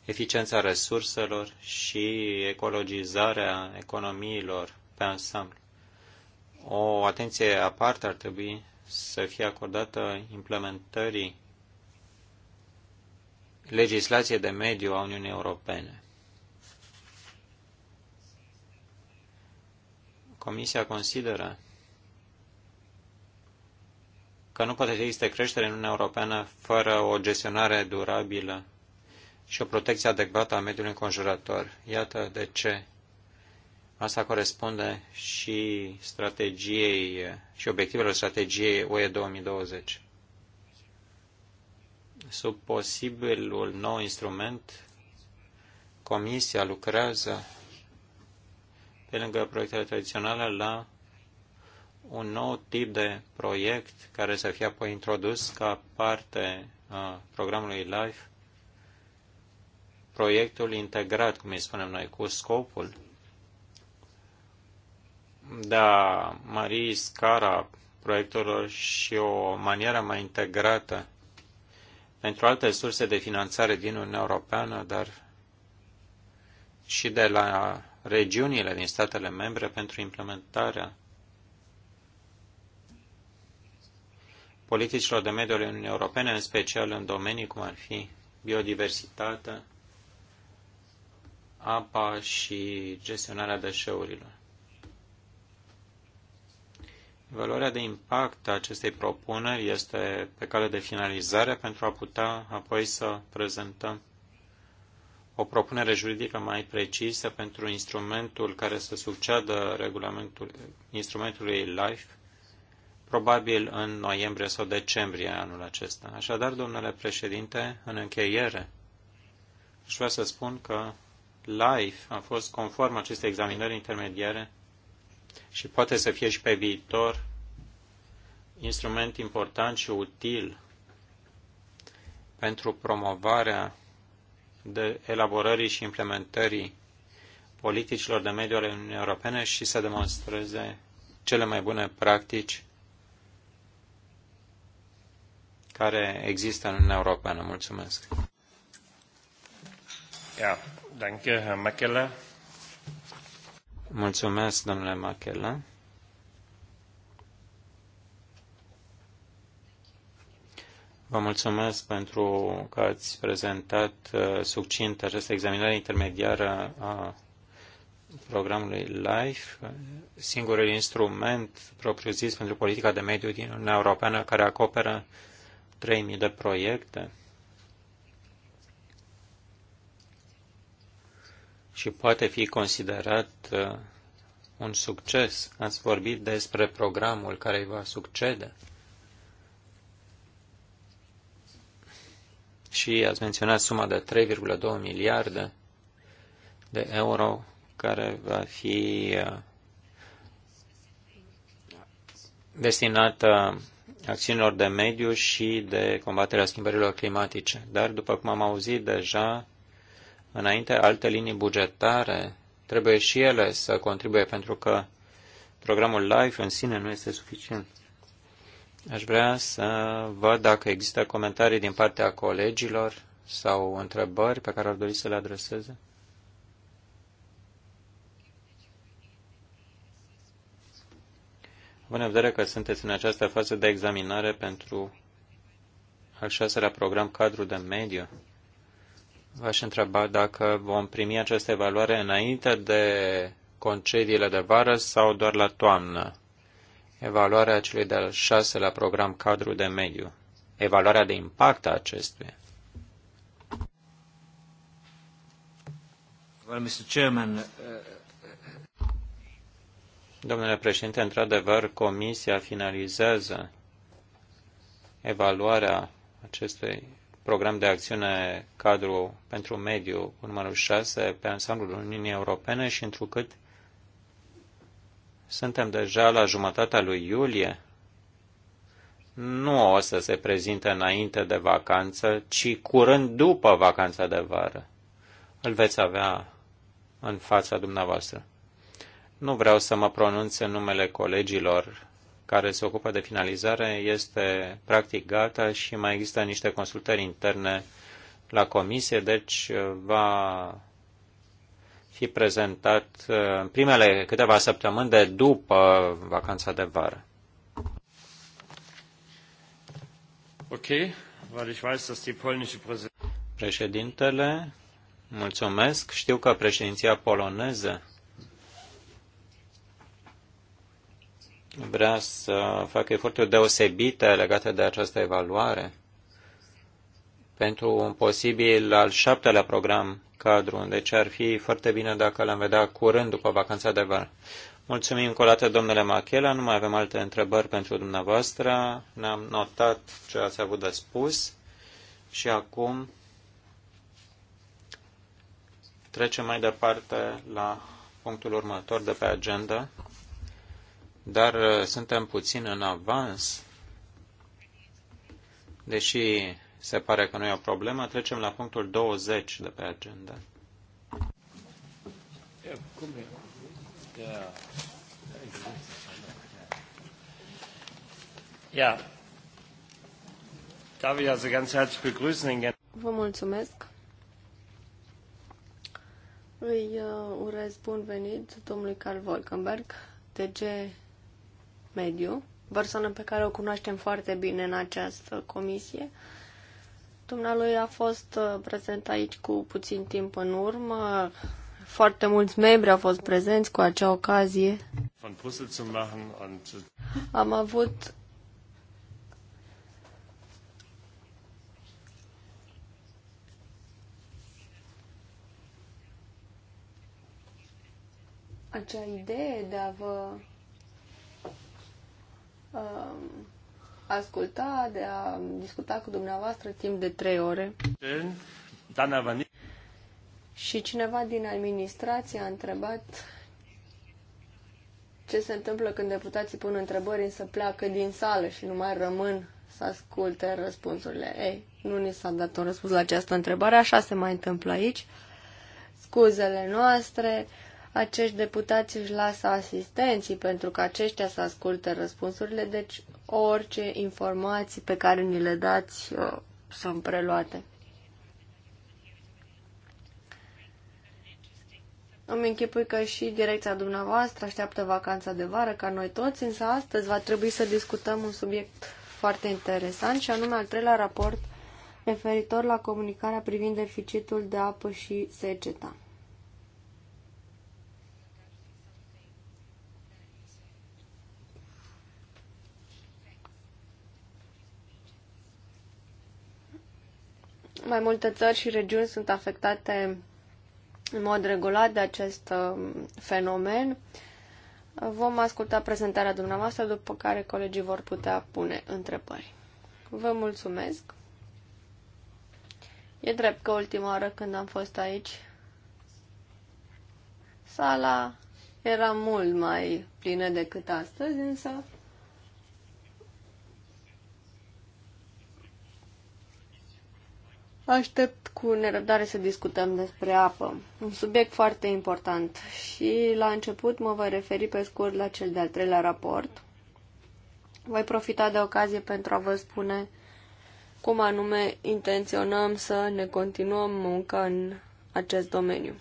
eficiența resurselor și ecologizarea economiilor pe ansamblu. O atenție aparte ar trebui să fie acordată implementării legislației de mediu a Uniunii Europene. Comisia consideră că nu poate să existe creștere în Uniunea Europeană fără o gestionare durabilă și o protecție adecvată a mediului înconjurător. Iată de ce asta corespunde și strategiei și obiectivelor strategiei UE 2020. Sub posibilul nou instrument, Comisia lucrează pe lângă proiectele tradiționale la un nou tip de proiect care să fie apoi introdus ca parte a programului LIFE, proiectul integrat, cum îi spunem noi, cu scopul de a mări scara proiectelor și o manieră mai integrată pentru alte surse de finanțare din Uniunea Europeană, dar și de la regiunile din statele membre pentru implementarea politicilor de mediu ale Uniunii Europene, în special în domenii cum ar fi biodiversitatea, apa și gestionarea deșeurilor. Valoarea de impact a acestei propuneri este pe cale de finalizare pentru a putea apoi să prezentăm o propunere juridică mai precisă pentru instrumentul care să succeadă regulamentul instrumentului LIFE probabil în noiembrie sau decembrie anul acesta. Așadar, domnule președinte, în încheiere, aș vrea să spun că LIFE a fost conform acestei examinări intermediare și poate să fie și pe viitor instrument important și util pentru promovarea de elaborării și implementării politicilor de mediu ale Uniunii Europene și să demonstreze cele mai bune practici care există în Uniunea Europeană. Mulțumesc. Ja, danke, Herr Mulțumesc, domnule Machela. Vă mulțumesc pentru că ați prezentat uh, succint această examinare intermediară a programului LIFE, singurul instrument propriu-zis pentru politica de mediu din Uniunea Europeană care acoperă 3000 de proiecte și poate fi considerat uh, un succes. Ați vorbit despre programul care îi va succede. Și ați menționat suma de 3,2 miliarde de euro care va fi uh, destinată acțiunilor de mediu și de combaterea schimbărilor climatice. Dar, după cum am auzit deja înainte, alte linii bugetare trebuie și ele să contribuie pentru că programul LIFE în sine nu este suficient. Aș vrea să văd dacă există comentarii din partea colegilor sau întrebări pe care ar dori să le adreseze. Având în vedere că sunteți în această fază de examinare pentru al șaselea program cadru de mediu, v-aș întreba dacă vom primi această evaluare înainte de concediile de vară sau doar la toamnă. Evaluarea celui de-al șaselea program cadru de mediu. Evaluarea de impact a acestuia. Well, Mr. Chairman, uh... Domnule președinte, într-adevăr, Comisia finalizează evaluarea acestui program de acțiune cadru pentru mediu cu numărul 6 pe ansamblul Uniunii Europene și întrucât suntem deja la jumătatea lui iulie, nu o să se prezinte înainte de vacanță, ci curând după vacanța de vară. Îl veți avea în fața dumneavoastră. Nu vreau să mă pronunț în numele colegilor care se ocupă de finalizare. Este practic gata și mai există niște consultări interne la comisie, deci uh, va fi prezentat uh, în primele câteva săptămâni de după vacanța de vară. Ok, weil ich weiß, dass die polnische Präsidentin... Președintele, mulțumesc. Știu că președinția poloneză vrea să facă eforturi deosebite legate de această evaluare pentru un posibil al șaptelea program cadru. Deci ar fi foarte bine dacă l-am vedea curând după vacanța de vară. Mulțumim încă o dată, domnule Machela. Nu mai avem alte întrebări pentru dumneavoastră. Ne-am notat ce ați avut de spus și acum trecem mai departe la punctul următor de pe agenda dar uh, suntem puțin în avans. Deși se pare că nu e o problemă, trecem la punctul 20 de pe agenda. Vă mulțumesc. Îi uh, urez bun venit domnului Carl Volkenberg, DG Mediu, persoană pe care o cunoaștem foarte bine în această comisie. Dumnealui a fost uh, prezent aici cu puțin timp în urmă. Foarte mulți membri au fost prezenți cu acea ocazie. Uh, Am avut acea idee de a vă Um, asculta, de a discuta cu dumneavoastră timp de trei ore. Și cineva din administrație a întrebat ce se întâmplă când deputații pun întrebări, însă pleacă din sală și nu mai rămân să asculte răspunsurile. Ei, nu ni s-a dat un răspuns la această întrebare, așa se mai întâmplă aici. Scuzele noastre, acești deputați își lasă asistenții pentru că aceștia să asculte răspunsurile, deci orice informații pe care ni le dați uh, sunt preluate. Îmi închipui că și direcția dumneavoastră așteaptă vacanța de vară ca noi toți, însă astăzi va trebui să discutăm un subiect foarte interesant și anume al treilea raport referitor la comunicarea privind deficitul de apă și seceta. Mai multe țări și regiuni sunt afectate în mod regulat de acest um, fenomen. Vom asculta prezentarea dumneavoastră, după care colegii vor putea pune întrebări. Vă mulțumesc! E drept că ultima oară când am fost aici, sala era mult mai plină decât astăzi, însă Aștept cu nerăbdare să discutăm despre apă, un subiect foarte important și la început mă voi referi pe scurt la cel de-al treilea raport. Voi profita de ocazie pentru a vă spune cum anume intenționăm să ne continuăm munca în acest domeniu.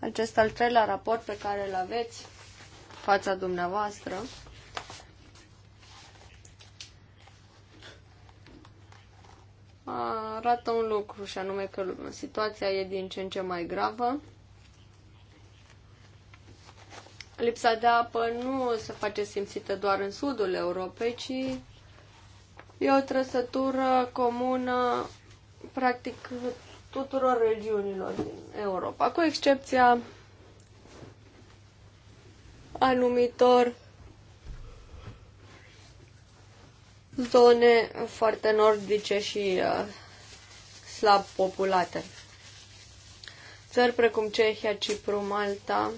Acest al treilea raport pe care îl aveți fața dumneavoastră arată un lucru și anume că situația e din ce în ce mai gravă. Lipsa de apă nu se face simțită doar în sudul Europei, ci e o trăsătură comună practic tuturor regiunilor din Europa, cu excepția anumitor zone foarte nordice și uh, slab populate. Țări precum Cehia, Cipru, Malta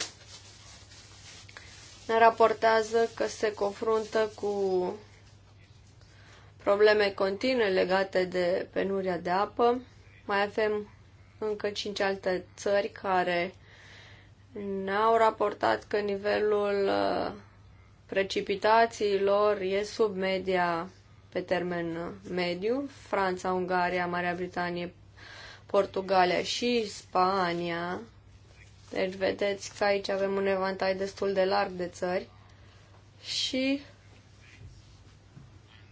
ne raportează că se confruntă cu probleme continue legate de penuria de apă. Mai avem încă cinci alte țări care ne-au raportat că nivelul uh, precipitațiilor e sub media pe termen uh, mediu. Franța, Ungaria, Marea Britanie, Portugalia și Spania. Deci vedeți că aici avem un evantai destul de larg de țări și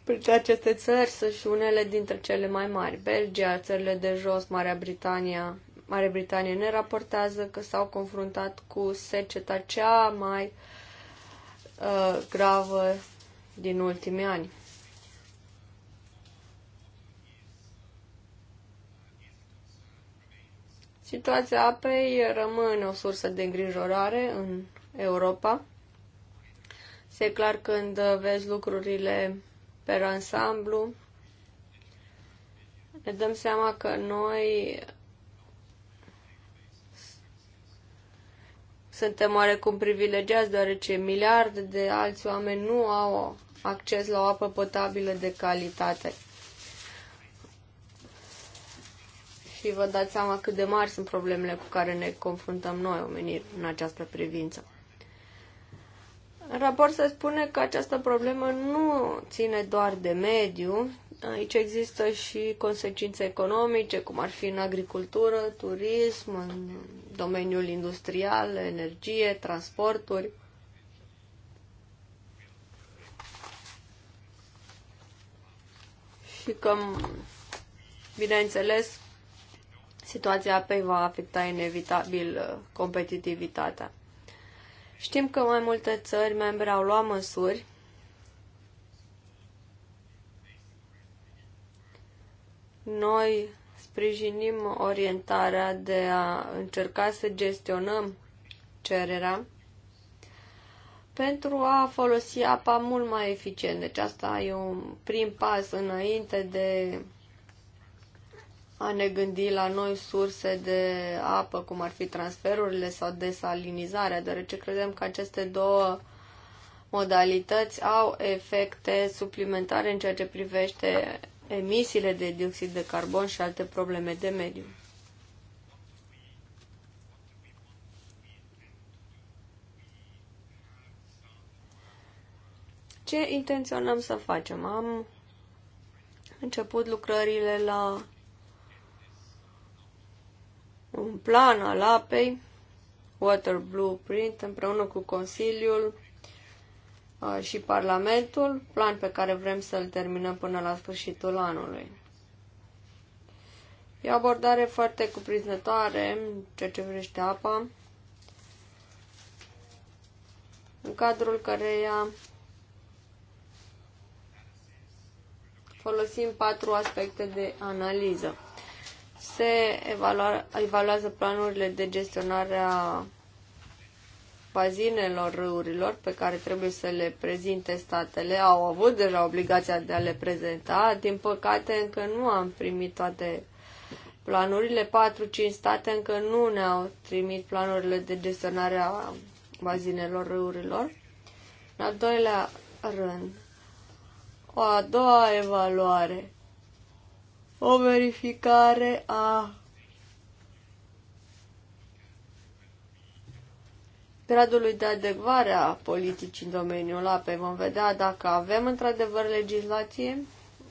printre aceste țări sunt și unele dintre cele mai mari. Belgia, țările de jos, Marea Britania, Marea Britanie ne raportează că s-au confruntat cu seceta cea mai uh, gravă din ultimii ani. Situația apei rămâne o sursă de îngrijorare în Europa. Se clar când vezi lucrurile pe ansamblu, ne dăm seama că noi suntem oarecum privilegiați, deoarece miliarde de alți oameni nu au acces la o apă potabilă de calitate. și vă dați seama cât de mari sunt problemele cu care ne confruntăm noi, omenii, în această privință. În raport se spune că această problemă nu ține doar de mediu, aici există și consecințe economice, cum ar fi în agricultură, turism, în domeniul industrial, energie, transporturi. Și că, bineînțeles, situația apei va afecta inevitabil uh, competitivitatea. Știm că mai multe țări membre au luat măsuri Noi sprijinim orientarea de a încerca să gestionăm cererea pentru a folosi apa mult mai eficient. Deci asta e un prim pas înainte de a ne gândi la noi surse de apă, cum ar fi transferurile sau desalinizarea, deoarece credem că aceste două modalități au efecte suplimentare în ceea ce privește emisiile de dioxid de carbon și alte probleme de mediu. Ce intenționăm să facem? Am început lucrările la un plan al apei, Water Blueprint, împreună cu Consiliul uh, și Parlamentul, plan pe care vrem să-l terminăm până la sfârșitul anului. E o abordare foarte cuprinzătoare ceea ce vrește apa, în cadrul căreia folosim patru aspecte de analiză se evalua, evaluează planurile de gestionare a bazinelor râurilor pe care trebuie să le prezinte statele. Au avut deja obligația de a le prezenta. Din păcate, încă nu am primit toate planurile. 4-5 state încă nu ne-au trimit planurile de gestionare a bazinelor râurilor. În al doilea rând, o a doua evaluare o verificare a gradului de adecvare a politicii în domeniul apei. Vom vedea dacă avem într-adevăr legislație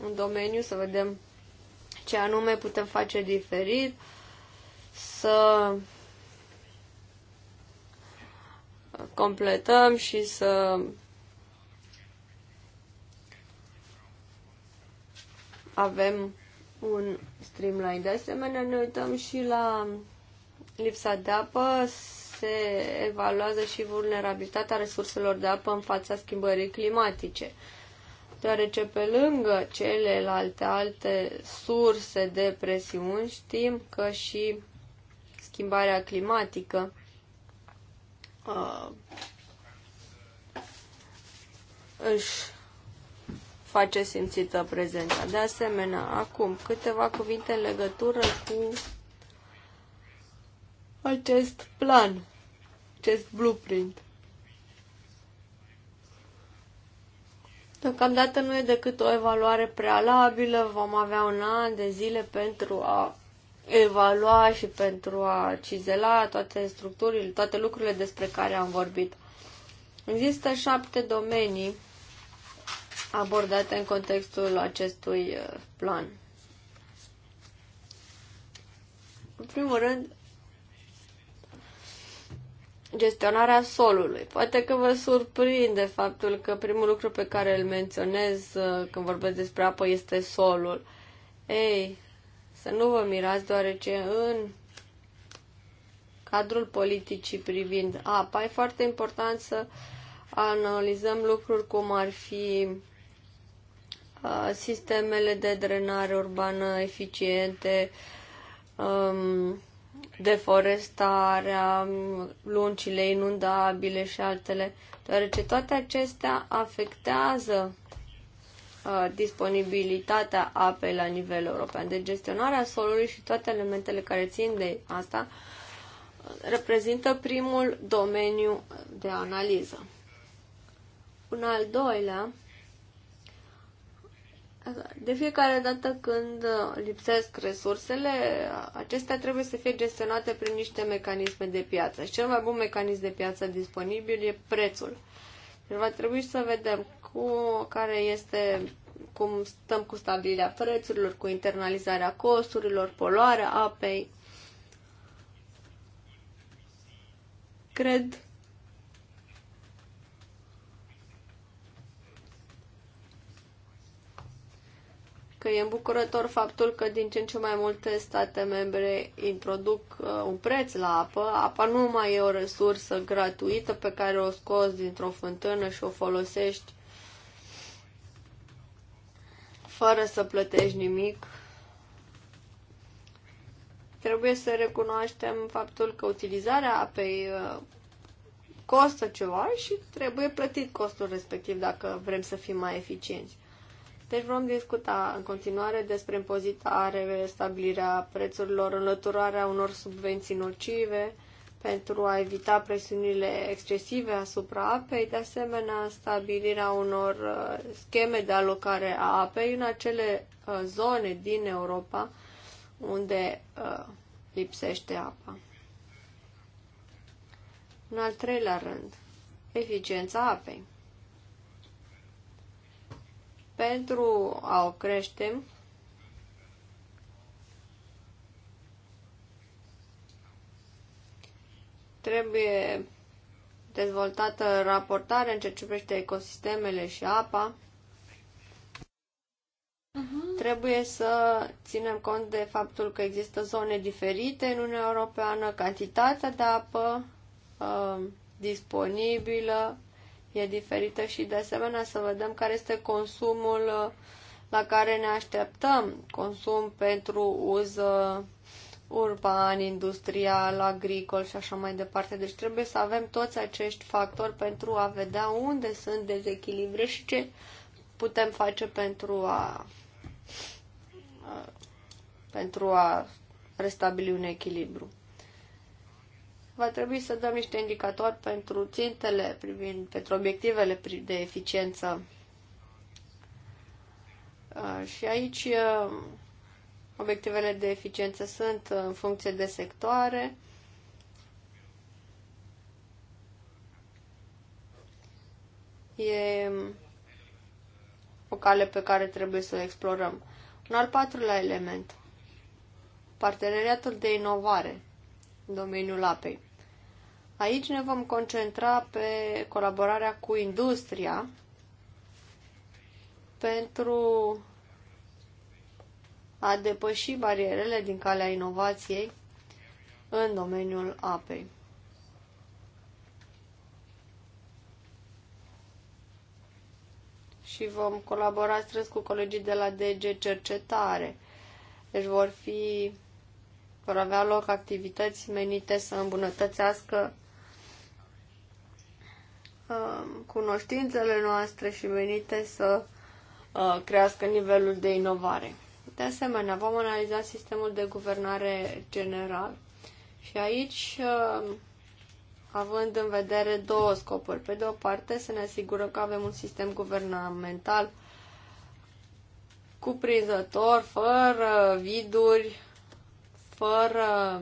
în domeniu, să vedem ce anume putem face diferit, să completăm și să avem un streamline. De asemenea, ne uităm și la lipsa de apă, se evaluează și vulnerabilitatea resurselor de apă în fața schimbării climatice, deoarece pe lângă celelalte alte surse de presiuni știm că și schimbarea climatică uh, își face simțită prezența. De asemenea, acum câteva cuvinte în legătură cu acest plan, acest blueprint. Deocamdată nu e decât o evaluare prealabilă, vom avea un an de zile pentru a evalua și pentru a cizela toate structurile, toate lucrurile despre care am vorbit. Există șapte domenii abordate în contextul acestui uh, plan. În primul rând, gestionarea solului. Poate că vă surprinde faptul că primul lucru pe care îl menționez uh, când vorbesc despre apă este solul. Ei, să nu vă mirați, deoarece în cadrul politicii privind apa e foarte important să analizăm lucruri cum ar fi Uh, sistemele de drenare urbană eficiente, um, deforestarea, luncile inundabile și altele, deoarece toate acestea afectează uh, disponibilitatea apei la nivel european. De deci gestionarea solului și toate elementele care țin de asta uh, reprezintă primul domeniu de analiză. Un al doilea de fiecare dată când uh, lipsesc resursele, acestea trebuie să fie gestionate prin niște mecanisme de piață. Și cel mai bun mecanism de piață disponibil e prețul. Deci va trebui să vedem cu care este cum stăm cu stabilirea prețurilor, cu internalizarea costurilor, poluarea apei. Cred că e îmbucurător faptul că din ce în ce mai multe state membre introduc uh, un preț la apă. Apa nu mai e o resursă gratuită pe care o scoți dintr-o fântână și o folosești fără să plătești nimic. Trebuie să recunoaștem faptul că utilizarea apei uh, costă ceva și trebuie plătit costul respectiv dacă vrem să fim mai eficienți. Deci vom discuta în continuare despre impozitare, stabilirea prețurilor, înlăturarea unor subvenții nocive pentru a evita presiunile excesive asupra apei, de asemenea stabilirea unor uh, scheme de alocare a apei în acele uh, zone din Europa unde uh, lipsește apa. În al treilea rând, eficiența apei pentru a o crește, trebuie dezvoltată raportare în ceea ce privește ecosistemele și apa. Mhm. Trebuie să ținem cont de faptul că există zone diferite în Uniunea Europeană, cantitatea de apă uh, disponibilă e diferită și de asemenea să vedem care este consumul uh, la care ne așteptăm. Consum pentru uz urban, industrial, agricol și așa mai departe. Deci trebuie să avem toți acești factori pentru a vedea unde sunt dezechilibre și ce putem face pentru a pentru a restabili un echilibru va trebui să dăm niște indicatori pentru țintele privind, pentru obiectivele de eficiență. Și aici obiectivele de eficiență sunt în funcție de sectoare. E o cale pe care trebuie să o explorăm. Un al patrulea element. Parteneriatul de inovare în domeniul apei. Aici ne vom concentra pe colaborarea cu industria pentru a depăși barierele din calea inovației în domeniul apei. Și vom colabora strâns cu colegii de la DG Cercetare. Deci vor fi vor avea loc activități menite să îmbunătățească Um, cunoștințele noastre și venite să uh, crească nivelul de inovare. De asemenea, vom analiza sistemul de guvernare general. Și aici, um, având în vedere două scopuri. Pe de o parte, să ne asigurăm că avem un sistem guvernamental cuprinzător, fără viduri, fără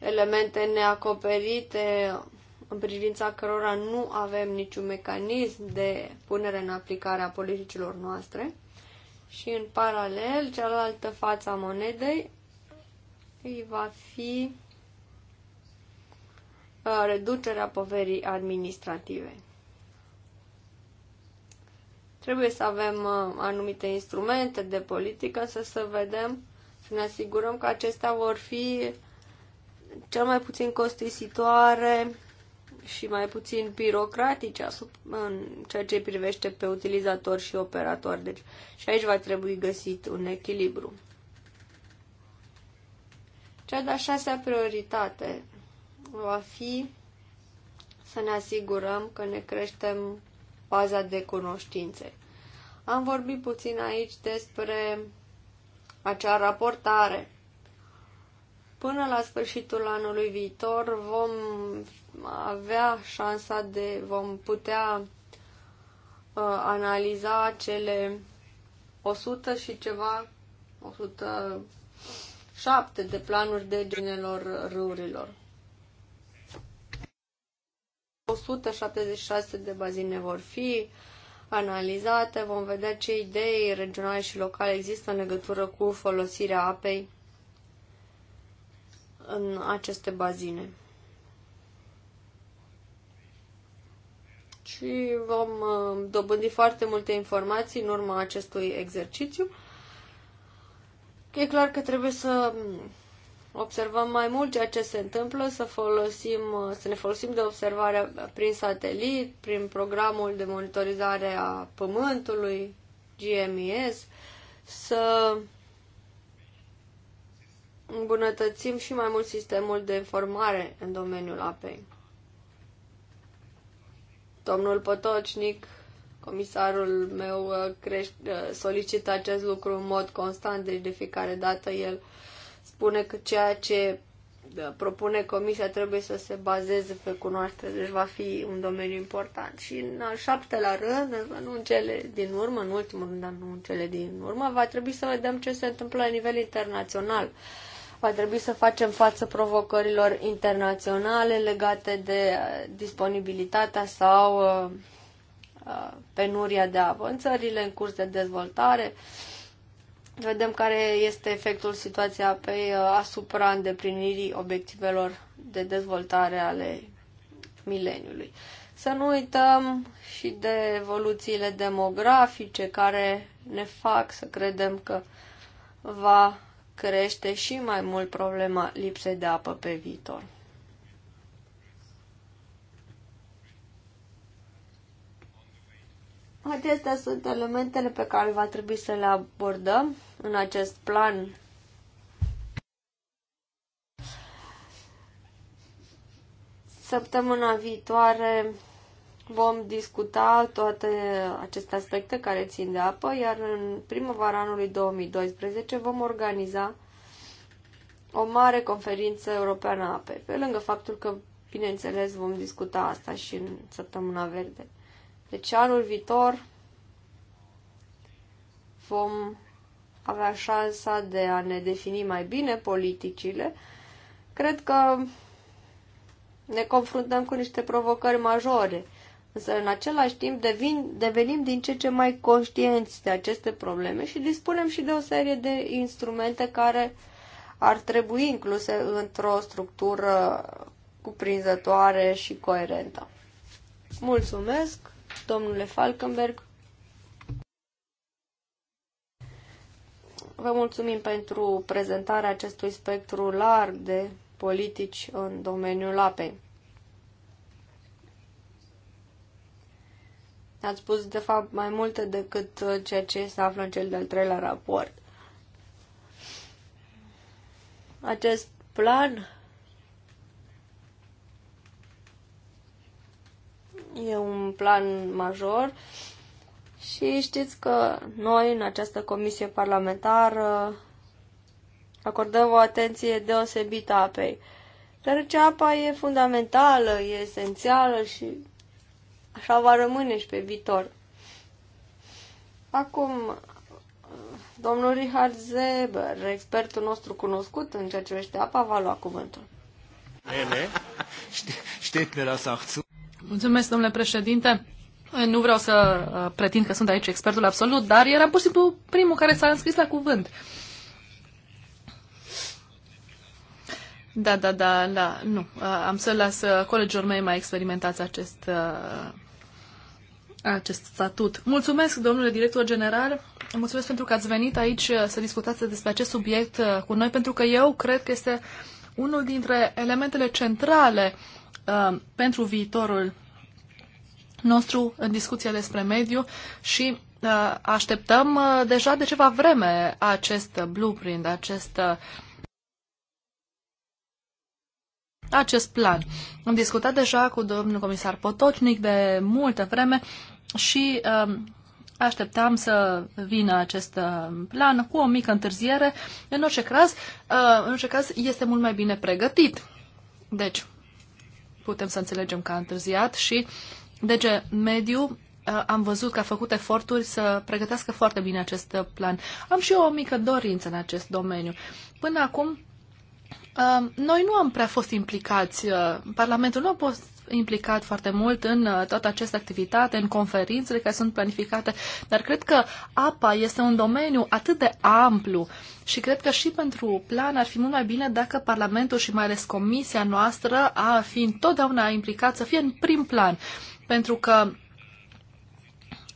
elemente neacoperite, în privința cărora nu avem niciun mecanism de punere în aplicare a politicilor noastre. Și în paralel, cealaltă față a monedei îi va fi uh, reducerea poverii administrative. Trebuie să avem uh, anumite instrumente de politică, să să vedem, să ne asigurăm că acestea vor fi cel mai puțin costisitoare și mai puțin birocratice în ceea ce privește pe utilizator și operator. Deci și aici va trebui găsit un echilibru. Cea de-a șasea prioritate va fi să ne asigurăm că ne creștem baza de cunoștințe. Am vorbit puțin aici despre acea raportare. Până la sfârșitul anului viitor vom avea șansa de, vom putea uh, analiza cele 100 și ceva, 107 de planuri de genelor râurilor. 176 de bazine vor fi analizate, vom vedea ce idei regionale și locale există în legătură cu folosirea apei în aceste bazine. și vom uh, dobândi foarte multe informații în urma acestui exercițiu. E clar că trebuie să observăm mai mult ceea ce se întâmplă, să, folosim, uh, să ne folosim de observarea prin satelit, prin programul de monitorizare a Pământului, GMES, să îmbunătățim și mai mult sistemul de informare în domeniul apei. Domnul Potocnic, comisarul meu, uh, uh, solicită acest lucru în mod constant, deci de fiecare dată el spune că ceea ce uh, propune comisia trebuie să se bazeze pe cunoaștere, deci va fi un domeniu important. Și în al șaptelea rând, nu în cele din urmă, în ultimul rând, dar nu în cele din urmă, va trebui să vedem ce se întâmplă la nivel internațional. Uh, va trebui să facem față provocărilor internaționale legate de uh, disponibilitatea sau uh, uh, penuria de apă în țările în curs de dezvoltare. Vedem care este efectul situației apei asupra îndeplinirii obiectivelor de dezvoltare ale mileniului. Să nu uităm și de evoluțiile demografice care ne fac să credem că va crește și mai mult problema lipsei de apă pe viitor. Acestea sunt elementele pe care va trebui să le abordăm în acest plan. Săptămâna viitoare Vom discuta toate aceste aspecte care țin de apă, iar în primăvara anului 2012 vom organiza o mare conferință europeană a apei, pe lângă faptul că, bineînțeles, vom discuta asta și în săptămâna verde. Deci anul viitor vom avea șansa de a ne defini mai bine politicile. Cred că ne confruntăm cu niște provocări majore – Însă, în același timp, devin, devenim din ce ce mai conștienți de aceste probleme și dispunem și de o serie de instrumente care ar trebui incluse într-o structură cuprinzătoare și coerentă. Mulțumesc, domnule Falkenberg. Vă mulțumim pentru prezentarea acestui spectru larg de politici în domeniul apei. Ați spus, de fapt, mai multe decât uh, ceea ce se află în cel de-al treilea raport. Acest plan e un plan major și știți că noi, în această comisie parlamentară, acordăm o atenție deosebită apei, deoarece apa e fundamentală, e esențială și Așa va rămâne și pe viitor. Acum, domnul Richard Zeber, expertul nostru cunoscut în ceea ce vește apa, va lua cuvântul. Mulțumesc, domnule președinte. Nu vreau să uh, pretind că sunt aici expertul absolut, dar era pur și simplu primul care s-a înscris la cuvânt. Da, da, da, da, nu. Am să las uh, colegilor mei mai experimentați acest, uh, acest statut. Mulțumesc, domnule director general. Mulțumesc pentru că ați venit aici uh, să discutați despre acest subiect cu noi, pentru că eu cred că este unul dintre elementele centrale uh, pentru viitorul nostru în discuția despre mediu și uh, așteptăm uh, deja de ceva vreme acest blueprint, acest uh, acest plan. Am discutat deja cu domnul comisar Potocnic de multă vreme și um, așteptam să vină acest um, plan cu o mică întârziere. În orice caz, uh, în orice caz este mult mai bine pregătit. Deci, putem să înțelegem că a întârziat și DG Mediu uh, am văzut că a făcut eforturi să pregătească foarte bine acest uh, plan. Am și eu o mică dorință în acest domeniu. Până acum noi nu am prea fost implicați, uh, Parlamentul nu a fost implicat foarte mult în uh, toată această activitate, în conferințele care sunt planificate, dar cred că apa este un domeniu atât de amplu și cred că și pentru plan ar fi mult mai bine dacă Parlamentul și mai ales Comisia noastră a fi întotdeauna implicat, să fie în prim plan, pentru că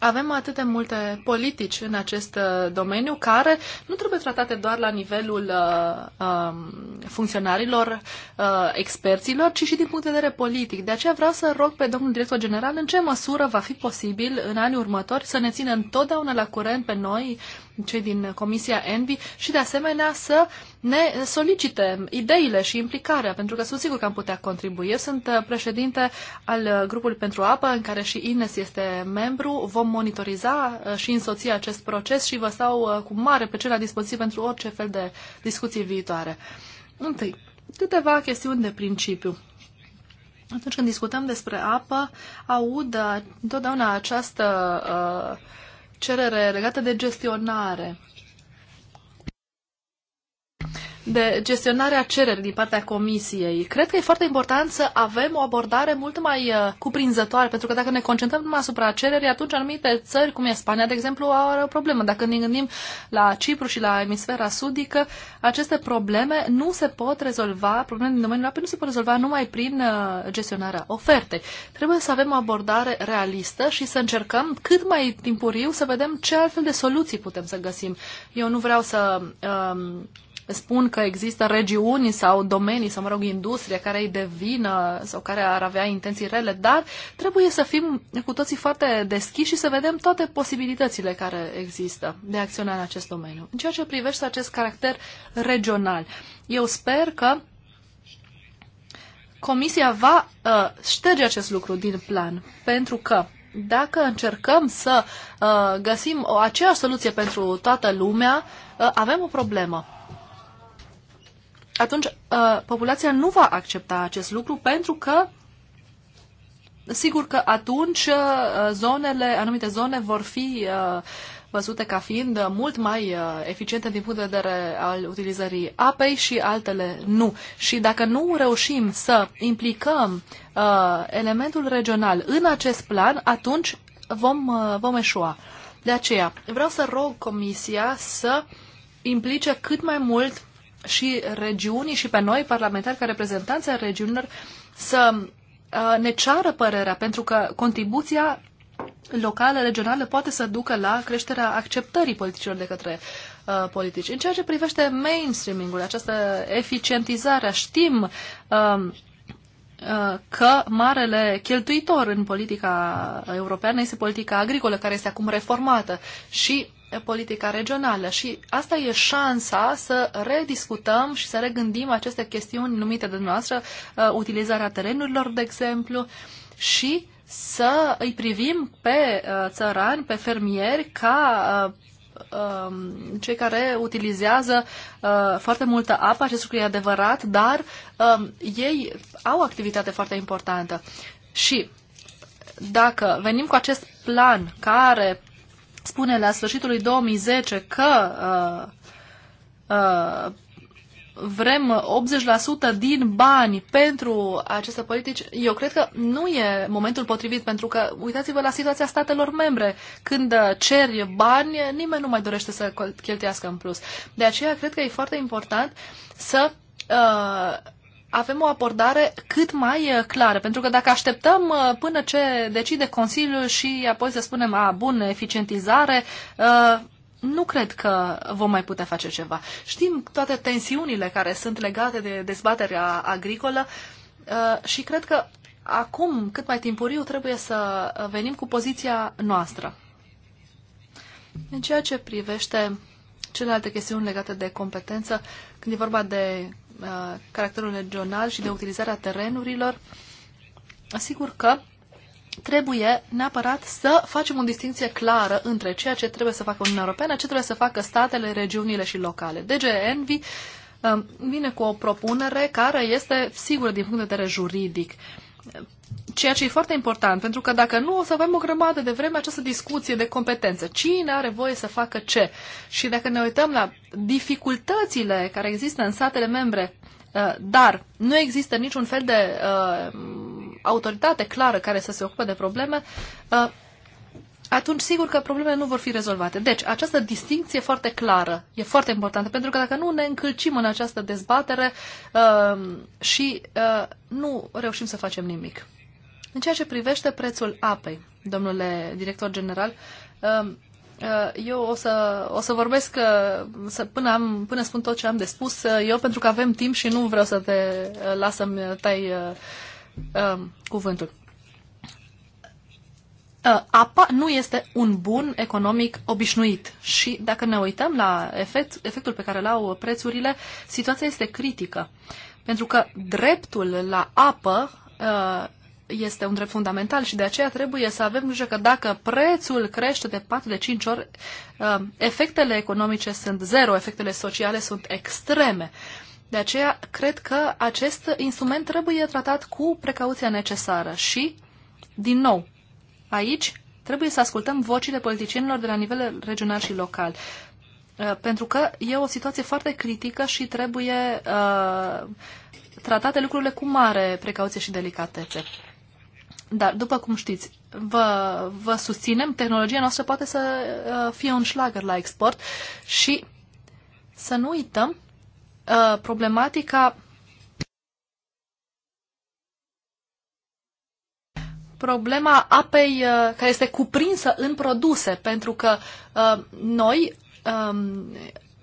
avem atât de multe politici în acest uh, domeniu care nu trebuie tratate doar la nivelul uh, um, funcționarilor, uh, experților, ci și din punct de vedere politic. De aceea vreau să rog pe domnul director general în ce măsură va fi posibil în anii următori să ne țină întotdeauna la curent pe noi cei din Comisia Envi și de asemenea să ne solicite ideile și implicarea, pentru că sunt sigur că am putea contribui. Eu sunt uh, președinte al uh, grupului pentru apă, în care și Ines este membru. Vom monitoriza uh, și însoți acest proces și vă stau cu mare pe la dispoziție pentru orice fel de discuții viitoare. Întâi, câteva chestiuni de principiu. Atunci când discutăm despre apă, aud întotdeauna această uh, cerere legată de gestionare de gestionarea cererii din partea Comisiei. Cred că e foarte important să avem o abordare mult mai uh, cuprinzătoare, pentru că dacă ne concentrăm numai asupra cererii, atunci anumite țări, cum e Spania, de exemplu, au o problemă. Dacă ne gândim la Cipru și la emisfera sudică, aceste probleme nu se pot rezolva, probleme din domeniul apei nu se pot rezolva numai prin uh, gestionarea ofertei. Trebuie să avem o abordare realistă și să încercăm cât mai timpuriu să vedem ce altfel de soluții putem să găsim. Eu nu vreau să um, spun că există regiuni sau domenii, sau mă rog, industrie care îi devină sau care ar avea intenții rele, dar trebuie să fim cu toții foarte deschiși și să vedem toate posibilitățile care există de acțiune în acest domeniu. În ceea ce privește acest caracter regional, eu sper că Comisia va uh, șterge acest lucru din plan, pentru că dacă încercăm să uh, găsim o aceeași soluție pentru toată lumea, uh, avem o problemă atunci uh, populația nu va accepta acest lucru pentru că sigur că atunci uh, zonele, anumite zone vor fi uh, văzute ca fiind mult mai uh, eficiente din punct de vedere al utilizării apei și altele nu. Și dacă nu reușim să implicăm uh, elementul regional în acest plan, atunci vom, uh, vom eșua. De aceea, vreau să rog Comisia să implice cât mai mult și regiunii și pe noi, parlamentari, ca reprezentanți ai regiunilor, să uh, ne ceară părerea, pentru că contribuția locală, regională, poate să ducă la creșterea acceptării politicilor de către uh, politici. În ceea ce privește mainstreaming-ul, această eficientizare, știm um, uh, că marele cheltuitor în politica europeană este politica agricolă, care este acum reformată și politica regională și asta e șansa să rediscutăm și să regândim aceste chestiuni numite de noastră, uh, utilizarea terenurilor, de exemplu, și să îi privim pe uh, țărani, pe fermieri, ca uh, um, cei care utilizează foarte multă apă, acest lucru e adevărat, dar um, ei au o activitate foarte importantă. Și dacă venim cu acest plan care spune la sfârșitul lui 2010 că uh, uh, vrem 80% din bani pentru aceste politici, eu cred că nu e momentul potrivit, pentru că uitați-vă la situația statelor membre. Când ceri bani, nimeni nu mai dorește să cheltuiască în plus. De aceea cred că e foarte important să uh, avem o abordare cât mai uh, clară, pentru că dacă așteptăm uh, până ce decide Consiliul și apoi să spunem, a, bun, eficientizare, uh, nu cred că vom mai putea face ceva. Știm toate tensiunile care sunt legate de dezbaterea agricolă și cred că acum, cât mai timpuriu, trebuie să venim cu poziția noastră. În ceea ce privește celelalte chestiuni legate de competență, când e vorba de Uh, caracterul regional și de utilizarea terenurilor, asigur că trebuie neapărat să facem o distinție clară între ceea ce trebuie să facă Uniunea Europeană, ce trebuie să facă statele, regiunile și locale. DG Envi uh, vine cu o propunere care este sigură din punct de vedere juridic. Ceea ce e foarte important, pentru că dacă nu, o să avem o grămadă de vreme această discuție de competență. Cine are voie să facă ce? Și dacă ne uităm la dificultățile care există în statele membre, uh, dar nu există niciun fel de uh, autoritate clară care să se ocupe de probleme, uh, atunci sigur că problemele nu vor fi rezolvate. Deci, această distinție foarte clară e foarte importantă, pentru că dacă nu ne încălcim în această dezbatere uh, și uh, nu reușim să facem nimic. În ceea ce privește prețul apei, domnule director general, um, uh, eu o să, o să vorbesc uh, să, până, am, până spun tot ce am de spus uh, eu, pentru că avem timp și nu vreau să te las să-mi tai uh, um, cuvântul. Uh, apa nu este un bun economic obișnuit și dacă ne uităm la efect, efectul pe care îl au prețurile, situația este critică. Pentru că dreptul la apă este un drept fundamental și de aceea trebuie să avem grijă că dacă prețul crește de 4 de 5 ori, uh, efectele economice sunt zero, efectele sociale sunt extreme. De aceea cred că acest instrument trebuie tratat cu precauția necesară și, din nou, aici trebuie să ascultăm vocile politicienilor de la nivel regional și local. Uh, pentru că e o situație foarte critică și trebuie uh, tratate lucrurile cu mare precauție și delicatețe. Dar, după cum știți, vă, vă susținem, tehnologia noastră poate să uh, fie un șlagăr la export și să nu uităm uh, problematica problema apei uh, care este cuprinsă în produse, pentru că uh, noi um,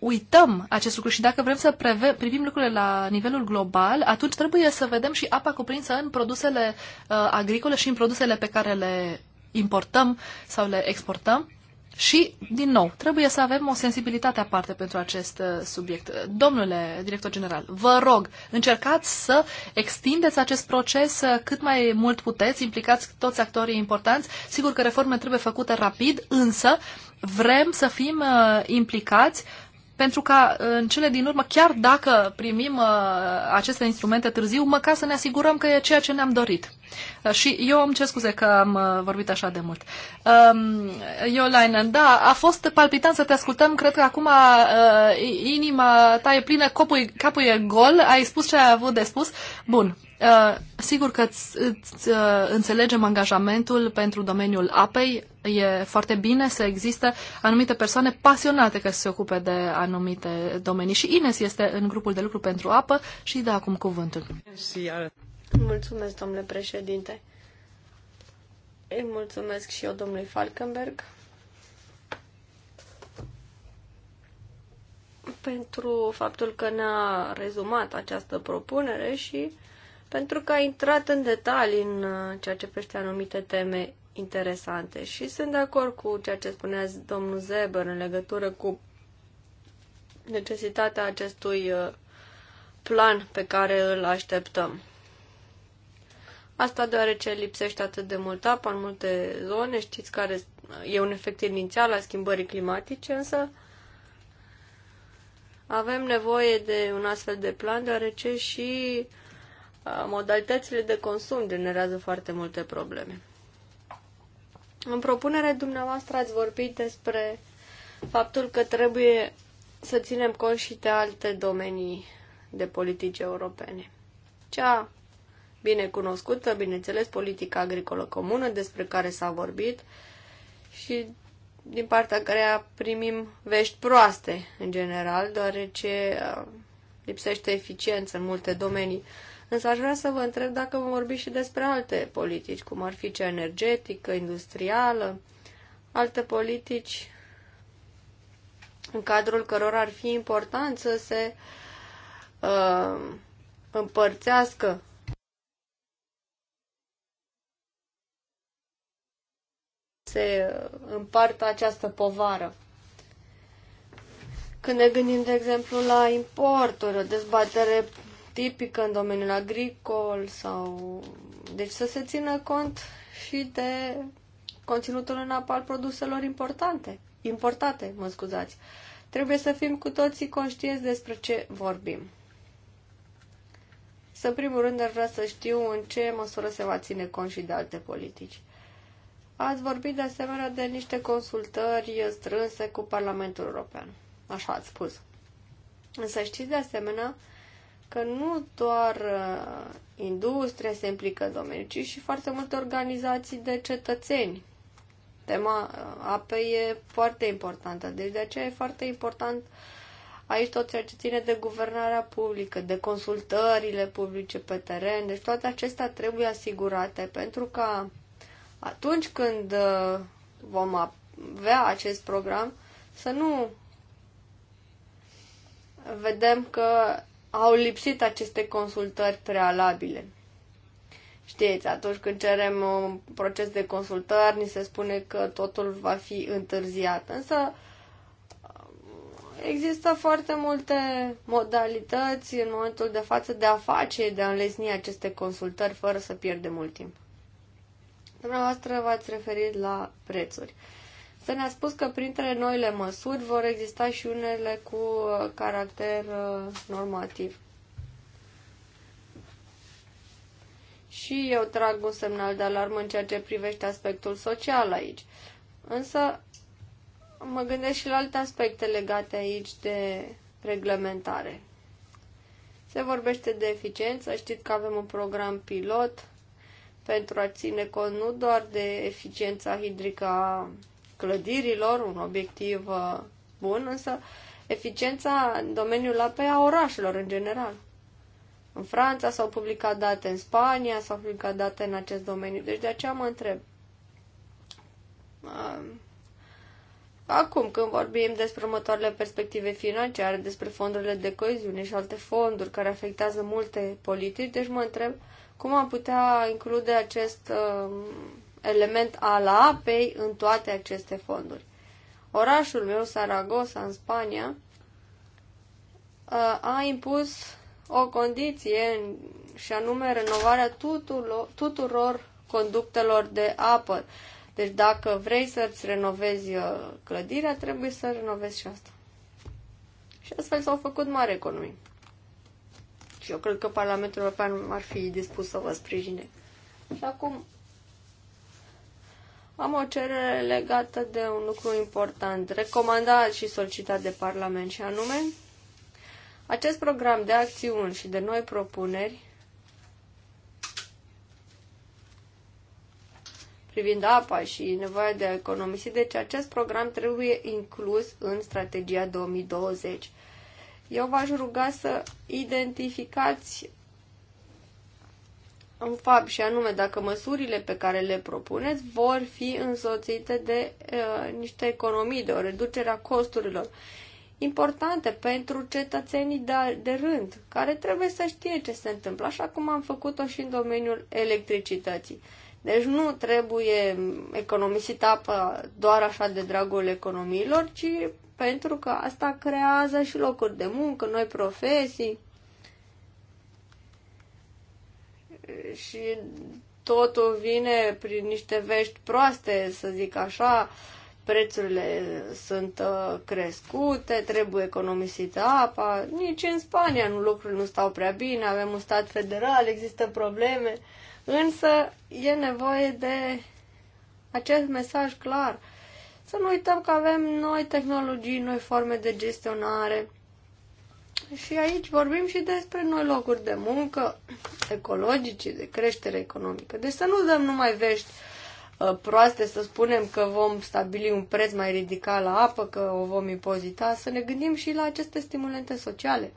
uităm acest lucru și dacă vrem să preve- privim lucrurile la nivelul global, atunci trebuie să vedem și apa cuprinsă în produsele uh, agricole și în produsele pe care le importăm sau le exportăm. Și, din nou, trebuie să avem o sensibilitate aparte pentru acest uh, subiect. Domnule director general, vă rog, încercați să extindeți acest proces uh, cât mai mult puteți, implicați toți actorii importanți. Sigur că reforme trebuie făcute rapid, însă vrem să fim uh, implicați uh, pentru ca în cele din urmă, chiar dacă primim uh, aceste instrumente târziu, măcar să ne asigurăm că e ceea ce ne-am dorit. Uh, și eu îmi cer scuze că am uh, vorbit așa de mult. Um, Iolainen, da, a fost palpitant să te ascultăm. Cred că acum uh, inima ta e plină, copul, capul e gol. Ai spus ce ai avut de spus. Bun, Uh, sigur că îți, îți, uh, înțelegem angajamentul pentru domeniul apei. E foarte bine să existe anumite persoane pasionate care se ocupe de anumite domenii. Și Ines este în grupul de lucru pentru apă și da acum cuvântul. Mulțumesc, domnule președinte. Îi mulțumesc și eu domnului Falkenberg pentru faptul că ne-a rezumat această propunere și pentru că a intrat în detalii în uh, ceea ce privește anumite teme interesante și sunt de acord cu ceea ce spunea domnul Zeber în legătură cu necesitatea acestui uh, plan pe care îl așteptăm. Asta deoarece lipsește atât de mult apă în multe zone, știți care e un efect inițial al schimbării climatice, însă avem nevoie de un astfel de plan deoarece și Uh, modalitățile de consum generează foarte multe probleme. În propunere dumneavoastră ați vorbit despre faptul că trebuie să ținem cont și de alte domenii de politici europene. Cea bine cunoscută, bineînțeles, politica agricolă comună despre care s-a vorbit și din partea care primim vești proaste în general, deoarece uh, lipsește eficiență în multe domenii. Însă aș vrea să vă întreb dacă vom vorbi și despre alte politici, cum ar fi cea energetică, industrială, alte politici în cadrul cărora ar fi important să se uh, împărțească se uh, împartă această povară. Când ne gândim, de exemplu, la importuri, o dezbatere tipică în domeniul agricol sau... Deci să se țină cont și de conținutul în apă al produselor importante, importate, mă scuzați. Trebuie să fim cu toții conștienți despre ce vorbim. Să, în primul rând, ar vrea să știu în ce măsură se va ține cont și de alte politici. Ați vorbit de asemenea de niște consultări strânse cu Parlamentul European. Așa ați spus. Însă știți de asemenea că nu doar uh, industria se implică în domeniu, ci și foarte multe organizații de cetățeni. Tema uh, apei e foarte importantă, deci de aceea e foarte important aici tot ceea ce ține de guvernarea publică, de consultările publice pe teren, deci toate acestea trebuie asigurate pentru că atunci când uh, vom avea acest program, să nu vedem că au lipsit aceste consultări prealabile. Știți, atunci când cerem un proces de consultări, ni se spune că totul va fi întârziat. Însă există foarte multe modalități în momentul de față de a face, de a înlesni aceste consultări fără să pierdem mult timp. Dumneavoastră v-ați referit la prețuri. Uh, să ne-a spus că printre noile măsuri vor exista și unele cu uh, caracter uh, normativ. Și eu trag un semnal de alarmă în ceea ce privește aspectul social aici. Însă mă gândesc și la alte aspecte legate aici de reglementare. Se vorbește de eficiență, știți că avem un program pilot pentru a ține cont nu doar de eficiența hidrică a clădirilor, un obiectiv uh, bun, însă eficiența în domeniul apei a orașelor în general. În Franța s-au publicat date, în Spania s-au publicat date în acest domeniu. Deci de aceea mă întreb. Um, acum, când vorbim despre următoarele perspective financiare, despre fondurile de coeziune și alte fonduri care afectează multe politici, deci mă întreb cum am putea include acest uh, element al apei în toate aceste fonduri. Orașul meu, Saragossa, în Spania, ă, a impus o condiție și anume renovarea tuturor, conductelor de apă. Deci dacă vrei să-ți renovezi ă, clădirea, trebuie să renovezi și asta. Și astfel s-au făcut mari economii. Și eu cred că Parlamentul European ar fi dispus să vă sprijine. Și acum am o cerere legată de un lucru important, recomandat și solicitat de Parlament, și anume acest program de acțiuni și de noi propuneri privind apa și nevoia de economisi, deci acest program trebuie inclus în strategia 2020. Eu v-aș ruga să identificați în fapt și anume dacă măsurile pe care le propuneți vor fi însoțite de uh, niște economii, de o reducere a costurilor importante pentru cetățenii de, de rând, care trebuie să știe ce se întâmplă, așa cum am făcut-o și în domeniul electricității. Deci nu trebuie economisită apă doar așa de dragul economiilor, ci pentru că asta creează și locuri de muncă, noi profesii, și totul vine prin niște vești proaste, să zic așa, prețurile sunt uh, crescute, trebuie economisită apa, nici în Spania nu, lucrurile nu stau prea bine, avem un stat federal, există probleme, însă e nevoie de acest mesaj clar. Să nu uităm că avem noi tehnologii, noi forme de gestionare, și aici vorbim și despre noi locuri de muncă ecologice, de creștere economică. Deci să nu dăm numai vești uh, proaste, să spunem că vom stabili un preț mai ridicat la apă, că o vom impozita, să ne gândim și la aceste stimulente sociale.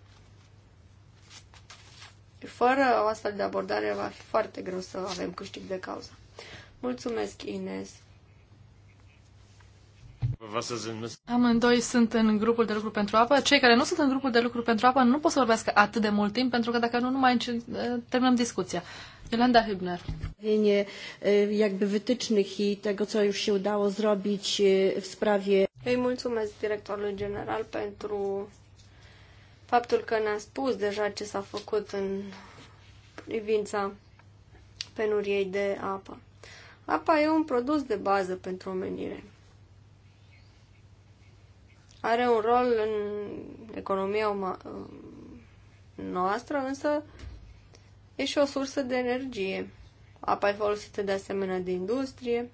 Fără o astfel de abordare va fi foarte greu să avem câștig de cauză. Mulțumesc, Ines. Amândoi sunt în grupul de lucru pentru apă. Cei care nu sunt în grupul de lucru pentru apă nu pot să vorbească atât de mult timp, pentru că dacă nu, nu mai terminăm discuția. Jolanda Hübner. jakby wytycznych i tego, co już się udało zrobić w sprawie... Îi mulțumesc directorului general pentru faptul că ne-a spus deja ce s-a făcut în privința penuriei de apă. Apa e un produs de bază pentru omenire are un rol în economia um, noastră, însă e și o sursă de energie. Apa e folosită de asemenea de industrie.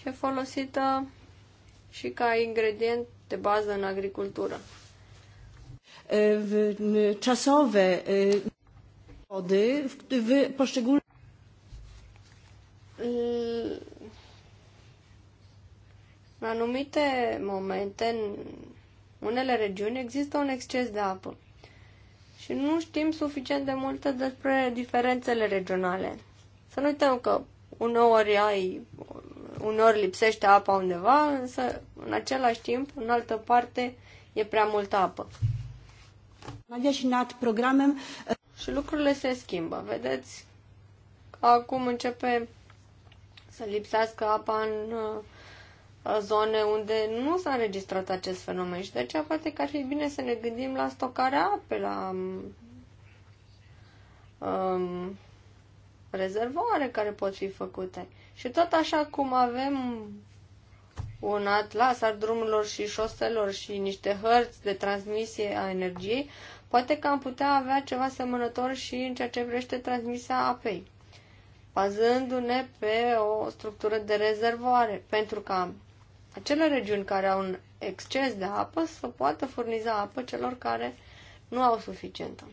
Și e folosită și ca ingredient de bază în agricultură. Czasowe wody w poszczególnych în anumite momente, în unele regiuni, există un exces de apă. Și nu știm suficient de multe despre diferențele regionale. Să nu uităm că uneori ai, uneori lipsește apa undeva, însă în același timp, în altă parte, e prea multă apă. Și lucrurile se schimbă. Vedeți că acum începe să lipsească apa în Uh, zone unde nu s-a înregistrat acest fenomen și de aceea poate că ar fi bine să ne gândim la stocarea apei, la um, um, rezervoare care pot fi făcute. Și tot așa cum avem un atlas al drumurilor și șoselor și niște hărți de transmisie a energiei, poate că am putea avea ceva semănător și în ceea ce privește transmisia apei, bazându-ne pe o structură de rezervoare, pentru că acele regiuni care au un exces de apă să poată furniza apă celor care nu au suficientă.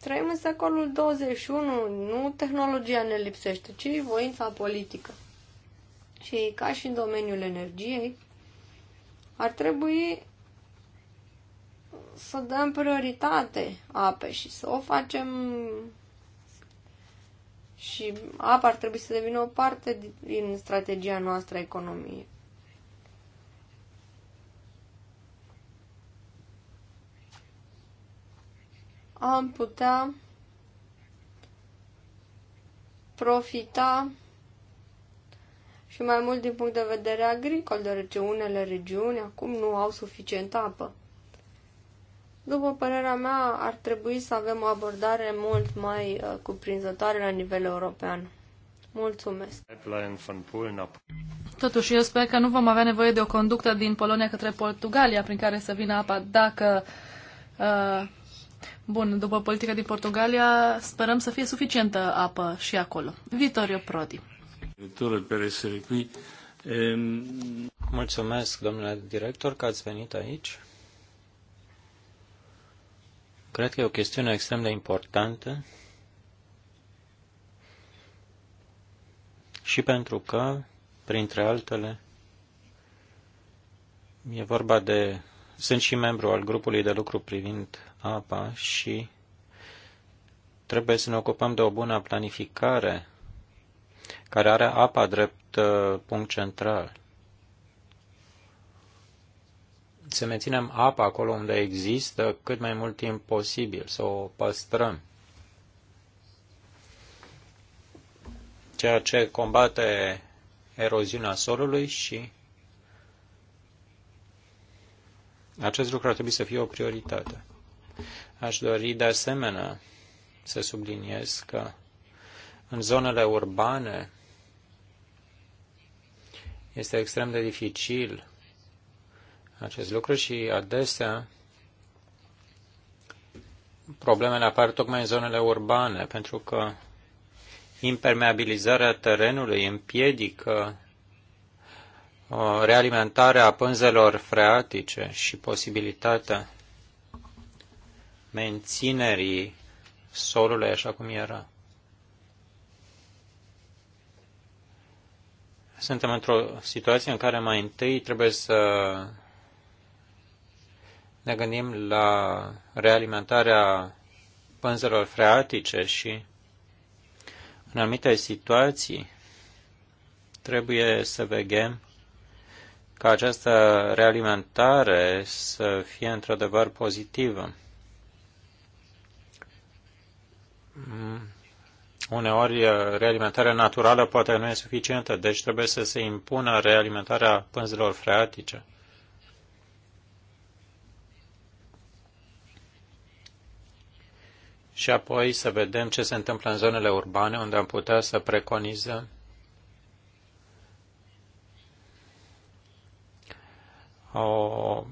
Trăim în secolul 21, nu tehnologia ne lipsește, ci voința politică. Și ca și în domeniul energiei, ar trebui să dăm prioritate apei și să o facem și apa ar trebui să devină o parte din strategia noastră economiei. Am putea profita și mai mult din punct de vedere agricol, deoarece unele regiuni acum nu au suficientă apă. După părerea mea, ar trebui să avem o abordare mult mai uh, cuprinzătoare la nivel european. Mulțumesc. Totuși, eu sper că nu vom avea nevoie de o conductă din Polonia către Portugalia prin care să vină apa dacă... Uh, bun, după politica din Portugalia, sperăm să fie suficientă apă și acolo. Vitorio Prodi. Mulțumesc, domnule director, că ați venit aici. Cred că e o chestiune extrem de importantă și pentru că, printre altele, e vorba de... Sunt și membru al grupului de lucru privind apa și trebuie să ne ocupăm de o bună planificare care are apa drept uh, punct central să menținem apa acolo unde există cât mai mult timp posibil, să o păstrăm. Ceea ce combate eroziunea solului și acest lucru ar trebui să fie o prioritate. Aș dori de asemenea să subliniez că în zonele urbane este extrem de dificil acest lucru și adesea problemele apar tocmai în zonele urbane, pentru că impermeabilizarea terenului împiedică uh, realimentarea pânzelor freatice și posibilitatea menținerii solului așa cum era. Suntem într-o situație în care mai întâi trebuie să ne gândim la realimentarea pânzelor freatice și în anumite situații trebuie să vegem ca această realimentare să fie într-adevăr pozitivă. Mm. Uneori realimentarea naturală poate nu e suficientă, deci trebuie să se impună realimentarea pânzelor freatice. și apoi să vedem ce se întâmplă în zonele urbane unde am putea să preconizăm o, o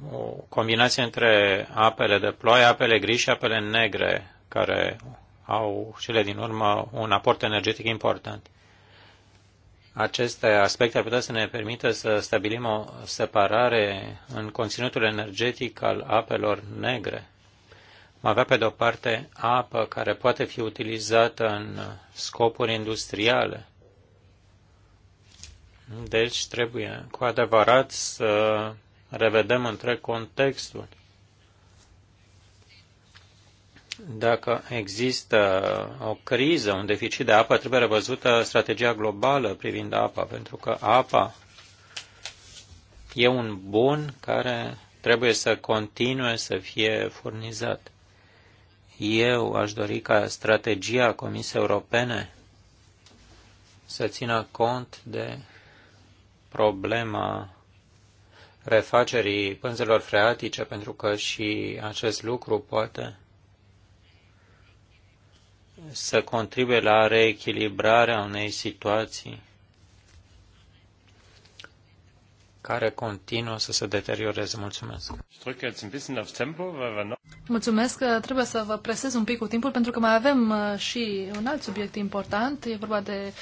combinație între apele de ploaie, apele gri și apele negre, care au cele din urmă un aport energetic important. Aceste aspecte ar putea să ne permită să stabilim o separare în conținutul energetic al apelor negre avea pe de-o parte apă care poate fi utilizată în scopuri industriale. Deci trebuie cu adevărat să revedem întreg contextul. Dacă există o criză, un deficit de apă, trebuie revăzută strategia globală privind apa, pentru că apa e un bun care trebuie să continue să fie furnizat. Eu aș dori ca strategia Comisiei Europene să țină cont de problema refacerii pânzelor freatice, pentru că și acest lucru poate să contribuie la reechilibrarea unei situații care continuă să se deterioreze. Mulțumesc. Mulțumesc. Trebuie să vă presez un pic cu timpul pentru că mai avem uh, și un alt subiect important. E vorba de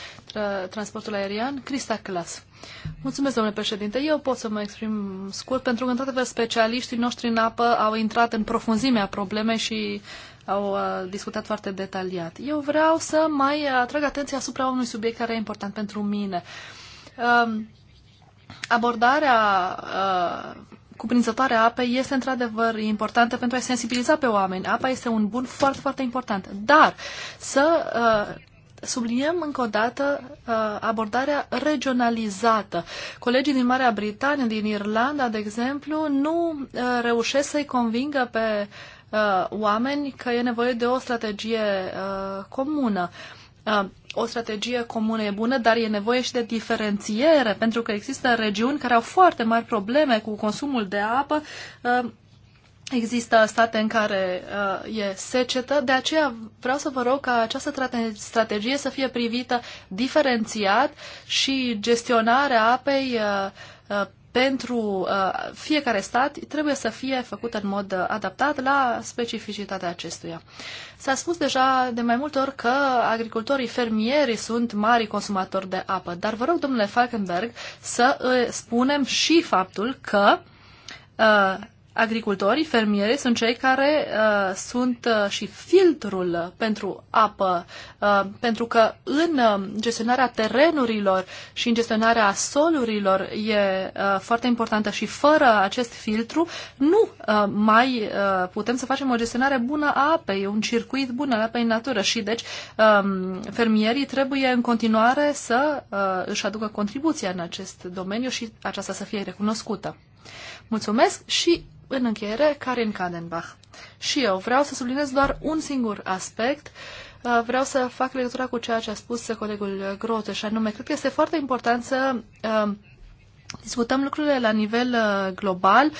transportul aerian. Crista Clas. Mulțumesc, domnule președinte. Eu pot să mă exprim scurt pentru că, într-adevăr, specialiștii noștri în apă au intrat în profunzimea problemei și au uh, discutat foarte detaliat. Eu vreau să mai atrag atenția asupra unui subiect care e important pentru mine. Uh, abordarea uh, cuprinzătoare a apei este într-adevăr importantă pentru a sensibiliza pe oameni. Apa este un bun foarte, foarte important. Dar să uh, subliniem încă o dată uh, abordarea regionalizată. Colegii din Marea Britanie, din Irlanda, de exemplu, nu uh, reușesc să-i convingă pe uh, oameni că e nevoie de o strategie uh, comună. Uh, Uh, o strategie comună e bună, dar e nevoie și de diferențiere, pentru că există regiuni care au foarte mari probleme cu consumul de apă. Uh, există state în care uh, e secetă, de aceea vreau să vă rog ca această strategie să fie privită diferențiat și gestionarea apei uh, uh, pentru uh, fiecare stat trebuie să fie făcută în mod adaptat la specificitatea acestuia. S-a spus deja de mai multe ori că agricultorii fermieri sunt mari consumatori de apă, dar vă rog, domnule Falkenberg, să uh, spunem și faptul că uh, agricultorii, fermierii, sunt cei care uh, sunt uh, și filtrul pentru apă, uh, pentru că în uh, gestionarea terenurilor și în gestionarea solurilor e uh, foarte importantă și fără acest filtru nu uh, mai uh, putem să facem o gestionare bună a apei, un circuit bun al apei în natură și deci um, fermierii trebuie în continuare să uh, își aducă contribuția în acest domeniu și aceasta să fie recunoscută. Mulțumesc și în încheiere, Karin Kadenbach. Și eu vreau să subliniez doar un singur aspect. Uh, vreau să fac legătura cu ceea ce a spus colegul Grote și anume, cred că este foarte important să uh, discutăm lucrurile la nivel uh, global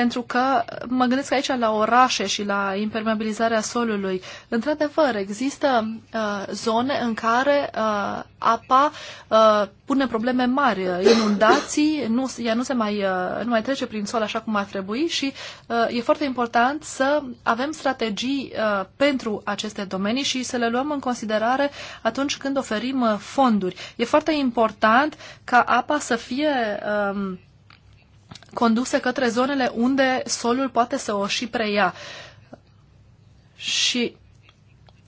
pentru că mă gândesc aici la orașe și la impermeabilizarea solului. Într-adevăr, există uh, zone în care uh, apa uh, pune probleme mari, inundații, nu, ea nu, se mai, uh, nu mai trece prin sol așa cum ar trebui și uh, e foarte important să avem strategii uh, pentru aceste domenii și să le luăm în considerare atunci când oferim uh, fonduri. E foarte important ca apa să fie... Uh, conduse către zonele unde solul poate să o și preia. Și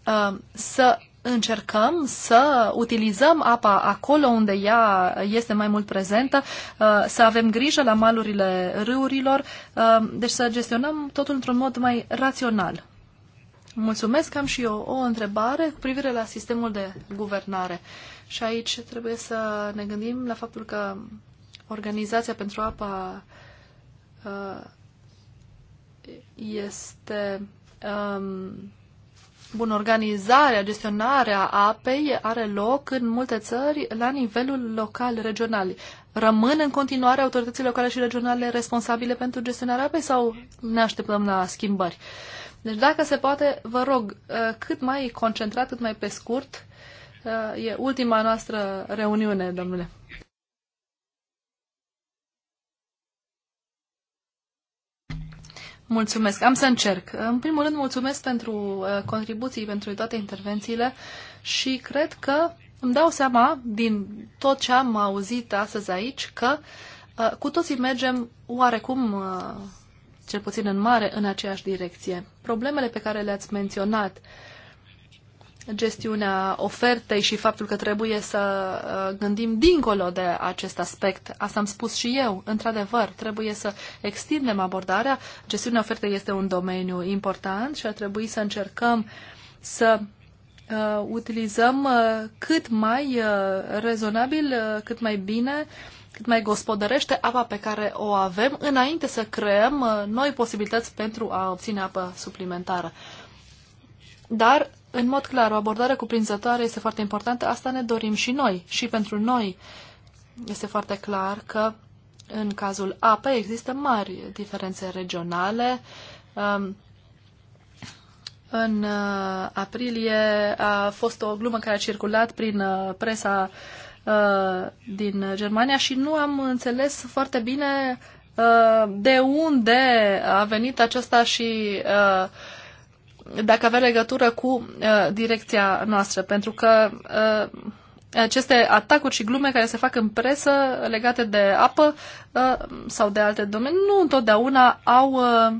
uh, să încercăm să utilizăm apa acolo unde ea este mai mult prezentă, uh, să avem grijă la malurile râurilor, uh, deci să gestionăm totul într-un mod mai rațional. Mulțumesc, am și eu o întrebare cu privire la sistemul de guvernare. Și aici trebuie să ne gândim la faptul că Organizația pentru Apa uh, este um, bun, organizarea, gestionarea apei are loc în multe țări la nivelul local, regional. Rămân în continuare autoritățile locale și regionale responsabile pentru gestionarea apei sau ne așteptăm la schimbări? Deci dacă se poate, vă rog, uh, cât mai concentrat, cât mai pe scurt, uh, e ultima noastră reuniune, domnule. Mulțumesc. Am să încerc. În primul rând, mulțumesc pentru uh, contribuții, pentru toate intervențiile și cred că îmi dau seama din tot ce am auzit astăzi aici că uh, cu toții mergem oarecum, uh, cel puțin în mare, în aceeași direcție. Problemele pe care le-ați menționat gestiunea ofertei și faptul că trebuie să uh, gândim dincolo de acest aspect. Asta am spus și eu. Într-adevăr, trebuie să extindem abordarea. Gestiunea ofertei este un domeniu important și ar trebui să încercăm să uh, utilizăm uh, cât mai uh, rezonabil, uh, cât mai bine, cât mai gospodărește apa pe care o avem înainte să creăm uh, noi posibilități pentru a obține apă suplimentară. Dar în mod clar, o abordare cuprinzătoare este foarte importantă. Asta ne dorim și noi. Și pentru noi este foarte clar că în cazul apei există mari diferențe regionale. Um, în uh, aprilie a fost o glumă care a circulat prin uh, presa uh, din Germania și nu am înțeles foarte bine de unde a venit aceasta și uh, dacă avea legătură cu uh, direcția noastră, pentru că uh, aceste atacuri și glume care se fac în presă legate de apă uh, sau de alte domenii nu întotdeauna au, uh,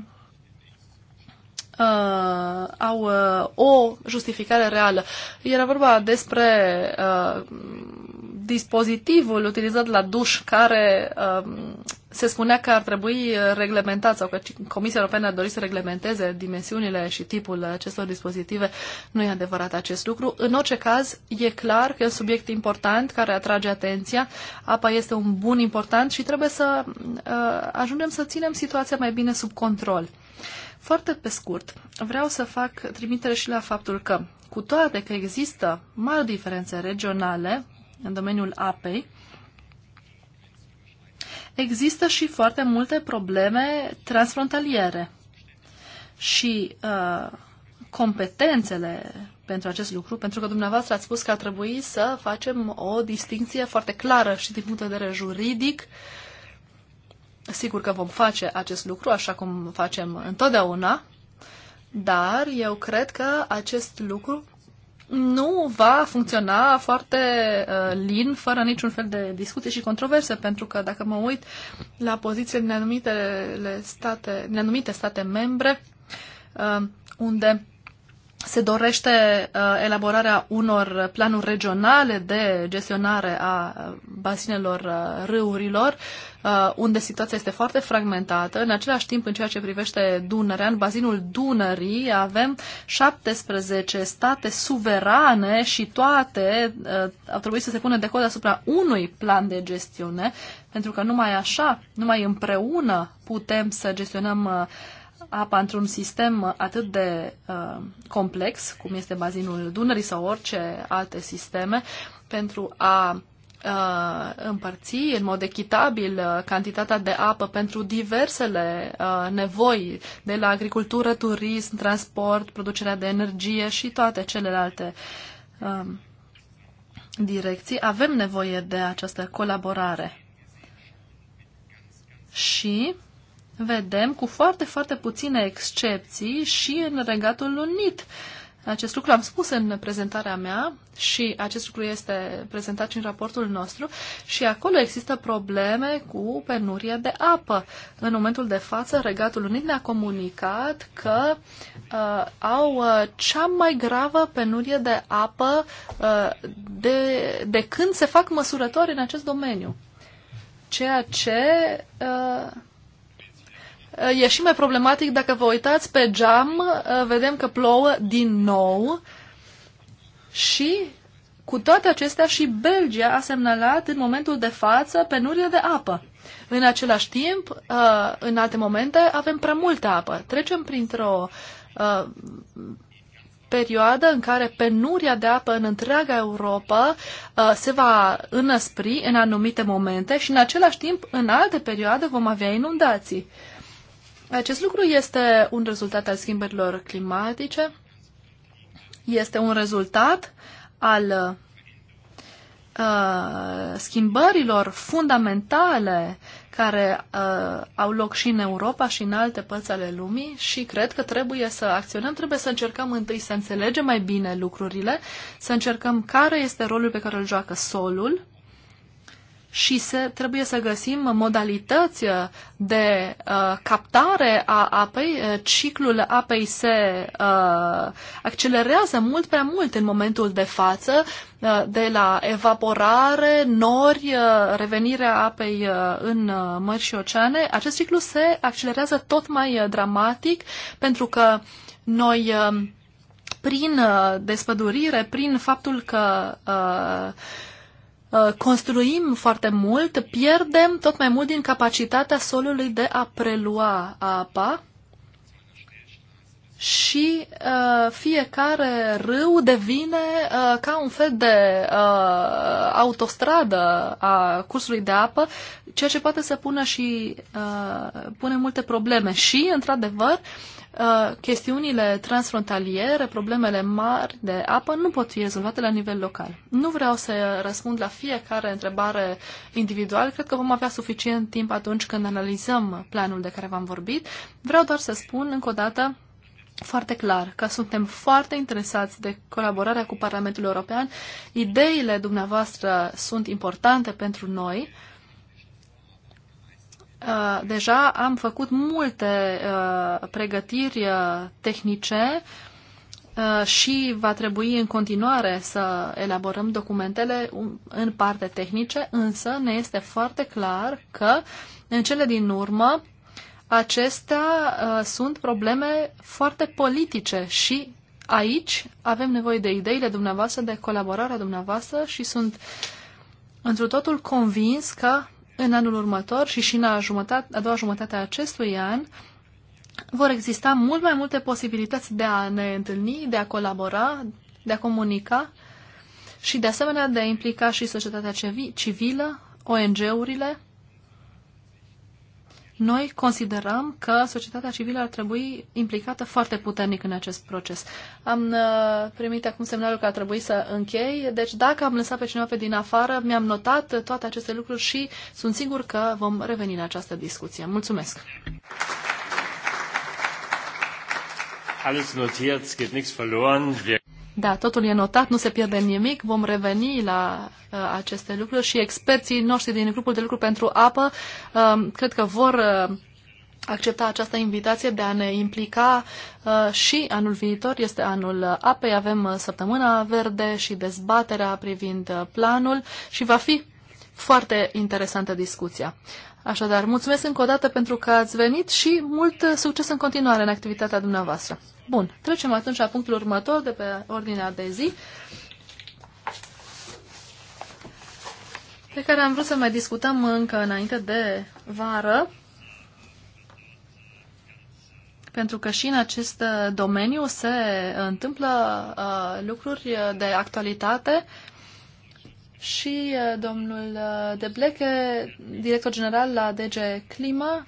uh, au uh, o justificare reală. Era vorba despre uh, dispozitivul utilizat la duș care uh, se spunea că ar trebui reglementat sau că Comisia Europeană ar dori să reglementeze dimensiunile și tipul acestor dispozitive. Nu e adevărat acest lucru. În orice caz, e clar că e un subiect important care atrage atenția. Apa este un bun important și trebuie să uh, ajungem să ținem situația mai bine sub control. Foarte pe scurt, vreau să fac trimitere și la faptul că, cu toate că există mari diferențe regionale în domeniul apei, există și foarte multe probleme transfrontaliere. Și uh, competențele pentru acest lucru, pentru că dumneavoastră ați spus că ar trebui să facem o distinție foarte clară și din punct de vedere juridic. Sigur că vom face acest lucru, așa cum facem întotdeauna, dar eu cred că acest lucru nu va funcționa foarte uh, lin, fără niciun fel de discuție și controverse, pentru că dacă mă uit la poziție din, anumite state, din anumite state membre, uh, unde se dorește uh, elaborarea unor planuri regionale de gestionare a basinelor uh, râurilor, uh, unde situația este foarte fragmentată. În același timp, în ceea ce privește Dunărea, în bazinul Dunării avem 17 state suverane și toate au trebuit să se pună de cod asupra unui plan de gestiune, pentru că numai așa, numai împreună putem să gestionăm uh, apa într-un sistem atât de uh, complex, cum este bazinul Dunării sau orice alte sisteme, pentru a uh, împărți în mod echitabil uh, cantitatea de apă pentru diversele uh, nevoi, de la agricultură, turism, transport, producerea de energie și toate celelalte uh, direcții, avem nevoie de această colaborare. Și vedem cu foarte, foarte puține excepții și în Regatul Unit. Acest lucru am spus în prezentarea mea și acest lucru este prezentat și în raportul nostru și acolo există probleme cu penuria de apă. În momentul de față, Regatul Unit ne-a comunicat că uh, au uh, cea mai gravă penurie de apă uh, de, de când se fac măsurători în acest domeniu. Ceea ce uh, E și mai problematic dacă vă uitați pe geam, vedem că plouă din nou și cu toate acestea și Belgia a semnalat în momentul de față penurie de apă. În același timp, în alte momente, avem prea multă apă. Trecem printr-o perioadă în care penuria de apă în întreaga Europa se va înăspri în anumite momente și în același timp, în alte perioade, vom avea inundații. Acest lucru este un rezultat al schimbărilor climatice, este un rezultat al uh, schimbărilor fundamentale care uh, au loc și în Europa și în alte părți ale lumii și cred că trebuie să acționăm, trebuie să încercăm întâi să înțelegem mai bine lucrurile, să încercăm care este rolul pe care îl joacă solul și se, trebuie să găsim modalități uh, de uh, captare a apei. Uh, ciclul apei se uh, accelerează mult prea mult în momentul de față, uh, de la evaporare, nori, uh, revenirea apei uh, în uh, mări și oceane. Acest ciclu se accelerează tot mai uh, dramatic pentru că noi. Uh, prin uh, despădurire, prin faptul că uh, Uh, construim foarte mult, pierdem tot mai mult din capacitatea solului de a prelua apa și uh, fiecare râu devine uh, ca un fel de uh, autostradă a cursului de apă, ceea ce poate să pună și uh, pune multe probleme. Și, într-adevăr, uh, chestiunile transfrontaliere, problemele mari de apă nu pot fi rezolvate la nivel local. Nu vreau să răspund la fiecare întrebare individual, cred că vom avea suficient timp atunci când analizăm planul de care v-am vorbit. Vreau doar să spun încă o dată foarte clar că suntem foarte interesați de colaborarea cu Parlamentul European. Ideile dumneavoastră sunt importante pentru noi. Uh, deja am făcut multe uh, pregătiri uh, tehnice și va trebui în continuare să elaborăm documentele um, în parte tehnice, însă ne este foarte clar că în cele din urmă Acestea uh, sunt probleme foarte politice și aici avem nevoie de ideile dumneavoastră, de colaborarea dumneavoastră și sunt întru totul convins că în anul următor și și în a, jumătate, a doua jumătate a acestui an vor exista mult mai multe posibilități de a ne întâlni, de a colabora, de a comunica și de asemenea de a implica și societatea civilă, ONG-urile noi considerăm că societatea civilă ar trebui implicată foarte puternic în acest proces. Am uh, primit acum semnalul că ar trebui să închei, deci dacă am lăsat pe cineva pe din afară, mi-am notat toate aceste lucruri și sunt sigur că vom reveni la această discuție. Mulțumesc! Alles notiert, geht nichts verloren. Wir da, totul e notat, nu se pierde nimic, vom reveni la uh, aceste lucruri și experții noștri din grupul de lucru pentru apă uh, cred că vor uh, accepta această invitație de a ne implica uh, și anul viitor este anul apei, avem uh, săptămâna verde și dezbaterea privind uh, planul și va fi foarte interesantă discuția. Așadar, mulțumesc încă o dată pentru că ați venit și mult uh, succes în continuare în activitatea dumneavoastră. Bun, trecem atunci la punctul următor de pe ordinea de zi, pe care am vrut să mai discutăm încă înainte de vară, pentru că și în acest uh, domeniu se uh, întâmplă uh, lucruri uh, de actualitate și uh, domnul De Bleche, director general la DG Clima,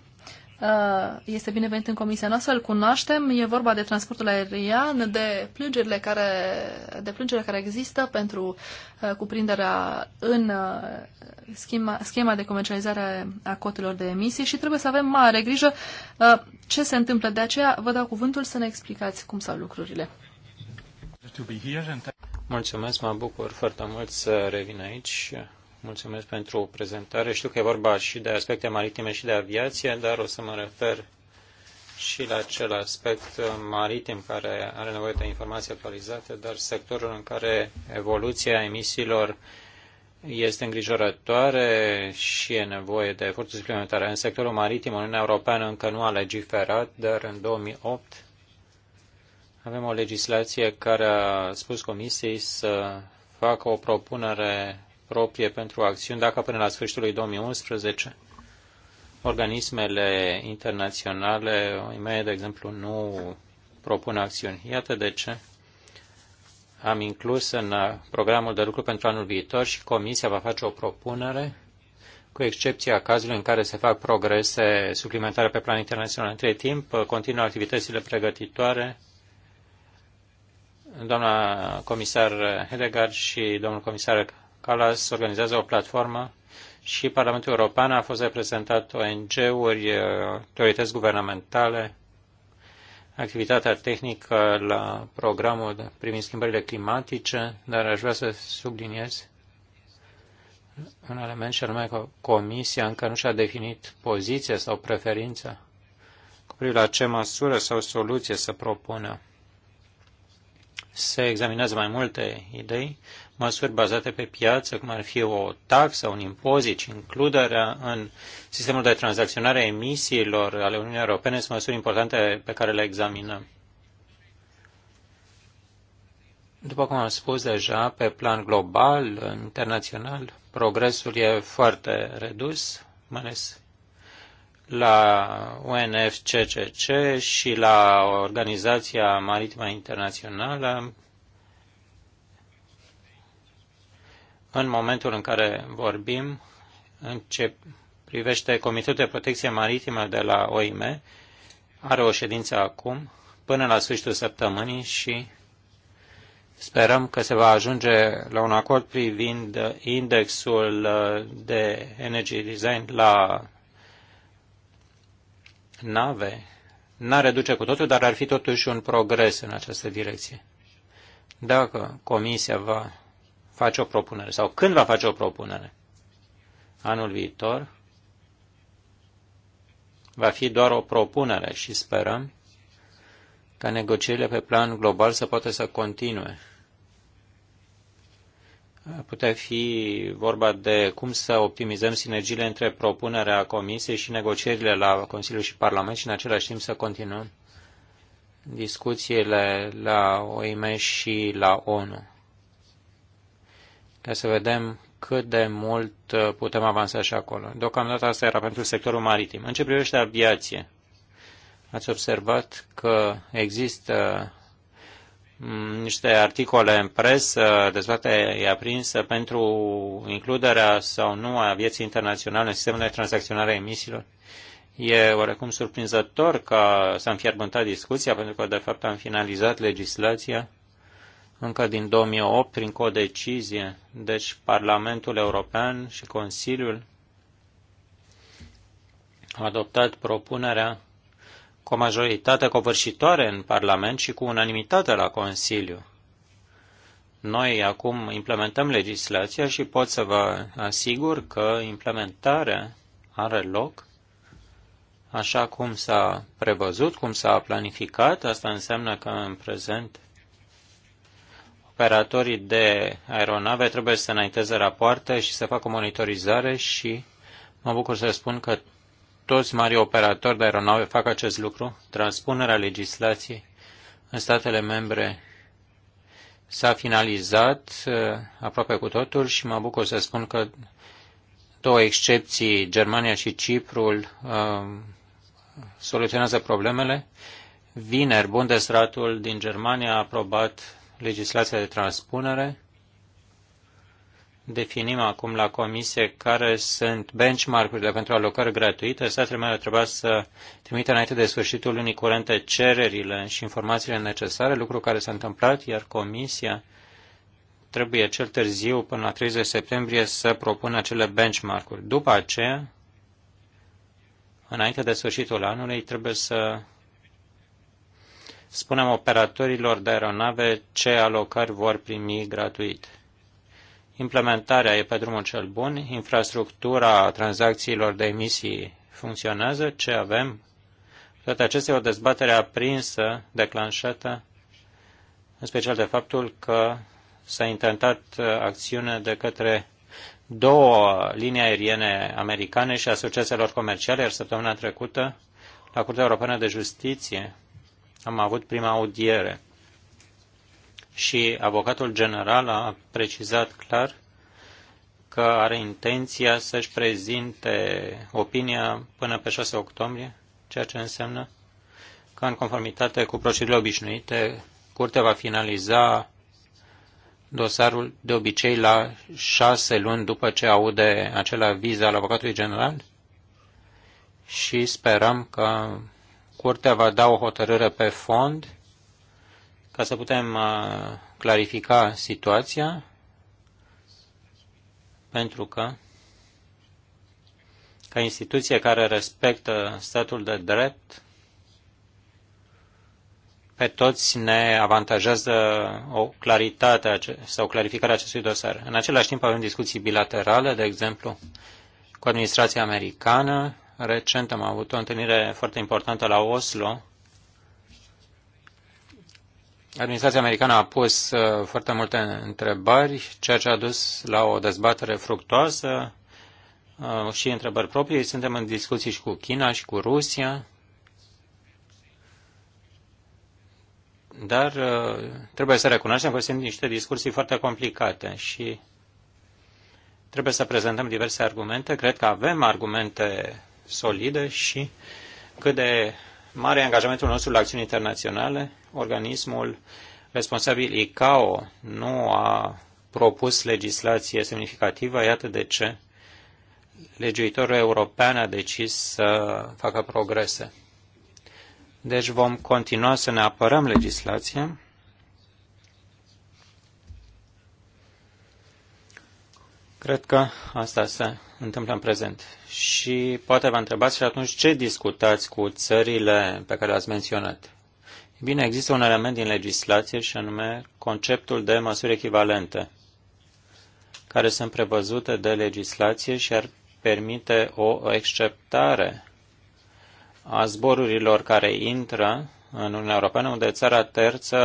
Uh, este binevenit în comisia noastră, îl cunoaștem. E vorba de transportul aerian, de plângerile care, de plângerile care există pentru uh, cuprinderea în uh, schema, schema de comercializare a cotelor de emisii și trebuie să avem mare grijă ce se întâmplă. De aceea vă dau cuvântul să ne explicați cum stau lucrurile. Mulțumesc, mă bucur foarte mult să revin aici. Mulțumesc pentru prezentare. Știu că e vorba și de aspecte maritime și de aviație, dar o să mă refer și la acel aspect maritim care are nevoie de informații actualizate, dar sectorul în care evoluția emisiilor este îngrijorătoare și e nevoie de eforturi suplimentare. În sectorul maritim, Uniunea Europeană încă nu a legiferat, dar în 2008 avem o legislație care a spus Comisiei să facă o propunere proprie pentru acțiuni dacă până la sfârșitul lui 2011 organismele internaționale, OIME, de exemplu, nu propun acțiuni. Iată de ce am inclus în uh, programul de lucru pentru anul viitor și Comisia va face o propunere, cu excepția cazului în care se fac progrese suplimentare pe plan internațional. Între timp, uh, continuă activitățile pregătitoare. Doamna comisar Hedegaard și domnul comisar Calas organizează o platformă și Parlamentul European a fost reprezentat ONG-uri, uh, autorități guvernamentale, activitatea tehnică la programul privind schimbările climatice, dar aș vrea să subliniez un element și anume că Comisia încă nu și-a definit poziția sau preferința cu privire la ce măsură sau soluție să propună să examinează mai multe idei, măsuri bazate pe piață, cum ar fi o taxă, un impozit și includerea în sistemul de tranzacționare a emisiilor ale Uniunii Europene sunt măsuri importante pe care le examinăm. După cum am spus deja, pe plan global, internațional, progresul e foarte redus, mai ales la UNFCCC și la Organizația Maritimă Internațională în momentul în care vorbim în ce privește Comitetul de Protecție Maritimă de la OIM, are o ședință acum până la sfârșitul săptămânii și sperăm că se va ajunge la un acord privind indexul uh, de energy design la nave n-ar reduce cu totul, dar ar fi totuși un progres în această direcție. Dacă Comisia va face o propunere sau când va face o propunere, anul viitor, va fi doar o propunere și sperăm ca negocierile pe plan global să poată să continue putea fi vorba de cum să optimizăm sinergiile între propunerea Comisiei și negocierile la Consiliu și Parlament și în același timp să continuăm discuțiile la OIM și la ONU. Ca să vedem cât de mult uh, putem avansa și acolo. Deocamdată asta era pentru sectorul maritim. În ce privește aviație, ați observat că există Mm, niște articole în presă, dezbaterea e aprinsă pentru includerea sau nu a vieții internaționale în sistemul de tranzacționare a emisiilor. E oarecum surprinzător că s-a înfierbântat discuția, pentru că, de fapt, am finalizat legislația încă din 2008 prin codecizie. Deci, Parlamentul European și Consiliul au adoptat propunerea cu o majoritate covârșitoare în Parlament și cu unanimitate la Consiliu. Noi acum implementăm legislația și pot să vă asigur că implementarea are loc așa cum s-a prevăzut, cum s-a planificat. Asta înseamnă că în prezent operatorii de aeronave trebuie să înainteze rapoarte și să facă monitorizare și mă bucur să spun că toți mari operatori de aeronave fac acest lucru, transpunerea legislației în statele membre s-a finalizat uh, aproape cu totul și mă bucur să spun că două excepții, Germania și Ciprul, uh, soluționează problemele. Vineri, Bundesratul din Germania a aprobat legislația de transpunere definim acum la comisie care sunt benchmark-urile pentru alocări gratuite. Statele membre trebuie să trimită înainte de sfârșitul lunii curente cererile și informațiile necesare, lucru care s-a întâmplat, iar comisia trebuie cel târziu, până la 30 septembrie, să propună acele benchmark-uri. După aceea, înainte de sfârșitul anului, trebuie să spunem operatorilor de aeronave ce alocări vor primi gratuit implementarea e pe drumul cel bun, infrastructura tranzacțiilor de emisii funcționează, ce avem. Toate acestea e o dezbatere aprinsă, declanșată, în special de faptul că s-a intentat uh, acțiune de către două linii aeriene americane și asociațiilor comerciale, iar săptămâna trecută, la Curtea Europeană de Justiție, am avut prima audiere și avocatul general a precizat clar că are intenția să-și prezinte opinia până pe 6 octombrie, ceea ce înseamnă că, în conformitate cu procedurile obișnuite, Curtea va finaliza dosarul de obicei la șase luni după ce aude acela aviz al avocatului general și sperăm că Curtea va da o hotărâre pe fond ca să putem uh, clarifica situația, pentru că ca instituție care respectă statul de drept, pe toți ne avantajează o claritate sau clarificarea acestui dosar. În același timp avem discuții bilaterale, de exemplu, cu administrația americană. Recent am avut o întâlnire foarte importantă la Oslo Administrația americană a pus uh, foarte multe întrebări, ceea ce a dus la o dezbatere fructoasă uh, și întrebări proprii. Suntem în discuții și cu China și cu Rusia. Dar uh, trebuie să recunoaștem că sunt niște discuții foarte complicate și trebuie să prezentăm diverse argumente. Cred că avem argumente solide și cât de mare angajamentul nostru la acțiuni internaționale. Organismul responsabil ICAO nu a propus legislație semnificativă, iată de ce legiuitorul european a decis să facă progrese. Deci vom continua să ne apărăm legislația Cred că asta se întâmplă în prezent. Și poate vă întrebați și atunci ce discutați cu țările pe care le-ați menționat. Bine, există un element din legislație și anume conceptul de măsuri echivalente, care sunt prevăzute de legislație și ar permite o exceptare a zborurilor care intră în Uniunea Europeană, unde țara terță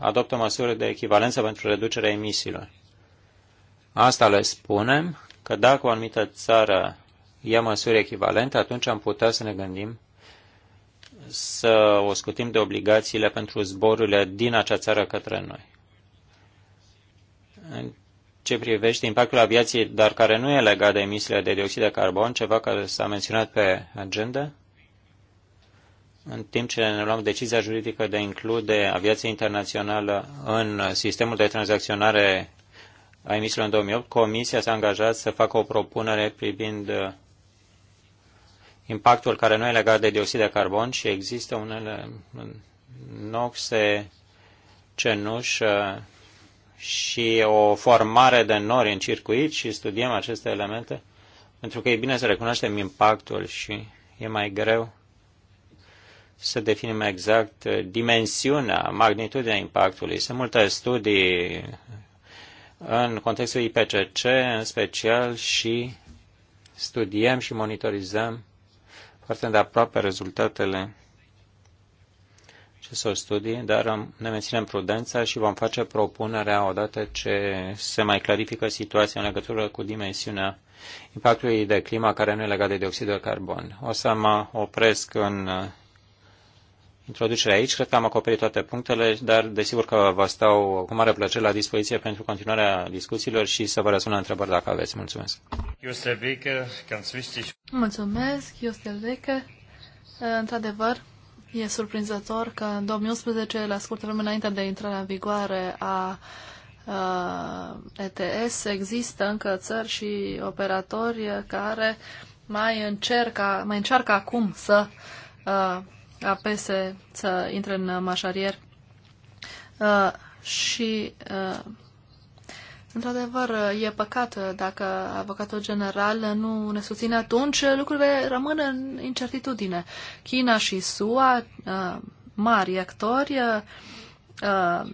adoptă măsuri de echivalență pentru reducerea emisiilor. Asta le spunem că dacă o anumită țară ia măsuri echivalente, atunci am putea să ne gândim să o scutim de obligațiile pentru zborurile din acea țară către noi. În ce privește impactul aviației, dar care nu e legat de emisiile de dioxid de carbon, ceva care s-a menționat pe agenda, în timp ce ne luăm decizia juridică de a include aviația internațională în sistemul de tranzacționare a emisiilor în 2008, Comisia s-a angajat să facă o propunere privind uh, impactul care nu e legat de dioxid de carbon și există unele noxe, cenuș uh, și o formare de nori în circuit și studiem aceste elemente pentru că e bine să recunoaștem impactul și e mai greu să definim exact uh, dimensiunea, magnitudinea impactului. Sunt multe studii în contextul IPCC în special și studiem și monitorizăm foarte de aproape rezultatele acestor studii, dar ne menținem prudența și vom face propunerea odată ce se mai clarifică situația în legătură cu dimensiunea impactului de clima care nu e legat de dioxid de carbon. O să mă opresc în introducere aici. Cred că am acoperit toate punctele, dar desigur că vă stau cu mare plăcere la dispoziție pentru continuarea discuțiilor și să vă răspund la întrebări dacă aveți. Mulțumesc! Mulțumesc, Iostel Leche. Într-adevăr, e surprinzător că în 2011, la scurtă vreme înainte de intrarea în vigoare a ETS, există încă țări și operatori care mai încearcă, mai încearcă acum să apese să intre în uh, mașarier. Uh, și, uh, într-adevăr, uh, e păcat uh, dacă avocatul general nu ne susține atunci, lucrurile rămân în incertitudine. China și SUA, uh, mari actori, uh,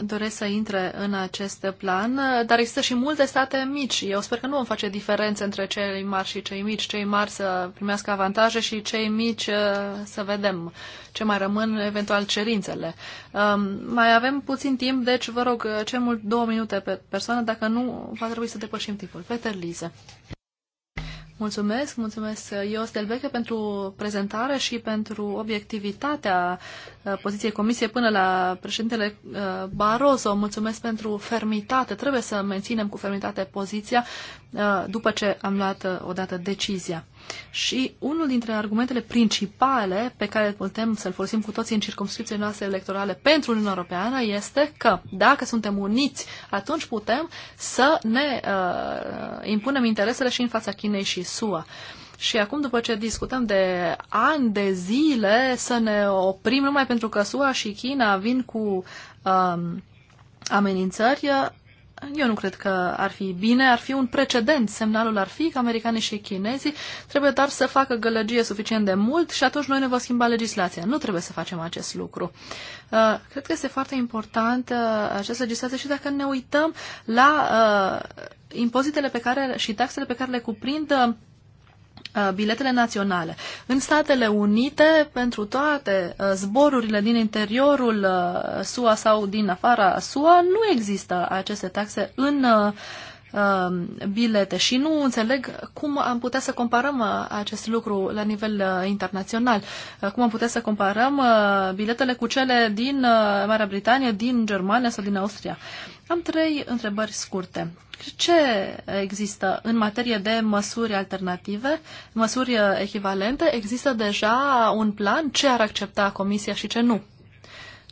doresc să intre în acest plan, dar există și multe state mici. Eu sper că nu vom face diferențe între cei mari și cei mici. Cei mari să primească avantaje și cei mici uh, să vedem ce mai rămân, eventual cerințele. Um, mai avem puțin timp, deci vă rog uh, cel mult două minute pe persoană, dacă nu va trebui să depășim timpul. Peter Lise. Mulțumesc, mulțumesc uh, Ios Delbeche pentru prezentare și pentru obiectivitatea uh, poziției Comisiei până la președintele uh, Barroso. Mulțumesc pentru fermitate. Trebuie să menținem cu fermitate poziția după ce am luat odată decizia. Și unul dintre argumentele principale pe care putem să-l folosim cu toții în circumscripțiile noastre electorale pentru Uniunea Europeană este că dacă suntem uniți, atunci putem să ne uh, impunem interesele și în fața Chinei și SUA. Și acum, după ce discutăm de ani de zile, să ne oprim numai pentru că SUA și China vin cu um, amenințări, eu nu cred că ar fi bine, ar fi un precedent. Semnalul ar fi că americanii și chinezii trebuie doar să facă gălăgie suficient de mult și atunci noi ne vom schimba legislația. Nu trebuie să facem acest lucru. Uh, cred că este foarte important uh, această legislație și dacă ne uităm la uh, impozitele pe care și taxele pe care le cuprind Uh, biletele naționale. În Statele Unite, pentru toate uh, zborurile din interiorul uh, SUA sau din afara SUA, nu există aceste taxe în Um, bilete și nu înțeleg cum am putea să comparăm uh, acest lucru la nivel uh, internațional. Uh, cum am putea să comparăm biletele cu cele din Marea Britanie, din Germania sau din Austria. Am trei întrebări scurte. Ce există în materie de măsuri alternative, măsuri echivalente? Există deja un plan? Ce ar accepta Comisia și ce nu?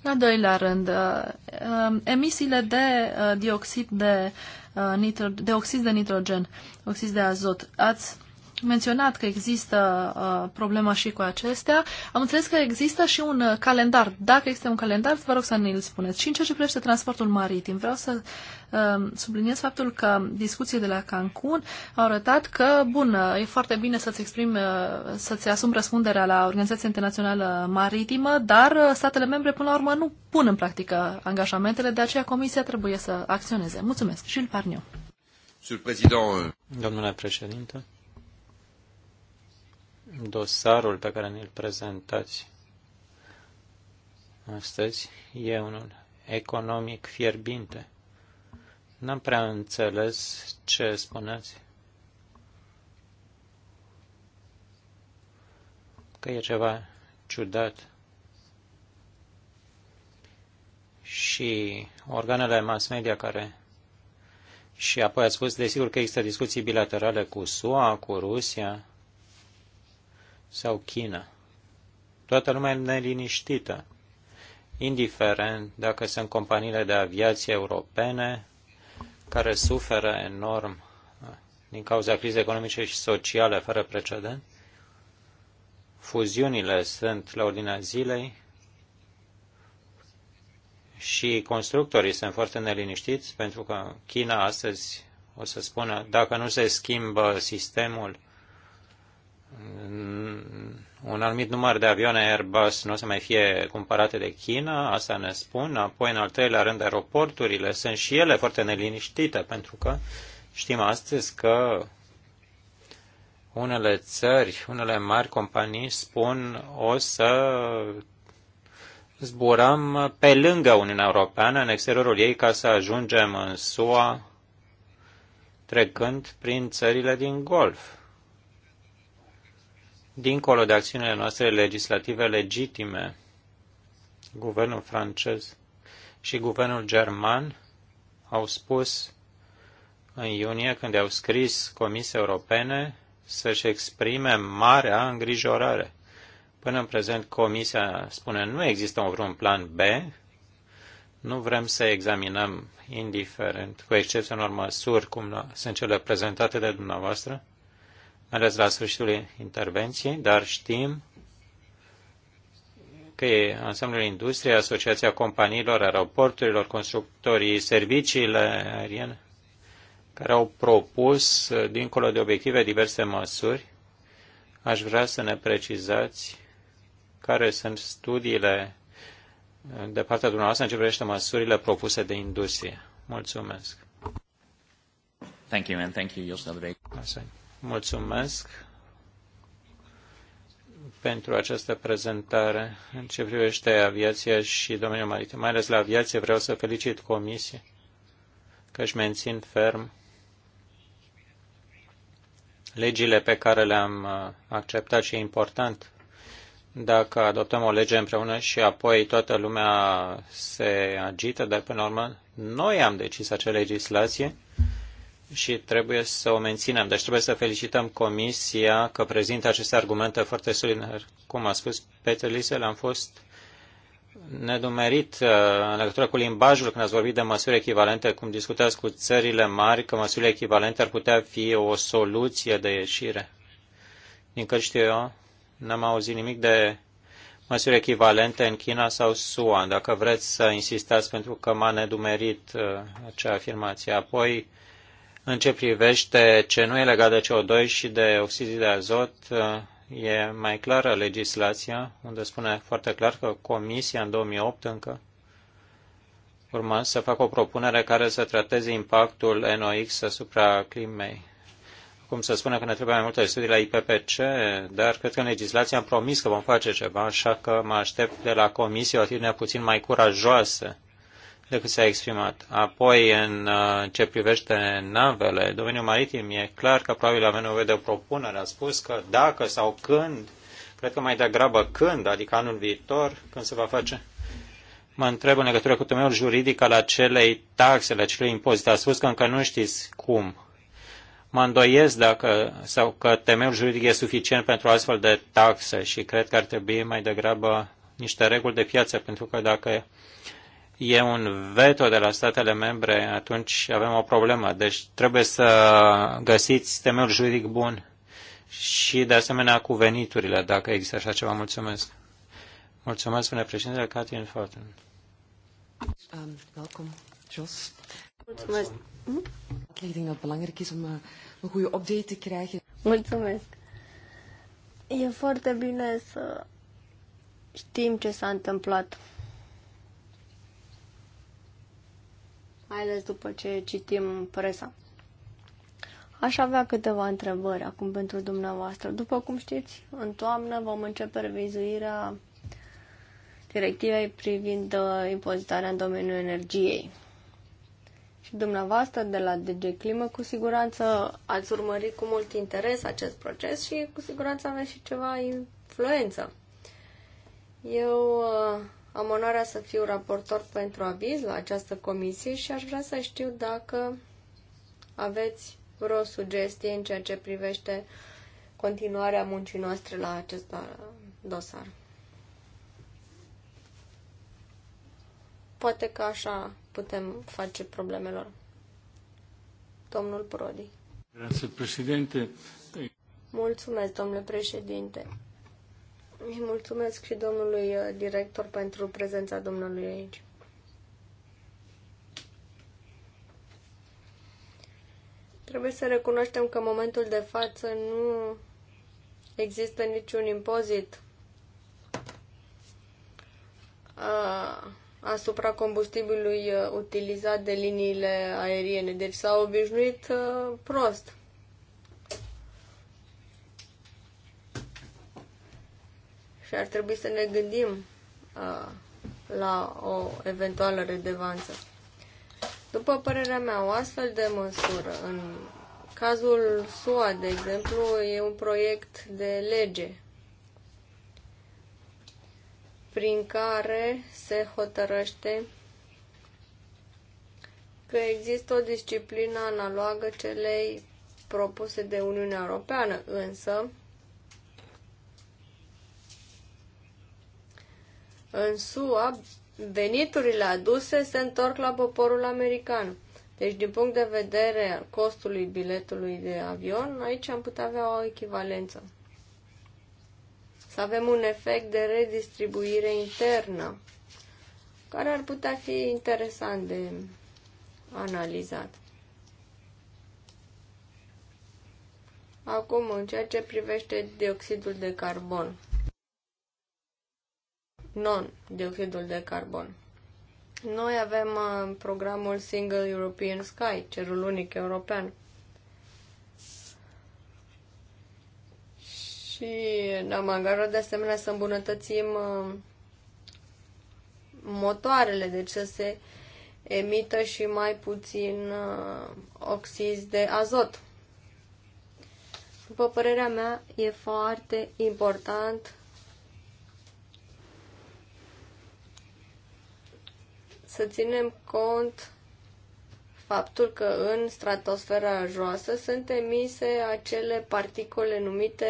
La doilea rând, um, emisiile de dioxid de Uh, nitro, de oxid de nitrogen, oxid de azot. Ați menționat că există uh, problema și cu acestea. Am înțeles că există și un uh, calendar. Dacă există un calendar, vă rog să ne-l spuneți. Și în ceea ce privește transportul maritim, vreau să uh, subliniez faptul că discuții de la Cancun au arătat că, bun, uh, e foarte bine să-ți exprimi, uh, să-ți asumi răspunderea la Organizația Internațională Maritimă, dar uh, statele membre, până la urmă, nu pun în practică angajamentele, de aceea Comisia trebuie să acționeze. Mulțumesc. Jules Parniu. Euh, Domnule președinte, dosarul pe care ne-l prezentați astăzi e unul economic fierbinte. N-am prea înțeles ce spuneți. Că e ceva ciudat. Și organele mass media care și apoi a spus, desigur că există discuții bilaterale cu SUA, cu Rusia, sau China. Toată lumea e neliniștită, indiferent dacă sunt companiile de aviație europene care suferă enorm uh, din cauza crizei economice și sociale fără precedent. Fuziunile sunt la ordinea zilei și constructorii sunt foarte neliniștiți pentru că China astăzi o să spună, dacă nu se schimbă sistemul un anumit număr de avioane Airbus nu o să mai fie cumpărate de China, asta ne spun. Apoi, în al treilea rând, aeroporturile sunt și ele foarte neliniștite, pentru că știm astăzi că unele țări, unele mari companii spun o să zburăm pe lângă Uniunea Europeană, în exteriorul ei, ca să ajungem în SUA, trecând prin țările din Golf. Dincolo de acțiunile noastre legislative legitime, guvernul francez și guvernul german au spus în iunie, când au scris Comisia Europene, să-și exprime marea îngrijorare. Până în prezent, Comisia spune nu există un vreun plan B, nu vrem să examinăm indiferent, cu excepția unor măsuri, cum sunt cele prezentate de dumneavoastră, ales la sfârșitul intervenției, dar știm că e ansamblul industriei, Asociația Companiilor, Aeroporturilor, Constructorii, Serviciile Aeriene, care au propus, dincolo de obiective, diverse măsuri. Aș vrea să ne precizați care sunt studiile de partea dumneavoastră în ce privește măsurile propuse de industrie. Mulțumesc. Thank you and thank you, Jos Mulțumesc pentru această prezentare în ce privește aviația și domeniul maritim. Mai ales la aviație vreau să felicit Comisia că își mențin ferm legile pe care le-am uh, acceptat și e important dacă adoptăm o lege împreună și apoi toată lumea se agită, dar până la urmă noi am decis acea legislație și trebuie să o menținem. Deci trebuie să felicităm Comisia că prezintă aceste argumente foarte solide. Cum a spus Peter Lisel, am fost nedumerit uh, în legătură cu limbajul când ați vorbit de măsuri echivalente, cum discutați cu țările mari, că măsurile echivalente ar putea fi o soluție de ieșire. Din cât știu eu, n-am auzit nimic de măsuri echivalente în China sau SUA, dacă vreți să insistați pentru că m-a nedumerit uh, acea afirmație. Apoi, în ce privește ce nu e legat de CO2 și de oxizii de azot, e mai clară legislația, unde spune foarte clar că Comisia în 2008 încă urma să facă o propunere care să trateze impactul NOx asupra climei. Cum se spune că ne trebuie mai multe studii la IPPC, dar cred că în legislație am promis că vom face ceva, așa că mă aștept de la Comisie o atitudine puțin mai curajoasă decât s-a exprimat. Apoi, în uh, ce privește navele, domeniul maritim, e clar că probabil avem nevoie de o propunere. A spus că dacă sau când, cred că mai degrabă când, adică anul viitor, când se va face, mă întreb în legătură cu temeiul juridic al acelei taxe, al acelui impozit. A spus că încă nu știți cum. Mă îndoiesc dacă, sau că temeiul juridic e suficient pentru astfel de taxe și cred că ar trebui mai degrabă niște reguli de piață, pentru că dacă e un veto de la statele membre, atunci avem o problemă. Deci trebuie să găsiți sistemul juridic bun și, de asemenea, cu veniturile, dacă există așa ceva. Mulțumesc. Mulțumesc, spune președintele Catherine Fortin. Um, welcome, Jos. Mulțumesc. Uitleiding dat belangrijk is om eh, een goede update te krijgen. Mulțumesc. E foarte bine să știm ce s-a întâmplat mai ales după ce citim presa. Aș avea câteva întrebări acum pentru dumneavoastră. După cum știți, în toamnă vom începe revizuirea directivei privind uh, impozitarea în domeniul energiei. Și dumneavoastră de la DG Climă cu siguranță ați urmărit cu mult interes acest proces și cu siguranță aveți și ceva influență. Eu uh, am onoarea să fiu raportor pentru aviz la această comisie și aș vrea să știu dacă aveți vreo sugestie în ceea ce privește continuarea muncii noastre la acest dosar. Poate că așa putem face problemelor. Domnul Prodi. Grazie, președinte. Mulțumesc, domnule președinte. Îi mulțumesc și domnului uh, director pentru prezența domnului aici. Trebuie să recunoaștem că în momentul de față nu există niciun impozit uh, asupra combustibilului uh, utilizat de liniile aeriene. Deci s-au obișnuit prost și ar trebui să ne gândim uh, la o eventuală redevanță. După părerea mea, o astfel de măsură, în cazul SUA, de exemplu, e un proiect de lege prin care se hotărăște că există o disciplină analogă celei propuse de Uniunea Europeană, însă În SUA, veniturile aduse se întorc la poporul american. Deci, din punct de vedere al costului biletului de avion, aici am putea avea o echivalență. Să avem un efect de redistribuire internă, care ar putea fi interesant de analizat. Acum, în ceea ce privește dioxidul de carbon non-dioxidul de carbon. Noi avem uh, programul Single European Sky, cerul unic european. Și ne-am angajat de asemenea să îmbunătățim uh, motoarele, deci să se emită și mai puțin uh, oxiz de azot. După părerea mea, e foarte important să ținem cont faptul că în stratosfera joasă sunt emise acele particole numite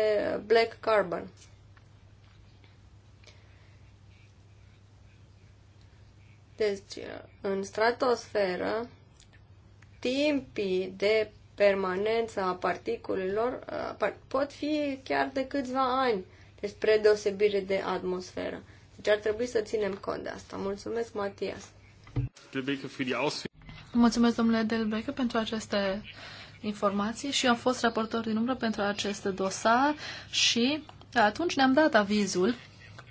black carbon. Deci, în stratosferă, timpii de permanență a particulelor pot fi chiar de câțiva ani, despre deci deosebire de atmosferă. Deci ar trebui să ținem cont de asta. Mulțumesc, Matias! Mulțumesc, domnule Delbecă, pentru aceste informații și eu am fost raportor din umbră pentru acest dosar și atunci ne-am dat avizul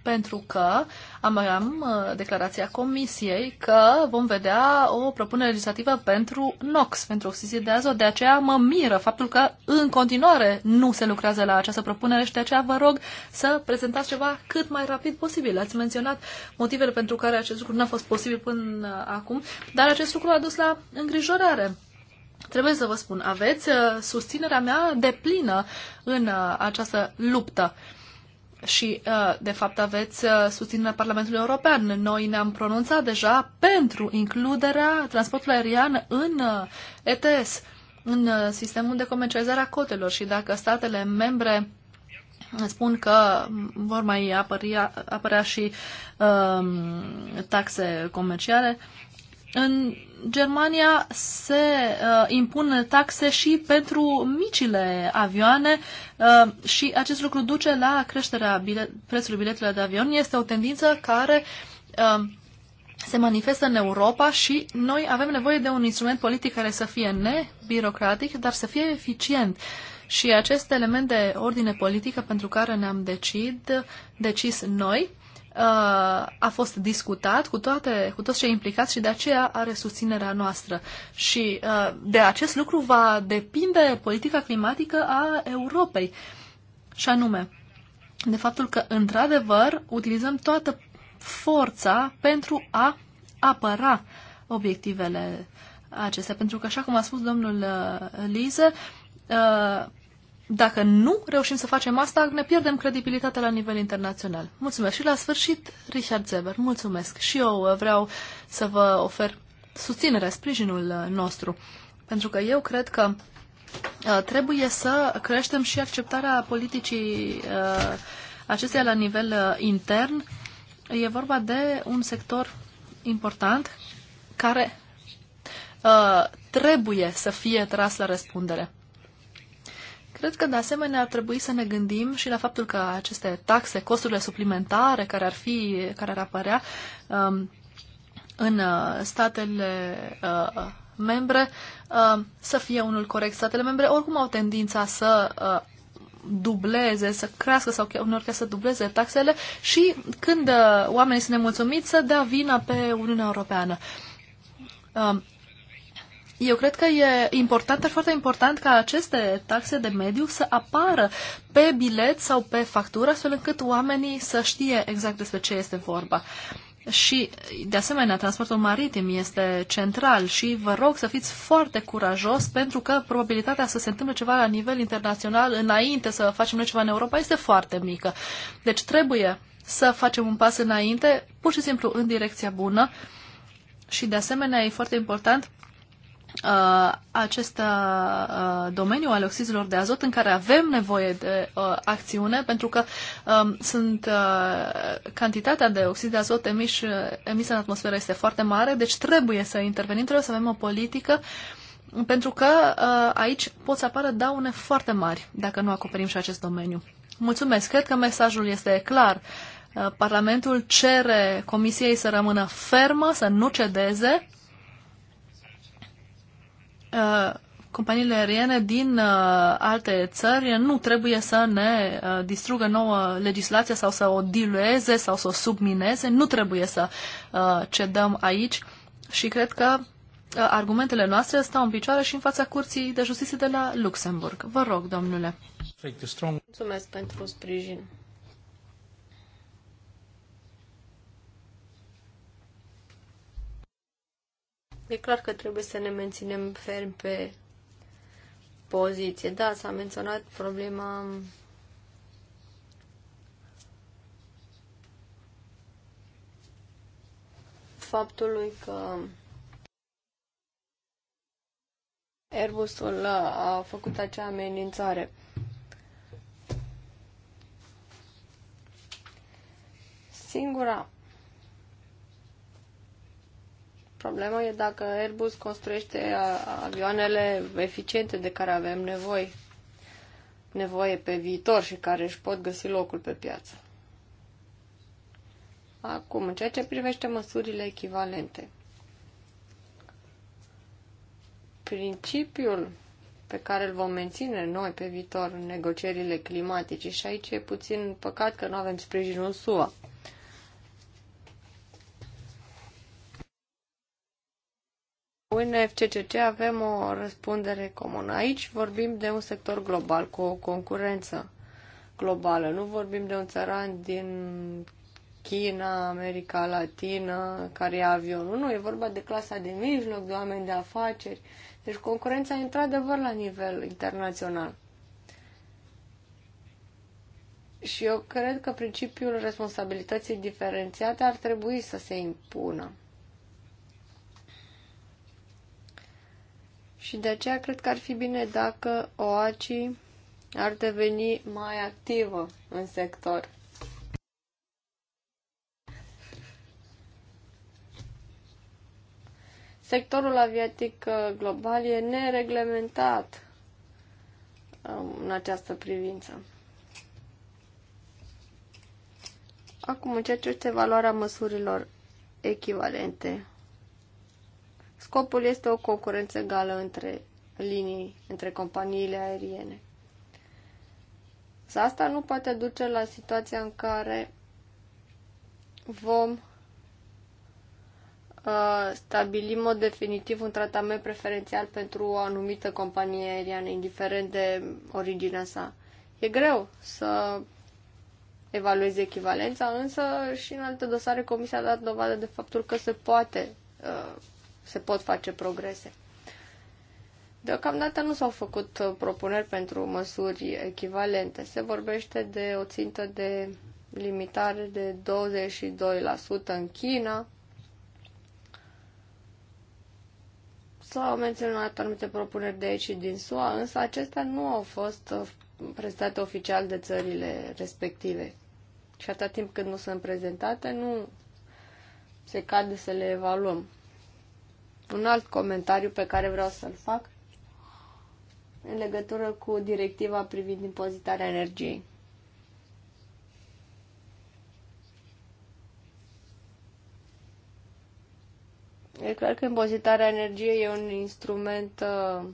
pentru că am, am uh, declarația Comisiei că vom vedea o propunere legislativă pentru NOx, pentru oxizie de azot. De aceea mă miră faptul că în continuare nu se lucrează la această propunere și de aceea vă rog să prezentați ceva cât mai rapid posibil. Ați menționat motivele pentru care acest lucru nu a fost posibil până acum, dar acest lucru a dus la îngrijorare trebuie să vă spun, aveți uh, susținerea mea deplină în uh, această luptă și, uh, de fapt, aveți uh, susținerea Parlamentului European. Noi ne-am pronunțat deja pentru includerea transportului aerian în uh, ETS, în sistemul de comercializare a cotelor și dacă statele membre spun că vor mai apărea, apărea și um, taxe comerciale, în Germania se uh, impun taxe și pentru micile avioane uh, și acest lucru duce la creșterea bilet, prețului biletelor de avion. Este o tendință care uh, se manifestă în Europa și noi avem nevoie de un instrument politic care să fie nebirocratic, dar să fie eficient. Și acest element de ordine politică pentru care ne-am decid, decis noi Uh, a fost discutat cu, toate, cu toți cei implicați și de aceea are susținerea noastră. Și uh, de acest lucru va depinde politica climatică a Europei. Și anume, de faptul că, într-adevăr, utilizăm toată forța pentru a apăra obiectivele acestea. Pentru că, așa cum a spus domnul uh, Lize, dacă nu reușim să facem asta, ne pierdem credibilitatea la nivel internațional. Mulțumesc. Și la sfârșit, Richard Zeber, mulțumesc. Și eu uh, vreau să vă ofer susținerea, sprijinul uh, nostru. Pentru că eu cred că uh, trebuie să creștem și acceptarea politicii acesteia la nivel intern. E vorba de un sector important care trebuie să fie tras la răspundere. Cred că, de asemenea, ar trebui să ne gândim și la faptul că aceste taxe, costurile suplimentare care ar, fi, care ar apărea um, în uh, statele uh, membre, uh, să fie unul corect. Statele membre oricum au tendința să uh, dubleze, să crească sau chiar uneori chiar să dubleze taxele și când uh, oamenii sunt nemulțumiți să dea vina pe Uniunea Europeană. Um, eu cred că e important, foarte important ca aceste taxe de mediu să apară pe bilet sau pe factură, astfel încât oamenii să știe exact despre ce este vorba. Și, de asemenea, transportul maritim este central și vă rog să fiți foarte curajos pentru că probabilitatea să se întâmple ceva la nivel internațional înainte să facem noi ceva în Europa este foarte mică. Deci trebuie să facem un pas înainte, pur și simplu în direcția bună și, de asemenea, e foarte important Uh, acest uh, uh, domeniu al oxizilor de azot în care avem nevoie de acțiune pentru că um, sunt cantitatea de oxid de azot emis, emisă în atmosferă este foarte mare, deci trebuie să intervenim, trebuie să avem o politică pentru că aici pot să apară daune foarte mari dacă nu acoperim și acest domeniu. Mulțumesc, cred că mesajul este clar. Parlamentul cere Comisiei să rămână fermă, să nu cedeze Uh, companiile aeriene din uh, alte țări nu trebuie să ne uh, distrugă nouă legislația sau să o dilueze sau să o submineze. Nu trebuie să uh, cedăm aici și cred că uh, argumentele noastre stau în picioare și în fața Curții de Justiție de la Luxemburg. Vă rog, domnule. Mulțumesc pentru sprijin. E clar că trebuie să ne menținem ferm pe poziție. Da, s-a menționat problema um, faptului că Airbusul a făcut acea amenințare. Singura Problema e dacă Airbus construiește avioanele eficiente de care avem nevoie, nevoie pe viitor și care își pot găsi locul pe piață. Acum, în ceea ce privește măsurile echivalente, principiul pe care îl vom menține noi pe viitor în negocierile climatice și aici e puțin păcat că nu avem sprijinul SUA. În FCCC avem o răspundere comună. Aici vorbim de un sector global cu o concurență globală. Nu vorbim de un țăran din China, America Latină, care ia avionul. Nu, e vorba de clasa de mijloc, de oameni de afaceri. Deci concurența e într-adevăr la nivel internațional. Și eu cred că principiul responsabilității diferențiate ar trebui să se impună. Și de aceea cred că ar fi bine dacă OACI ar deveni mai activă în sector. Sectorul aviatic uh, global e nereglementat um, în această privință. Acum, în ceea ce este valoarea măsurilor echivalente, Scopul este o concurență egală între linii, între companiile aeriene. asta nu poate duce la situația în care vom uh, stabili mod definitiv un tratament preferențial pentru o anumită companie aeriană, indiferent de originea sa. E greu să evaluezi echivalența, însă și în alte dosare Comisia a dat dovadă de faptul că se poate uh, se pot face progrese. Deocamdată nu s-au făcut uh, propuneri pentru măsuri echivalente. Se vorbește de o țintă de limitare de 22% în China. S-au menționat anumite propuneri de aici și din SUA, însă acestea nu au fost uh, prezentate oficial de țările respective. Și atâta timp cât nu sunt prezentate, nu se cade să le evaluăm. Un alt comentariu pe care vreau să-l fac în legătură cu directiva privind impozitarea energiei. E clar că impozitarea energiei e un instrument uh,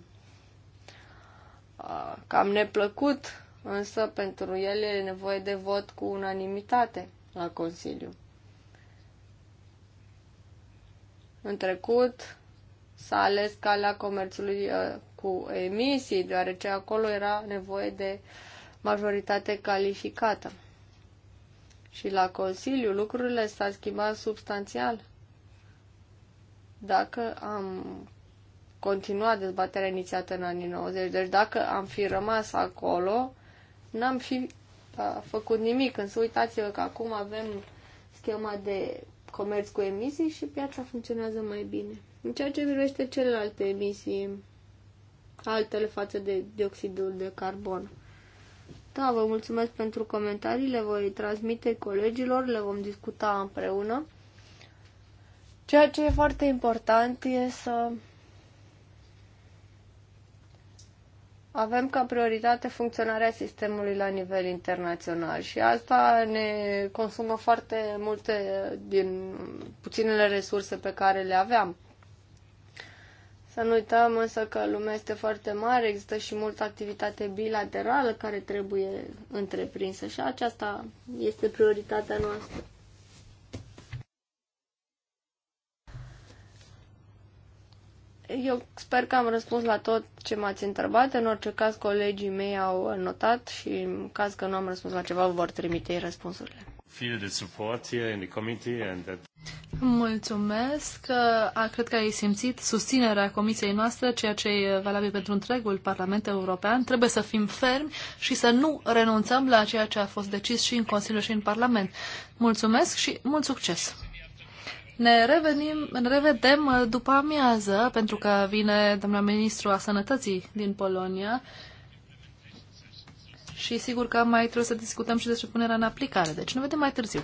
uh cam neplăcut, însă pentru el e nevoie de vot cu unanimitate la Consiliu. În trecut, s-a ales calea comerțului uh, cu emisii, deoarece acolo era nevoie de majoritate calificată. Și la Consiliu lucrurile s-au schimbat substanțial. Dacă am continuat dezbaterea inițiată în anii 90, deci dacă am fi rămas acolo, n-am fi a, uh, făcut nimic. Însă uitați-vă că acum avem schema de comerț cu emisii și piața funcționează mai bine. În ceea ce privește celelalte emisii, altele față de dioxidul de carbon. Da, vă mulțumesc pentru comentarii, le voi transmite colegilor, le vom discuta împreună. Ceea ce e foarte important e să avem ca prioritate funcționarea sistemului la nivel internațional și asta ne consumă foarte multe din puținele resurse pe care le aveam. Să nu uităm însă că lumea este foarte mare, există și multă activitate bilaterală care trebuie întreprinsă și aceasta este prioritatea noastră. Eu sper că am răspuns la tot ce m-ați întrebat. În orice caz, colegii mei au notat și în caz că nu am răspuns la ceva, vor trimite răspunsurile feel the support here in the committee and that Mulțumesc. Cred că ai simțit susținerea comisiei noastre, ceea ce e valabil pentru întregul Parlament European. Trebuie să fim fermi și să nu renunțăm la ceea ce a fost decis și în Consiliu și în Parlament. Mulțumesc și mult succes! Ne, revenim, ne revedem după amiază, pentru că vine doamna ministru a sănătății din Polonia și sigur că mai trebuie să discutăm și despre punerea în aplicare. Deci ne vedem mai târziu.